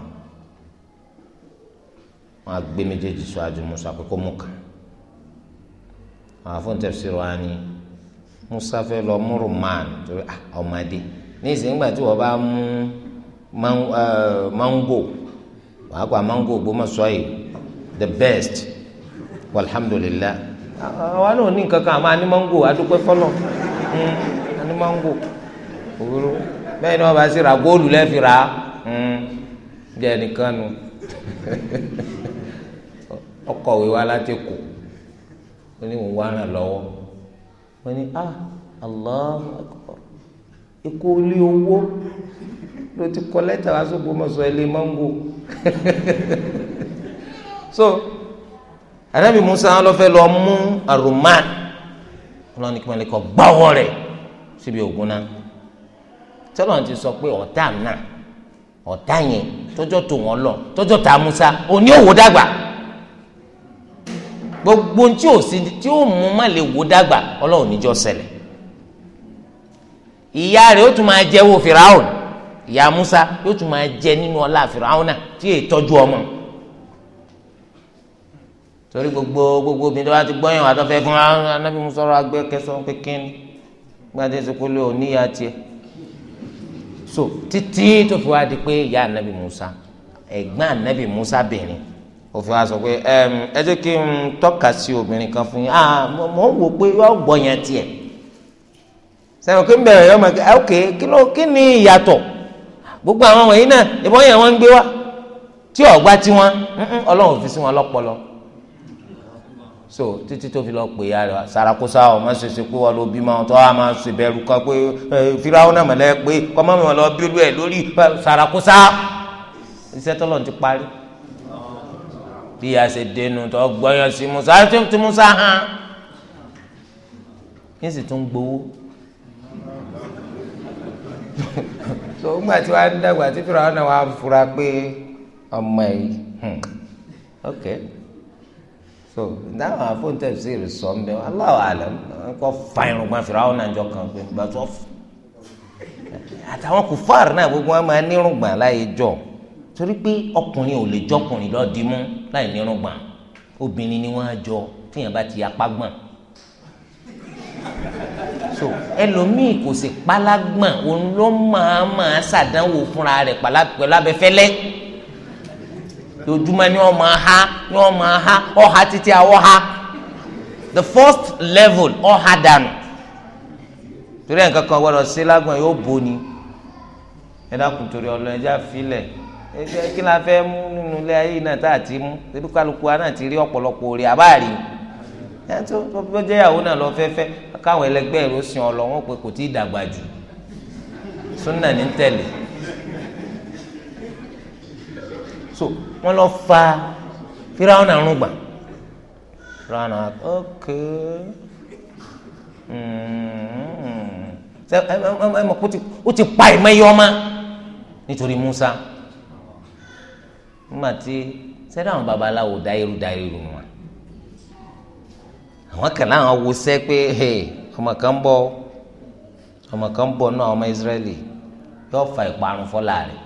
wọn á gbé méjèèjì síwájú musa pé kó mú kan àwọn afọ́ntẹ́sí wa ni musa fẹ́ lọ mú roman torí ah, ọmọdé ní ìsìn nígbà tí wọ́n bá mú eh, mango wàá kó mango gbọ́mọ̀sọ́ yìí the best alhamdulillah àwa náà ní nǹkan kan àmọ́ àní mango adúpẹ́ fọlọ́ àní hmm, mango òwúrọ̀ bẹ́ẹ̀ ni wọ́n bá sí ra góòlù lẹ́ẹ̀fì rà bí hmm, ẹnìkan nu. <laughs> ọkọ̀wé wa láti kù ó ní òun wá ràn lọ́wọ́ wọ́n ní ah Allahu Akbar ikú olé owó ló ti kọ́ lẹ́tà wá sóko mọ̀sọ́ ẹ lé mọ́ngò <laughs> so anabi musa wọn lọ fẹ́ lọ mú aruman wọn ní kí wọn lè kọ gbáwọ rẹ̀ síbi ògùn náà tọ́lọ̀ ti sọ pé ọ̀tá náà ọ̀tá yẹn tọ́jọ́ tó wọn lọ tọ́jọ́ tá musa òní òwò dàgbà. gbogbo tí ò sí tí ó mú má lè wò dàgbà ọlọ́run níjọ́ ìyá rẹ̀ ó tún máa jẹ́ wo ìyá musa ó tún máa jẹ nínú ọlá fìràhùn náà tí èyí tọ́jú ọmọ torí gbogbo gbogbo obìnrin tó bá ti gbọ́yàn wà tó fẹ́ fún anábì musa ọ̀rọ̀ agbẹ́ kẹsàn-án sokolo so títí tó fi wá di pé ìyá anábì musa ẹ̀gbọ́n anábì musa bìnrin. òfin wa sọ pé ẹ jẹ́ kí n tọ́ka sí obìnrin kan fún yín ah mo ń wò pé yọ gbọ́ yẹn tiẹ̀ sẹ́wọ̀n kí n bẹ̀rẹ̀ yọ ọmọ ah, ok kí ló kí ni ìyàtọ̀ gbogbo àwọn wọ̀nyí náà ìbọn yẹn wọ́n ń gbé wá tí ọ̀gbá tí wọ́n ọlọ́run fi sí wọn lọ́pọlọ so títí tó fi lọ pè ya rẹ wa sarakosa ọ ma ṣe ṣe pé wọn ló bí ma tọ́ a ma ṣe bẹ̀rù kan pé firawo náà mọ̀lẹ́ pé kọ́mọ́mọ́ lọ bí olú ẹ̀ lórí sarakosa iṣẹ́ tọ́lọ̀ ti parí bí a ṣe dẹnu tó gbọ́yọ̀ sí musa tí musa hàn yín sì tún gbowó <laughs> so ńgbà tí wàá dàgbà tí fúra ọ̀nà wàá fura pé ọmọ yìí hmm, ok so dáhùn àfọ̀ǹtẹ̀sí rẹ̀ sọ ń bẹ aláwọ̀ àlẹ́ kọ́ fa irùngbọ̀n fúra ọ̀nà àjọ kan pé ìgbà tó àtàwọn kò fáàrì náà gbogbo wọn máa nírùngbọ̀n láyé jọ torí pé ọkùnrin ò lè jọkùnrin lọ́ọ́ dimú láì nírun gbọ̀n obìnrin ni wọ́n á jọ tíyẹn bá ti apá gbọ̀n so ẹlòmíì kò sì pálágbọ̀n òun ló máa máa ṣàdánwò fúnra rẹ̀ pẹ̀lú abẹ́fẹ́lẹ́ lójúmọ́ ni wọ́n máa ha ni wọ́n máa ha ọ̀ha títí àwọ̀ ha the first level ọ̀ha dànù torí ẹ̀ nǹkan kan gbọ́dọ̀ sí lágbọ̀n yóò bo ni ẹ dákun torí ọlọ́run ẹ já filẹ̀ ẹgbẹ́ kí la fẹ́ mú nínú ilé ayé náà tá a ti mú ebi kálukú wa náà ti rí ọ̀pọ̀lọpọ̀ orí àbáàrí yàtọ̀ tó jẹ́ ìyàwó náà lọ fẹ́fẹ́ káwọn ẹlẹgbẹ́ rẹ sìn ọ lọ wọn pé kò tí ì dàgbà jù súnà ní tẹ̀lé so wọn lọ fa fíráwọn àrùn gbà fíráwọn àrùn ok ṣe ẹ ẹ ẹ mọ kó ti pa ẹ̀mẹ́yọ́ ma nítorí Musa nígbà tí sẹ́dá àwọn babaláwo dá irú dá irú wọn àwọn kan láwọn wo sẹ́ pé ọmọ kan bọ̀ ọmọ kan bọ̀ náà ọmọ Israẹli yóò fa ìparun fọ́lá rẹ̀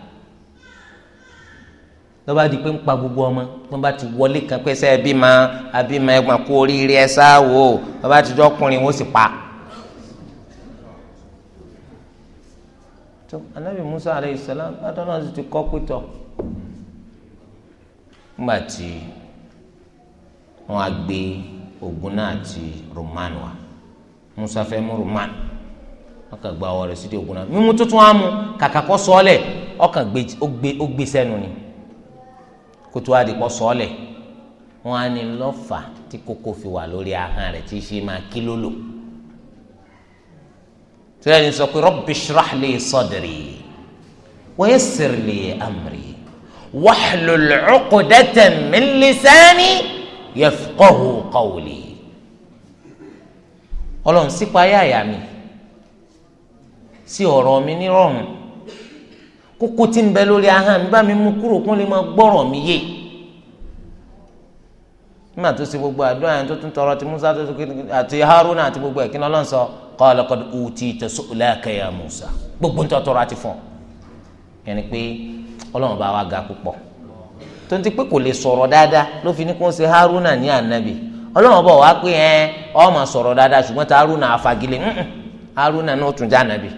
lọ́ba di pé ń pa gbogbo ọmọ tó bá ti wọlé kan pé sẹ́ ẹbí ma ẹbí ma ẹgbọ́n kó oríire ẹ sáwò lọ́ba ti jọ́ ọkùnrin wọ́n sì pa. tó anabi Musa aleyhisselam adọ́nà ti kọ́ pé tọ̀ nígbà tí wọn á gbé ogun náà ti roman wa musa fẹ́ roman wọn kàn gba ọwọ́ rẹ̀ di ogun náà tuntun mu kàkà kọ sọọlẹ gbé ni kótó àdìpọ sọọlẹ wọn a ní lọfà tí koko fi wà lórí aha rẹ̀ tí ṣe máa kí tí wọn sọ pé li wahlul uqdatan min lisani yafqahu qawli ọlọ́run sípayá àyà mi sí ọ̀rọ̀ mi nírọ̀rùn kókó tí ń bẹ lórí ahọ́n mi bá mi mú kúrò kún lè máa gbọ́rọ̀ mi yé nígbà tó ṣe gbogbo àdúrà yẹn tó tún tọrọ ti Musa tó àti Haruna àti gbogbo ẹ̀kí lọ́lọ́run sọ qala qad utita su'laka ya Musa gbogbo ń tọ́ tọrọ àti fún ọ yẹn ni pé ọlọ́run bá wa ga púpọ̀ tó ń ti pé kò lè sọ̀rọ̀ dáadáa ló fi ní kó ń ṣe haruna ní ànábì ọlọ́run bọ̀ wá pé ẹ ọmọ sọ̀rọ̀ dáadáa ṣùgbọ́n tá haruna afagilé haruna náà tún já ànábì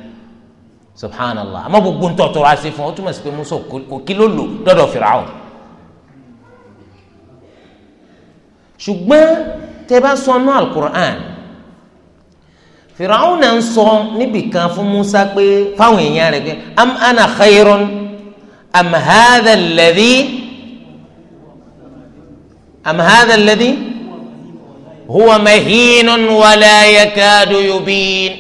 subhanallah àmọ́ gbogbo ń tọ̀tọ̀ wá sí fún ọ túmọ̀ sí pé musa kò kí ló lò dọ́dọ̀ fìràwọ̀ ṣùgbọ́n tẹ bá sọ ọ́nà alukur'an fìràwọ̀ náà sọ níbìkan fún musa pé fáwọn èèyàn rẹ̀ pé am ana khayrun am hadha alladhi am hadha alladhi huwa mahinun wala yakadu yubin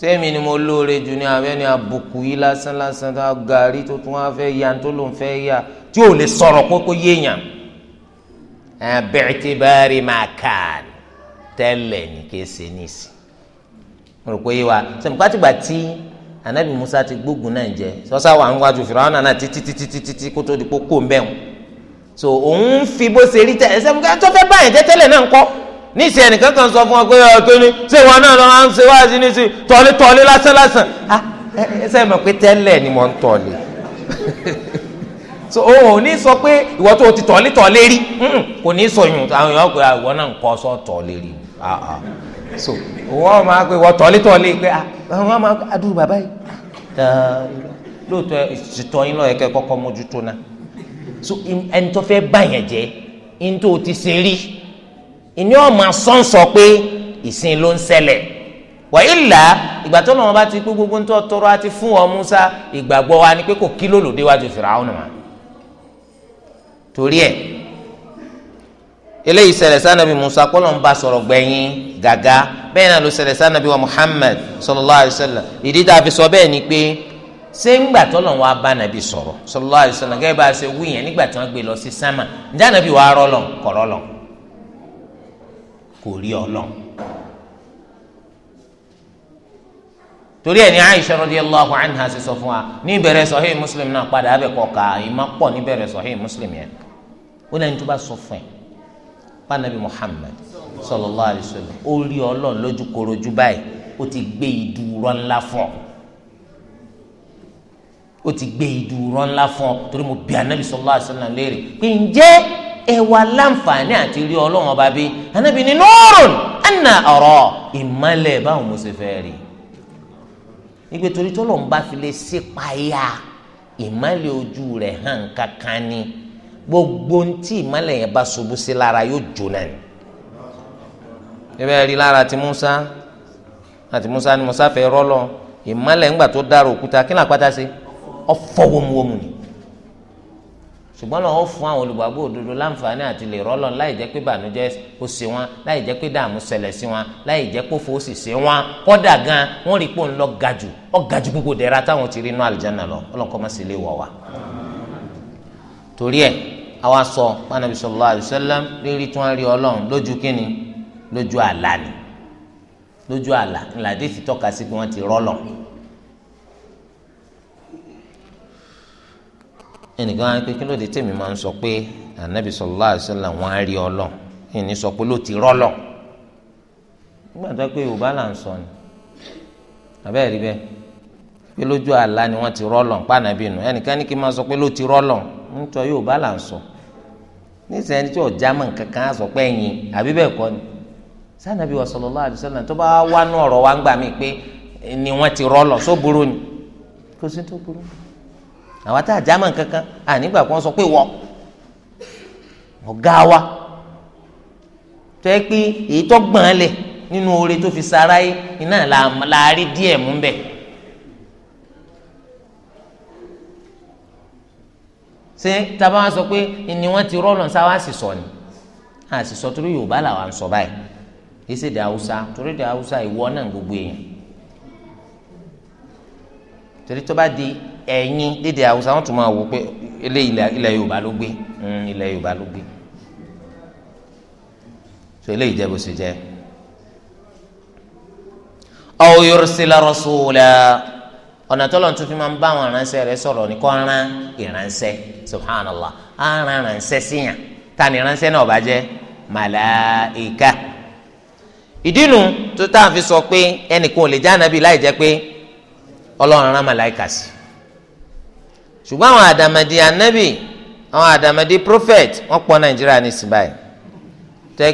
sẹ́mi ni mo lóore jù ní abẹ́ni àbùkù yìí lásán lásán tá a gàrí tó tún wá fẹ́ ya tó ló ń fẹ́ ya tí ò lè sọ̀rọ̀ kókó yéèyàn abẹ́ẹ̀tì báárì máa kà tẹ́lẹ̀ ní kése níìsì mo rò pé yìí wa sẹ́mi pátìgbà tí anabi musa ti gbógun náà jẹ sọsá wà ń wájú fìràwọn náà títí títí títí kó tó di kó kó mbẹ́ so òun fi bó ṣe rí tẹ ẹsẹ mi kan tó fẹ́ báyìí tẹ́tẹ́lẹ̀ náà ń kọ́ ní ìsìn ẹnìkan kan sọ fún wa pé ọ̀tọ́ ni ṣé ìwà náà lọ́wọ́ ń ṣe wáyé ní sí tọ́lé tọ́lé lásán lásán ah, ẹsẹ̀ mọ̀ pé tẹ́lẹ̀ ni mo ń tọ́lé <laughs> so òun ò ní sọ pé ìwọ tó ti tọ́lé tọ́lé rí kò ní sọ yùn àwọn èèyàn pé ah, ah ah so wọ́n máa pe wọ́n tọ́lé tọ́lé pé ah, àwọn máa adúrú bàbá yìí lóòótọ́ ìṣètò yín lọ́yẹ̀ kẹ́ kọ́kọ́ mójútó náà so ẹni tó fẹ́ bàyàn jẹ́ ẹni tó ti ṣe rí ìní ọ̀ma sọ́nsọ pé ìsìn ló ń ṣẹlẹ̀ wàhílà ìgbà tó lọ́wọ́ bá ti pé gbogbo ń tọ́ tọrọ àti fún ọ Musa ìgbàgbọ́ wa ni pé kò kí lòlòdé wájú Fìràwọn náà torí ẹ̀ eléyìí ṣẹlẹ̀ sànàbí musa kọlọ ń bá sọ̀rọ̀ gbẹ̀yìn gàgà bẹ́ẹ̀ náà ló ṣẹlẹ̀ sànàbí wa muhammad sallallahu alayhi wa sallam ìdí tá a fi sọ bẹ́ẹ̀ ni pé ṣé ńgbà tó lọ́n wá bá nàbí sọ̀rọ̀ sallallahu alayhi wa sallam gẹ́gẹ́ bá a ṣe wí yẹn nígbà tí wọ́n gbé lọ sí sámà ǹjẹ́ ànàbí wa rọ́ lọ kọ̀rọ̀ lọ kò rí ọ lọ. torí ẹ ní aisha radiyallahu anha ṣe sọ fún wa ní ìbẹ̀rẹ̀ sahih muslim náà padà abẹ́kọ̀ọ̀ka ìmọ̀ pọ̀ níbẹ̀rẹ̀ sahih muslim yẹn ó lẹ́ni tó bá sọ fún ẹ panabi Muhammad sallallahu alaihi wasallam ó rí Ọlọ́run lójú korojú báyìí ó ti gbé ìdúró ńlá fún ọ ó ti gbé ìdúró ńlá fún ọ torí mo bí anabi sallallahu alaihi wasallam léèrè pé ǹjẹ́ ẹ wà láǹfààní àti rí Ọlọ́run ọba bí anabi ní nurun anna ara ìmọ́lẹ̀ báwo mo ṣe fẹ́ rí ìgbé torí tọ́lọ̀ ń bá fi lè ṣèpáyà ojú rẹ̀ hàn kankan ni gbogbo ntí ìmọ̀lẹ̀ yẹn bá ṣubú sí lára yóò jóná ni. ibẹ̀ rí lára ti Musa àti Musa ni Musa fẹ́ rọ́lọ́ ìmọ̀lẹ̀ ńgbà tó dára òkúta kí ni àpáta ṣe ọ̀fọ̀ wọ́muwọ́mu ni. ṣùgbọ́n náà ó fún àwọn olùgbàgbọ́ òdodo láǹfààní àti lè rọ́lọ́ láì jẹ́ pé bànújẹ́ ó ṣe wọn láì jẹ́ pé dààmú ṣẹlẹ̀ sí wọn láì jẹ́ pé fòó sì ṣe wọn kọ́dà gan wọ́n rí pò ń lọ gajù ọ gajù gbogbo dẹ̀ra táwọn ti rí inú àlùjáná lọ ọlọ́kọ́ mọ́ sí wọ̀ wá torí ẹ̀ àwa sọ pànàbí sallallahu alaihi wasallam rírí tí wọ́n rí ọlọ́run lójú kínni lójú àlá ni lójú àlá ńláde fi tọ́ka sí pé wọ́n ti rọ́lọ̀ ẹnìkan á pé kí ló dé tèmi máa ń sọ pé ànábì sallallahu alaihi wasallam wọ́n á rí ọlọ́run ìní sọ pé ló ti rọ́lọ̀ nígbà tó pé yorùbá là ń sọ ni àbẹ́ẹ̀ rí bẹ́ẹ̀ pé lójú àlá ni wọ́n ti rọ́lọ̀ pànàbí nù ẹnìkan ní kí n máa sọ pé ló ti rọ́lọ̀ ń tọ́ Yorùbá là nísìnyẹn tí ọ̀já mọ̀ kankan á sọ pé ẹ̀yìn àbí bẹ́ẹ̀ kọ́ ni sànàbí wa sallallahu alaihi wasallam tó bá wà nù ọ̀rọ̀ wa ń gbà mí pé ni wọ́n ti rọ́ só burú ni kò sí tó burú àwa tá àjá mọ̀ kankan ànígbà kan sọ pé wọ́ ọ̀gá wa tó yẹ pé èyí tó gbọ̀n lẹ̀ nínú oore tó fi sáráyé iná làárí díẹ̀ mú bẹ́ẹ̀ ṣé "Taba wọn sọ pé ni wọn ti rọlọ sáwá sì sọ ni a sì sọ torí yorùbá làwọn sọ báyìí èsì èdè haúsá torí èdè haúsá ìwọ náà gbogbo èèyàn torí tó di ẹ̀yin dédé haúsá wọn tún máa wò pé ilé ilẹ̀ yorùbá ló gbé hmm, ilẹ̀ yorùbá ló gbé so eléyìí jẹ bó ṣe jẹ aw yursila rasula. ọ̀nà tó lọ́n tún fi máa ń bá àwọn aránṣẹ́ rẹ̀ sọ̀rọ̀ ní kó rán ìránṣẹ́ subhanallah á rán ta ni ìránṣẹ́ náà bá jẹ́ màláìka ìdínú tó tá a fi sọ pé ẹnìkan ò lè já nàbí láì jẹ́ pé ọlọ́run rán màláìka sí ṣùgbọ́n àwọn àdàmàdì ànábì àwọn àdàmàdì prophet wọ́n pọ̀ nàìjíríà ní síbáyìí tẹ́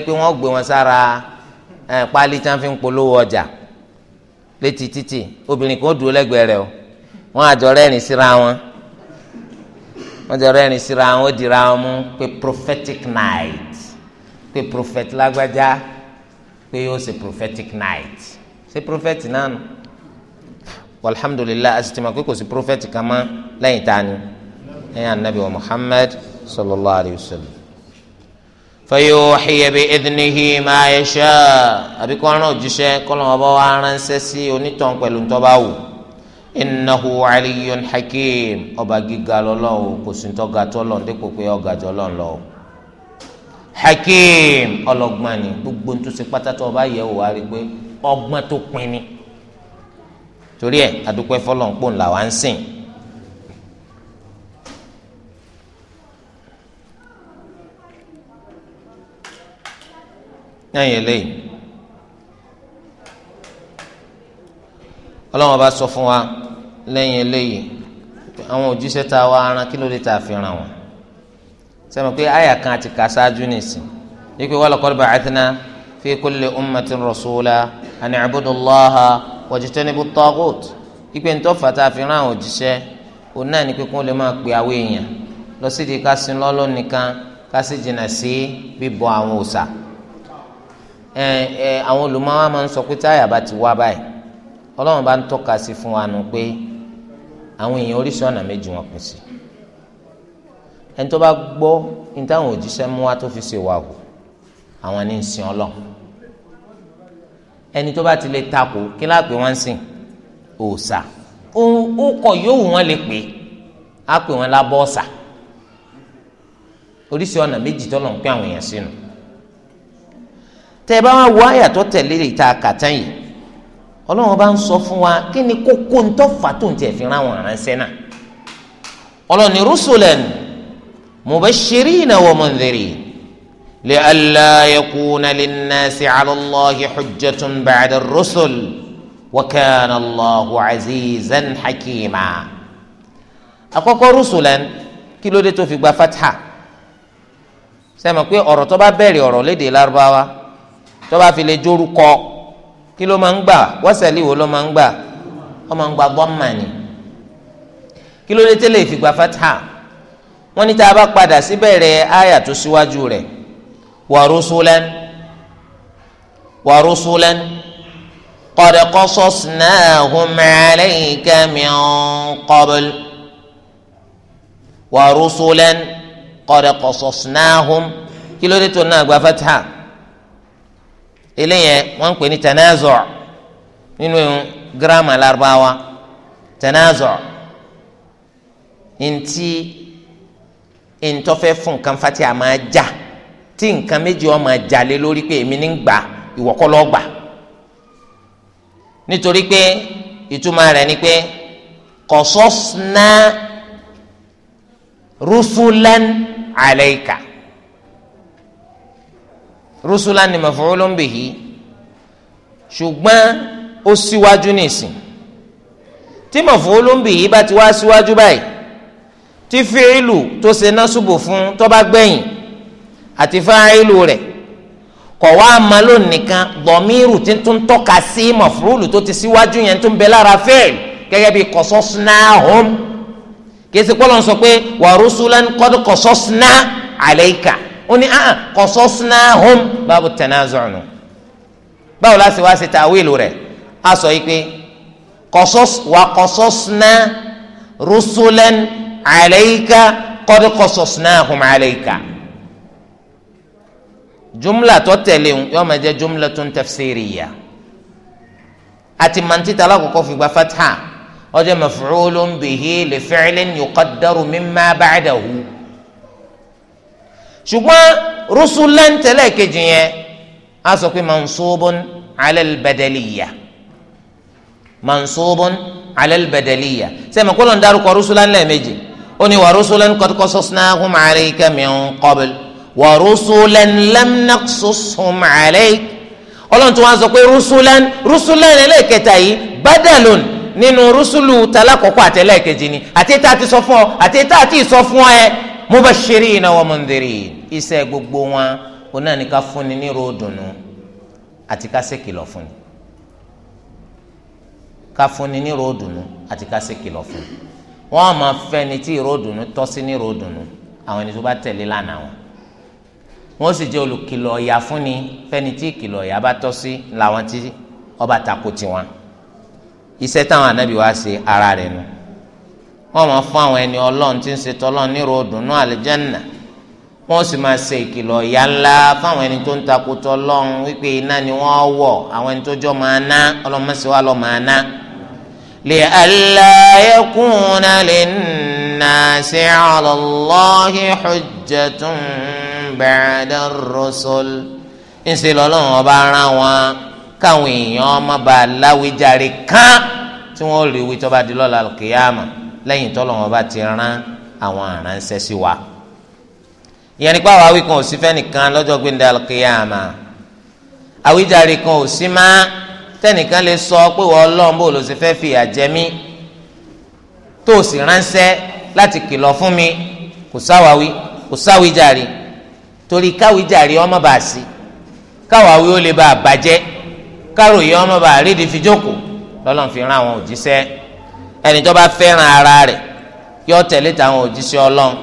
pé ọjà létí títì obìnrin kan ó dúró lẹ́gbẹ̀ẹ́ rẹ̀ o wọ́n àjọ rẹ́rìn síra wọn wọ́n jọ rẹ́rìn síra wọn ó dira wọn mú pé prophetic night pé prophet lágbájá pé yóò ṣe prophetic night ṣe prophet náà nù alhamdulilayi asitima pé kò sí prophet kan mọ́ lẹ́yìn tani ẹ̀yìn anabi wa muhammad sallallahu alayhi wa sallam. fayuhi bi idnihi ma yasha àbí kọ́ ọ̀ràn òjíṣẹ́ kọ́lọ́mọ bá wà ránṣẹ́ sí onítàn pẹ̀lú ntọ́ba wò ọba gíga lọ́lọ́wọ́ kò sí ntọ́ga tọ́lọ̀ ndé kò pé ọ̀gá jọlọ́ hakim ọlọ́gbọ́n ni gbogbo ntúnṣe pátátọ́ ọba yẹ̀ lẹ́yìn eléyìí ọlọ́run ọba sọ fún wa lẹ́yìn eléyìí àwọn òjíṣẹ́ tá a wá aran kí ló dé tá a fi ràn wọ́n sẹ́mi pé àyà kan àti kà sáájú nìsín yíkú wa laqad ba'athna fi kulli ummatin rasula an i'budu Allaha wajtanibu at-taghut ipe ń fi ràn àwọn òjíṣẹ́ òun náà ní pé lè máa pe àwọn èèyàn lọ sí ká sin lọ́lọ́ nìkan ká sì jìnnà sí bíbọ àwọn òòṣà ẹ ẹ àwọn olùmọ̀wá máa ń sọ pé táyà bá ti wá báyìí ọlọ́run bá ń tọ́ka sí fún wa nù pé àwọn èèyàn oríṣi ọ̀nà méjì wọn pín sí ẹni tó bá gbọ́ ní táwọn òjíṣẹ́ mú wá tó fi ṣe wà wò àwọn ní ń sin ọlọ́run ẹni tó bá ti lè takò kí láàpẹ wọn ń sìn òòṣà ó kọ yóò wọn lè pè á pè wọn lábọ́ ọ̀sà oríṣi ọ̀nà méjì tó lọ́n pín àwọn èèyàn sínú. Si tẹ ẹ bá wá wọ àyà tó tẹ̀lé ìta kàtá yìí ọlọ́run bá ń sọ fún wa kí ni kókó ń tọ́fà tó ń tẹ̀ fi rán àwọn aránṣẹ́ náà ọlọ́run ní rusulan mubashirina wa mundhirin li'alla yakuna linnasi 'ala Allahi hujjatun ba'da ar-rusul wa Allahu 'azizan hakima àkọ́kọ́ rusulan kí ló dé gba fatha sẹ́mi pé ọ̀rọ̀ tó bá bẹ̀rẹ̀ ọ̀rọ̀ lédè lárúbáwá tó bá fi lè jórúkọ kí ló máa ń gbà wọ́sẹ̀lì wo ló máa ń gbà ó máa ń gba gọ́mà ni kí ló dé tẹ́lẹ̀ ìfìgbà fatah wọ́n ní tá a bá padà síbẹ̀rẹ̀ àyà tó síwájú rẹ̀ wa rusulan wa rusulan qad qasasnahum alayka min kí ló dé tó náà gba fatah eléyẹn wọ́n ń pè ní tanazo nínú gírámà Lárúbáwá tanazo ntí ntọ́fẹ́ fún nǹkan fati àmà já tí nǹkan méjì wọn máa jalè lórí pé èmi ní gbà ìwọ gbà nítorí pé ìtumọ̀ rẹ̀ ni pé qasasna rusulan alayka rusula ni maf'ulun bihi ṣùgbọ́n ó síwájú nìsín tí maf'ulun bihi bá ti wá síwájú báyìí tí fíìlù tó ṣe násùbù fún tó bá gbẹ̀yìn àti fáìlù rẹ̀ kọ̀ wá ma ló nìkan dọ̀míìrù tí tún tọ́ka sí maf'ulù tó ti síwájú yẹn tó ń bẹ lára fíìlù gẹ́gẹ́ bí qasasnahum kìí ṣe pọ́lọ́n sọ pé wa rusulan qad qasasna alayka ó ní ah, ah qasasnahum báwo tanazu' nù báwo la ṣe wá ṣe ta'wilu rẹ̀ a sọ yìí pé qasas wa qasasna rusulan alayka qad qasasnahum alayka jumla tó tẹ̀lé ń yọ máa jẹ́ jumlatun tafsiriyya àti mantita alákòókò fìgbà fatha ó jẹ́ maf'ulun bihi li fi'lin yuqaddaru mimma ba'dahu ṣùgbọ́n rusulan tẹ́lẹ̀ kejì yẹn a sọ pé mansubun alal badaliya mansubun alal badaliya sẹ́mi kó ló ń darúkọ rusulan lẹ́ẹ̀mejì ó ní wa rusulan qad qasasnahum alayka min qabl wa rusulan lam naqsushum alayk ọlọ́run tí wọ́n sọ pé rusulan rusulan ẹlẹ́ẹ̀kẹta yìí badalun nínú rusulu talakọ̀kọ̀ àtẹlẹ́ẹ̀kejì ni àti tá a ti sọ fún ọ àti tá a ti sọ fún ọ ẹ mubashirina wa mundhirin iṣẹ́ gbogbo wọn òun náà ní ká fúnni ní ròdùnú àti ká ṣèkìlọ̀ fúnni ká fúnni ní ròdùnú àti ká ṣèkìlọ̀ fúnni wọn a máa fẹni tí ròdùnú tọ́ sí ní ròdùnú àwọn ẹni tó bá tẹ̀lé lánàá wọn wọn sì jẹ́ olùkìlọ̀ ọ̀yà fúnni fẹni tí ìkìlọ̀ ọ̀yà bá tọ́ sí làwọn tí ọba tako tiwọn iṣẹ́ táwọn anábì wá ṣe ara rẹ̀ nu wọn máa fún àwọn ẹni ọlọ́run tí ń ṣe tọ́lọ́run ní ròdùnú àlùjánnà wọ́n sì máa ṣe ìkìlọ̀ ìyà ńlá fáwọn ẹni tó ń takotọ lọ́hùn wípé iná ni wọ́n wọ̀ àwọn ẹni tó jọ máa ná ọlọ́mọṣẹ́wá lọ́ máa ná. lè aláyẹ̀kùnà lè nà sí ọlọ́lọ́hì hujjatun ba'da ar-rusul. ńṣe lọ́lọ́run ọba ara wọn káwọn èèyàn ọmọ bá láwíjàre kán tí wọ́n rí wí tó bá di lọ́la kìyàmà lẹ́yìn tọ́lọ́run ọba ti rán àwọn àránṣẹ́ sí wa ìyẹn ni pé àwọn awí kan ò sí fẹ́nìkan lọ́jọ́ gbẹ̀ndẹ̀ alkiyama àwíjàre kan ò sí má tẹ́nìkan lè sọ pé wọ́n ọlọ́run bò ló sì fẹ́ fìyà jẹ mí tó o sì ránṣẹ́ láti kìlọ̀ fún mi kò sáwàwí kò sáwíjàre torí káwíjàre ọmọ bá sí káwàwí ó lè bá a bàjẹ́ káròyé ọmọ bá a rédi fi jókòó lọ́lọ́run fi rán àwọn òjíṣẹ́ ẹnìjọba fẹ́ràn ara rẹ̀ yọ tẹ̀lé tàwọn òjíṣẹ́ ọlọ́run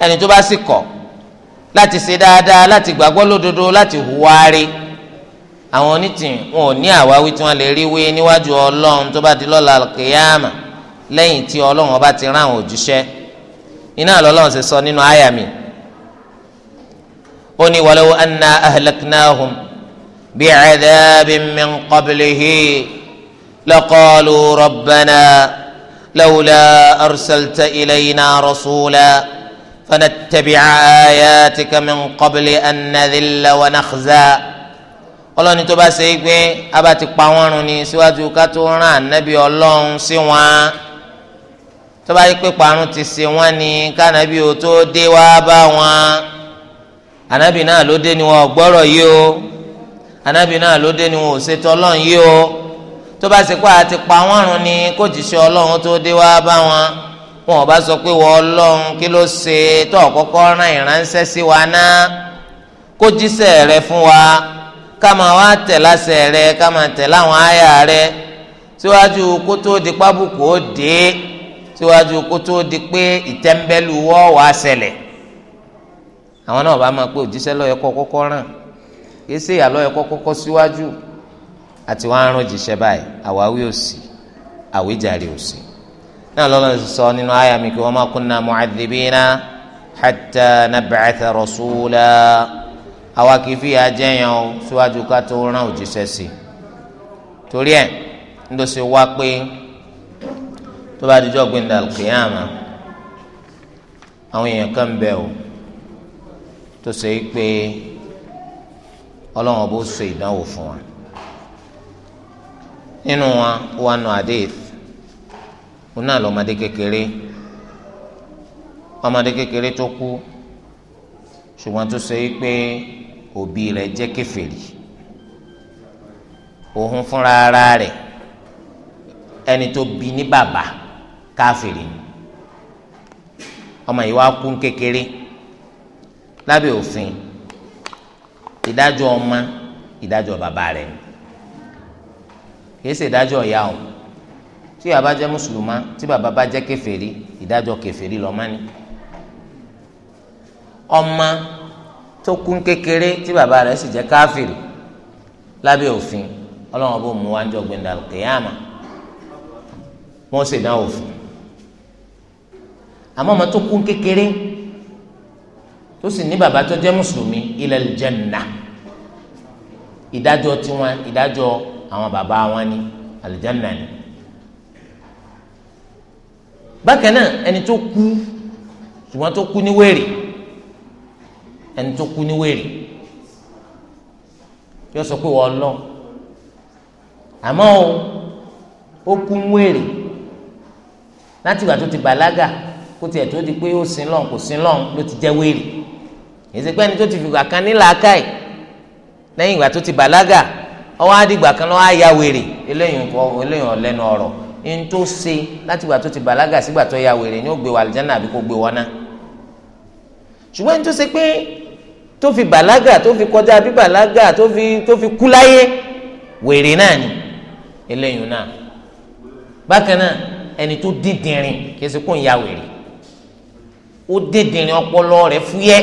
ẹni tó bá sì kọ̀ láti ṣe dáadáa láti gbàgbọ́ lódodo láti hùwà rí àwọn onítìyìn wọn ò ní àwáwí tí wọn lè rí wí níwájú ọlọ́run tó bá di lọ́la kìyàmà lẹ́yìn tí ọlọ́run ọba ti rán àwọn òjíṣẹ́ iná lọ́lọ́run ṣe sọ nínú àyà mi ó ní walaw anna ahlaknahum bi'adhabin min qablihi laqalu rabbana lawla arsalta ilayna rasula. فنتبع آياتك من قبل أن نذل ونخزى ọlọ́ni tó bá ṣe é pé a bá ti pa wọ́n run ni síwájú ká tó rán ànábì ọlọ́run sí wọn tó bá yí pé parun ti ṣe wọ́n ni kánábì ò tó dé wá bá wọn ànábì náà ló dé ni wọn ò gbọ́rọ̀ yìí o ànábì náà ló dé ni wọn ò ṣètò ọlọ́run yìí o tó bá ṣe pé a ti pa wọ́n run ni kó jìṣẹ́ ọlọ́run tó dé wá bá wọn wọn ò bá sọ pé wọ́n ọlọ́run kí ló ṣe tó ọ̀kọ́kọ́ rán ìránṣẹ́ sí wa náà kó jíṣẹ́ rẹ fún wa ká máa wá tẹ̀ láṣẹ rẹ ká máa tẹ̀ láwọn àyà rẹ síwájú kó tó di pábùkù ó dé síwájú kó tó di pé ìtẹ́ńbẹ́lú wọ́ wàá ṣẹlẹ̀ àwọn náà bá máa pé òjíṣẹ́ lọ́yẹ kọ́ kọ́kọ́ ràn kì í ṣe ìyàlọ́yẹ kọ́ kọ́kọ́ síwájú àti wọn á rán òjíṣẹ́ báyìí àwáwí òsì àwíjàre òsì náà lọ́lọ́ sọ nínú àyà mi kí wa ma kunna mu'adhibina hatta nab'atha rasula àwa kì í fìyà jẹyàn o síwájú ká tó rán òjíṣẹ́ sí i torí ẹ̀ ń lọ sí wá pé tó bá dijọ́ gbẹ̀ndà àwọn èèyàn kan bẹ̀ o tó ṣe é pé ọlọ́run ọba ṣe ìdánwò fún wa nínú wa wà nù hadith òun náà lọ́mọdé kékeré ọmọdé kékeré tó kú ṣùgbọ́n tó ṣe pé òbí rẹ̀ jẹ́ kèfèrí òun fúnra ara rẹ̀ ẹni tó bí ní bàbá káfìrí ni ọmọ yìí wá kú kékeré lábẹ́ òfin ìdájọ́ ọmọ ìdájọ́ bàbá rẹ̀ kìí ṣe ìdájọ́ ìyá òun tí Baba jẹ́ mùsùlùmá tí bàbá bá jẹ́ kèfèrí ìdájọ́ kèfèrí lọ́ọ́ mání ọmọ tó kún kékeré tí bàbá rẹ̀ sì jẹ́ káfìrì lábẹ́ òfin ọlọ́run bó mú wájú ọgbẹ́ndà kìyàmà wọ́n sì dá òfin àmọ́ ọmọ tó kún kékeré tó sì ní bàbá tó jẹ́ mùsùlùmí ilal janna ìdájọ́ tiwọn ìdájọ́ àwọn bàbá wọn ní àlùjánnà ni bákan náà ẹni tó kú ṣùgbọ́n tó kú ní wèrè ẹni tó kú ní wèrè yóò sọ pé wọ́n lọ àmọ́ o ó kú ń wèrè láti ìgbà tó ti bàlágà kó tiẹ̀ tó di pé ó sin lọ́n kò sin lọ́n ló ti jẹ́ wèrè ìsìnkú ẹni tó ti fìgbà kan ní làákàyè lẹ́yìn ìgbà tó ti bàlágà ọwọ́ á dìgbà kan lọ́wọ́ á ya wèrè eléyìí ọlẹ́nu ọ̀rọ̀ n tó ṣe láti gbà tó ti bàlágà sígbà tó ya wèrè ni ó gbé wà àlìjáná àbí kó gbé wọná ṣùgbọ́n n tó ṣe pé tó fi bàlágà tó fi kọjá bí bàlágà tó fi tó fi kú láyé wèrè náà ni eléyìí náà bákan náà ẹni tó dídìnrín kìí ṣe kó ń ya wèrè ó dídìnrín ọpọlọ rẹ̀ fúyẹ́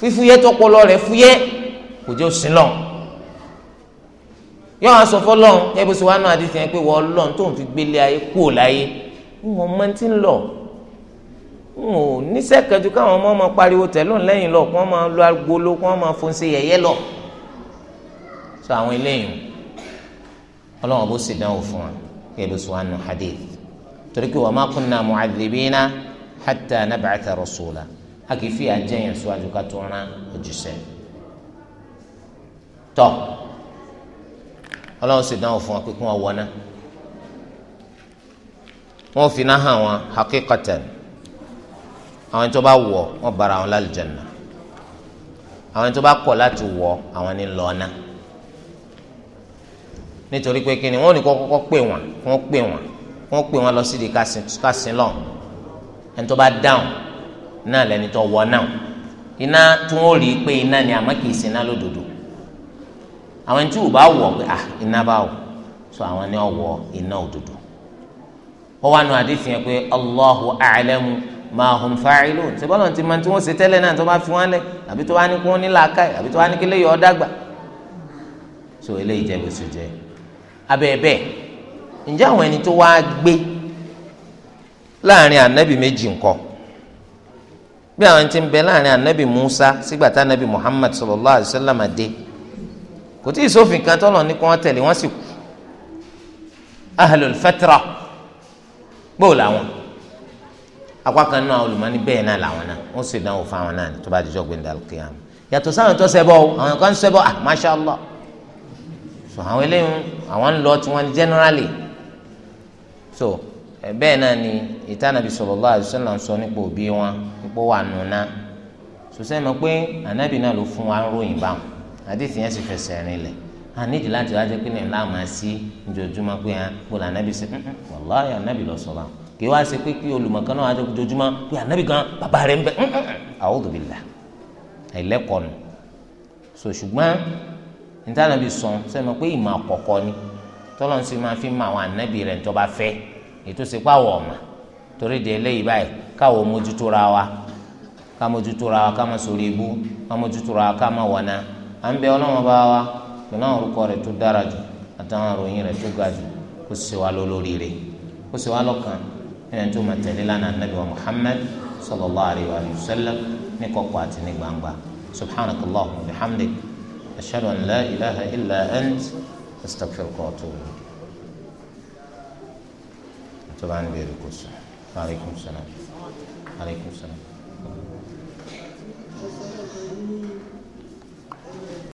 fífúyẹ́ tọpọlọ rẹ̀ fúyẹ́ kò jẹ́ òsínlọ́ọ̀ yọ àwọn sọ fọlọ́n ẹbí sọ wánú àdìsí yẹn pé wọ́n lọ́n tó ń fi gbélé ayé kú láyé mo mọ ti ń lọ n ò níṣẹ́ kẹjú káwọn ọmọ ọmọ pariwo tẹ̀lọ́n lẹ́yìn lọ kí wọ́n máa lo agbolo kí wọ́n máa fọn ṣe yẹ̀yẹ́ lọ sọ àwọn eléyìí ọlọ́wọ́n bó sì dánwò fún wa ẹbí sọ wánú hadith torí pé wa ma kunna mu'adhibina hatta nab'atha rasula a kì í fi àjẹyàn síwájú ká tó rán ojúṣe tọ́ ọlọ́run sì dánwò fún wọn pé kí wọ́n wọ náà wọ́n fi náà hàn wọn hakikatan àwọn tó bá wọ̀ wọ́n bára wọn lálùjànnà àwọn tó bá kọ̀ láti wọ̀ àwọn ní lọ́ọ̀nà nítorí pé kí ni wọ́n ní kọ́kọ́ pè wọ́n wọ́n pè wọ́n wọ́n pè wọ́n lọ sí di kásìn lọ́n ẹni tó bá dáhùn náà lẹ́ni tó wọ̀ náà iná tí wọ́n rí i pé iná ni àmọ́ kì í sin iná lódodo àwọn ẹni tí ò bá wọ̀ pé à ah, iná bá wọ̀ so àwọn ni ọwọ́ iná òdodo wọ́n wá nu àdéhùn yẹn pé Allahu a'lamu ma hum fa'ilun ṣe bọ́lá ti máa tí wọ́n ṣe tẹ́lẹ̀ náà tó bá fi wọ́n lẹ̀ àbí tó wá ní kí wọ́n ní làákàyè àbí tó wá ní kí yọ ọ́ so eléyìí jẹ́ bó ṣe jẹ́ abẹ́ẹ̀bẹ́ ǹjẹ́ àwọn ẹni tó wá gbé láàrin ànábì méjì nǹkan bí àwọn ti ń bẹ láàrin ànábì Musa sígbà tá ànábì Muhammad sallallahu alayhi wa sallam dé kò tí ì sófin kan tọ́lọ̀ ní kí wọ́n tẹ̀lé wọ́n sì kú ahlul fatra gbóò làwọn akwá kan náà olùmọ́ni bẹ́ẹ̀ náà làwọn náà wọ́n sì dánwò fáwọn náà tó bá dijọ́ gbẹ̀ndà kìyàm yàtọ̀ sáwọn tó àwọn kan ah masha allah so àwọn eléyìí àwọn ń lọ tiwọn generally sọ òbí wọn wà nùnà àdìsí yẹn sì fẹsẹ̀ rìn lẹ̀ àníjì láti wá jẹ́ pé ní ìlà máa sí ojoojúmọ́ pé hàn kó là nàbì sí lọ sọ̀rọ̀ kí wá sí pé kí olùmọ̀kan náà wá jẹ́ ojoojúmọ́ pé ànábì gan bàbá rẹ̀ ń la! ẹ̀lẹ́kọ̀ọ́ nù so ṣùgbọ́n nítànàbì sọ pé ìmọ̀ àkọ́kọ́ ni sì fi mọ àwọn anabi rẹ̀ tó fẹ́ ètò ọ̀mà torí báyìí wa ká wa ká má ibú ká à ń bẹ ọlọ́run bá wa pẹ̀lú àwọn orúkọ rẹ̀ tó dára jù àtàwọn àròyìn rẹ̀ tó ga jù kó sì wá lórí rẹ̀ kó sì wá lọ́kàn ẹni tó máa tẹ̀lé lánàá nàbí wa Muhammad sallallahu alayhi wa sallam ní kọ̀kọ̀ àti ní gbangba subhanaka allahumma wa bihamdik ashhadu an la ilaha illa ant astaghfiruka wa atubu tó bá ń salaam aleykum salaam.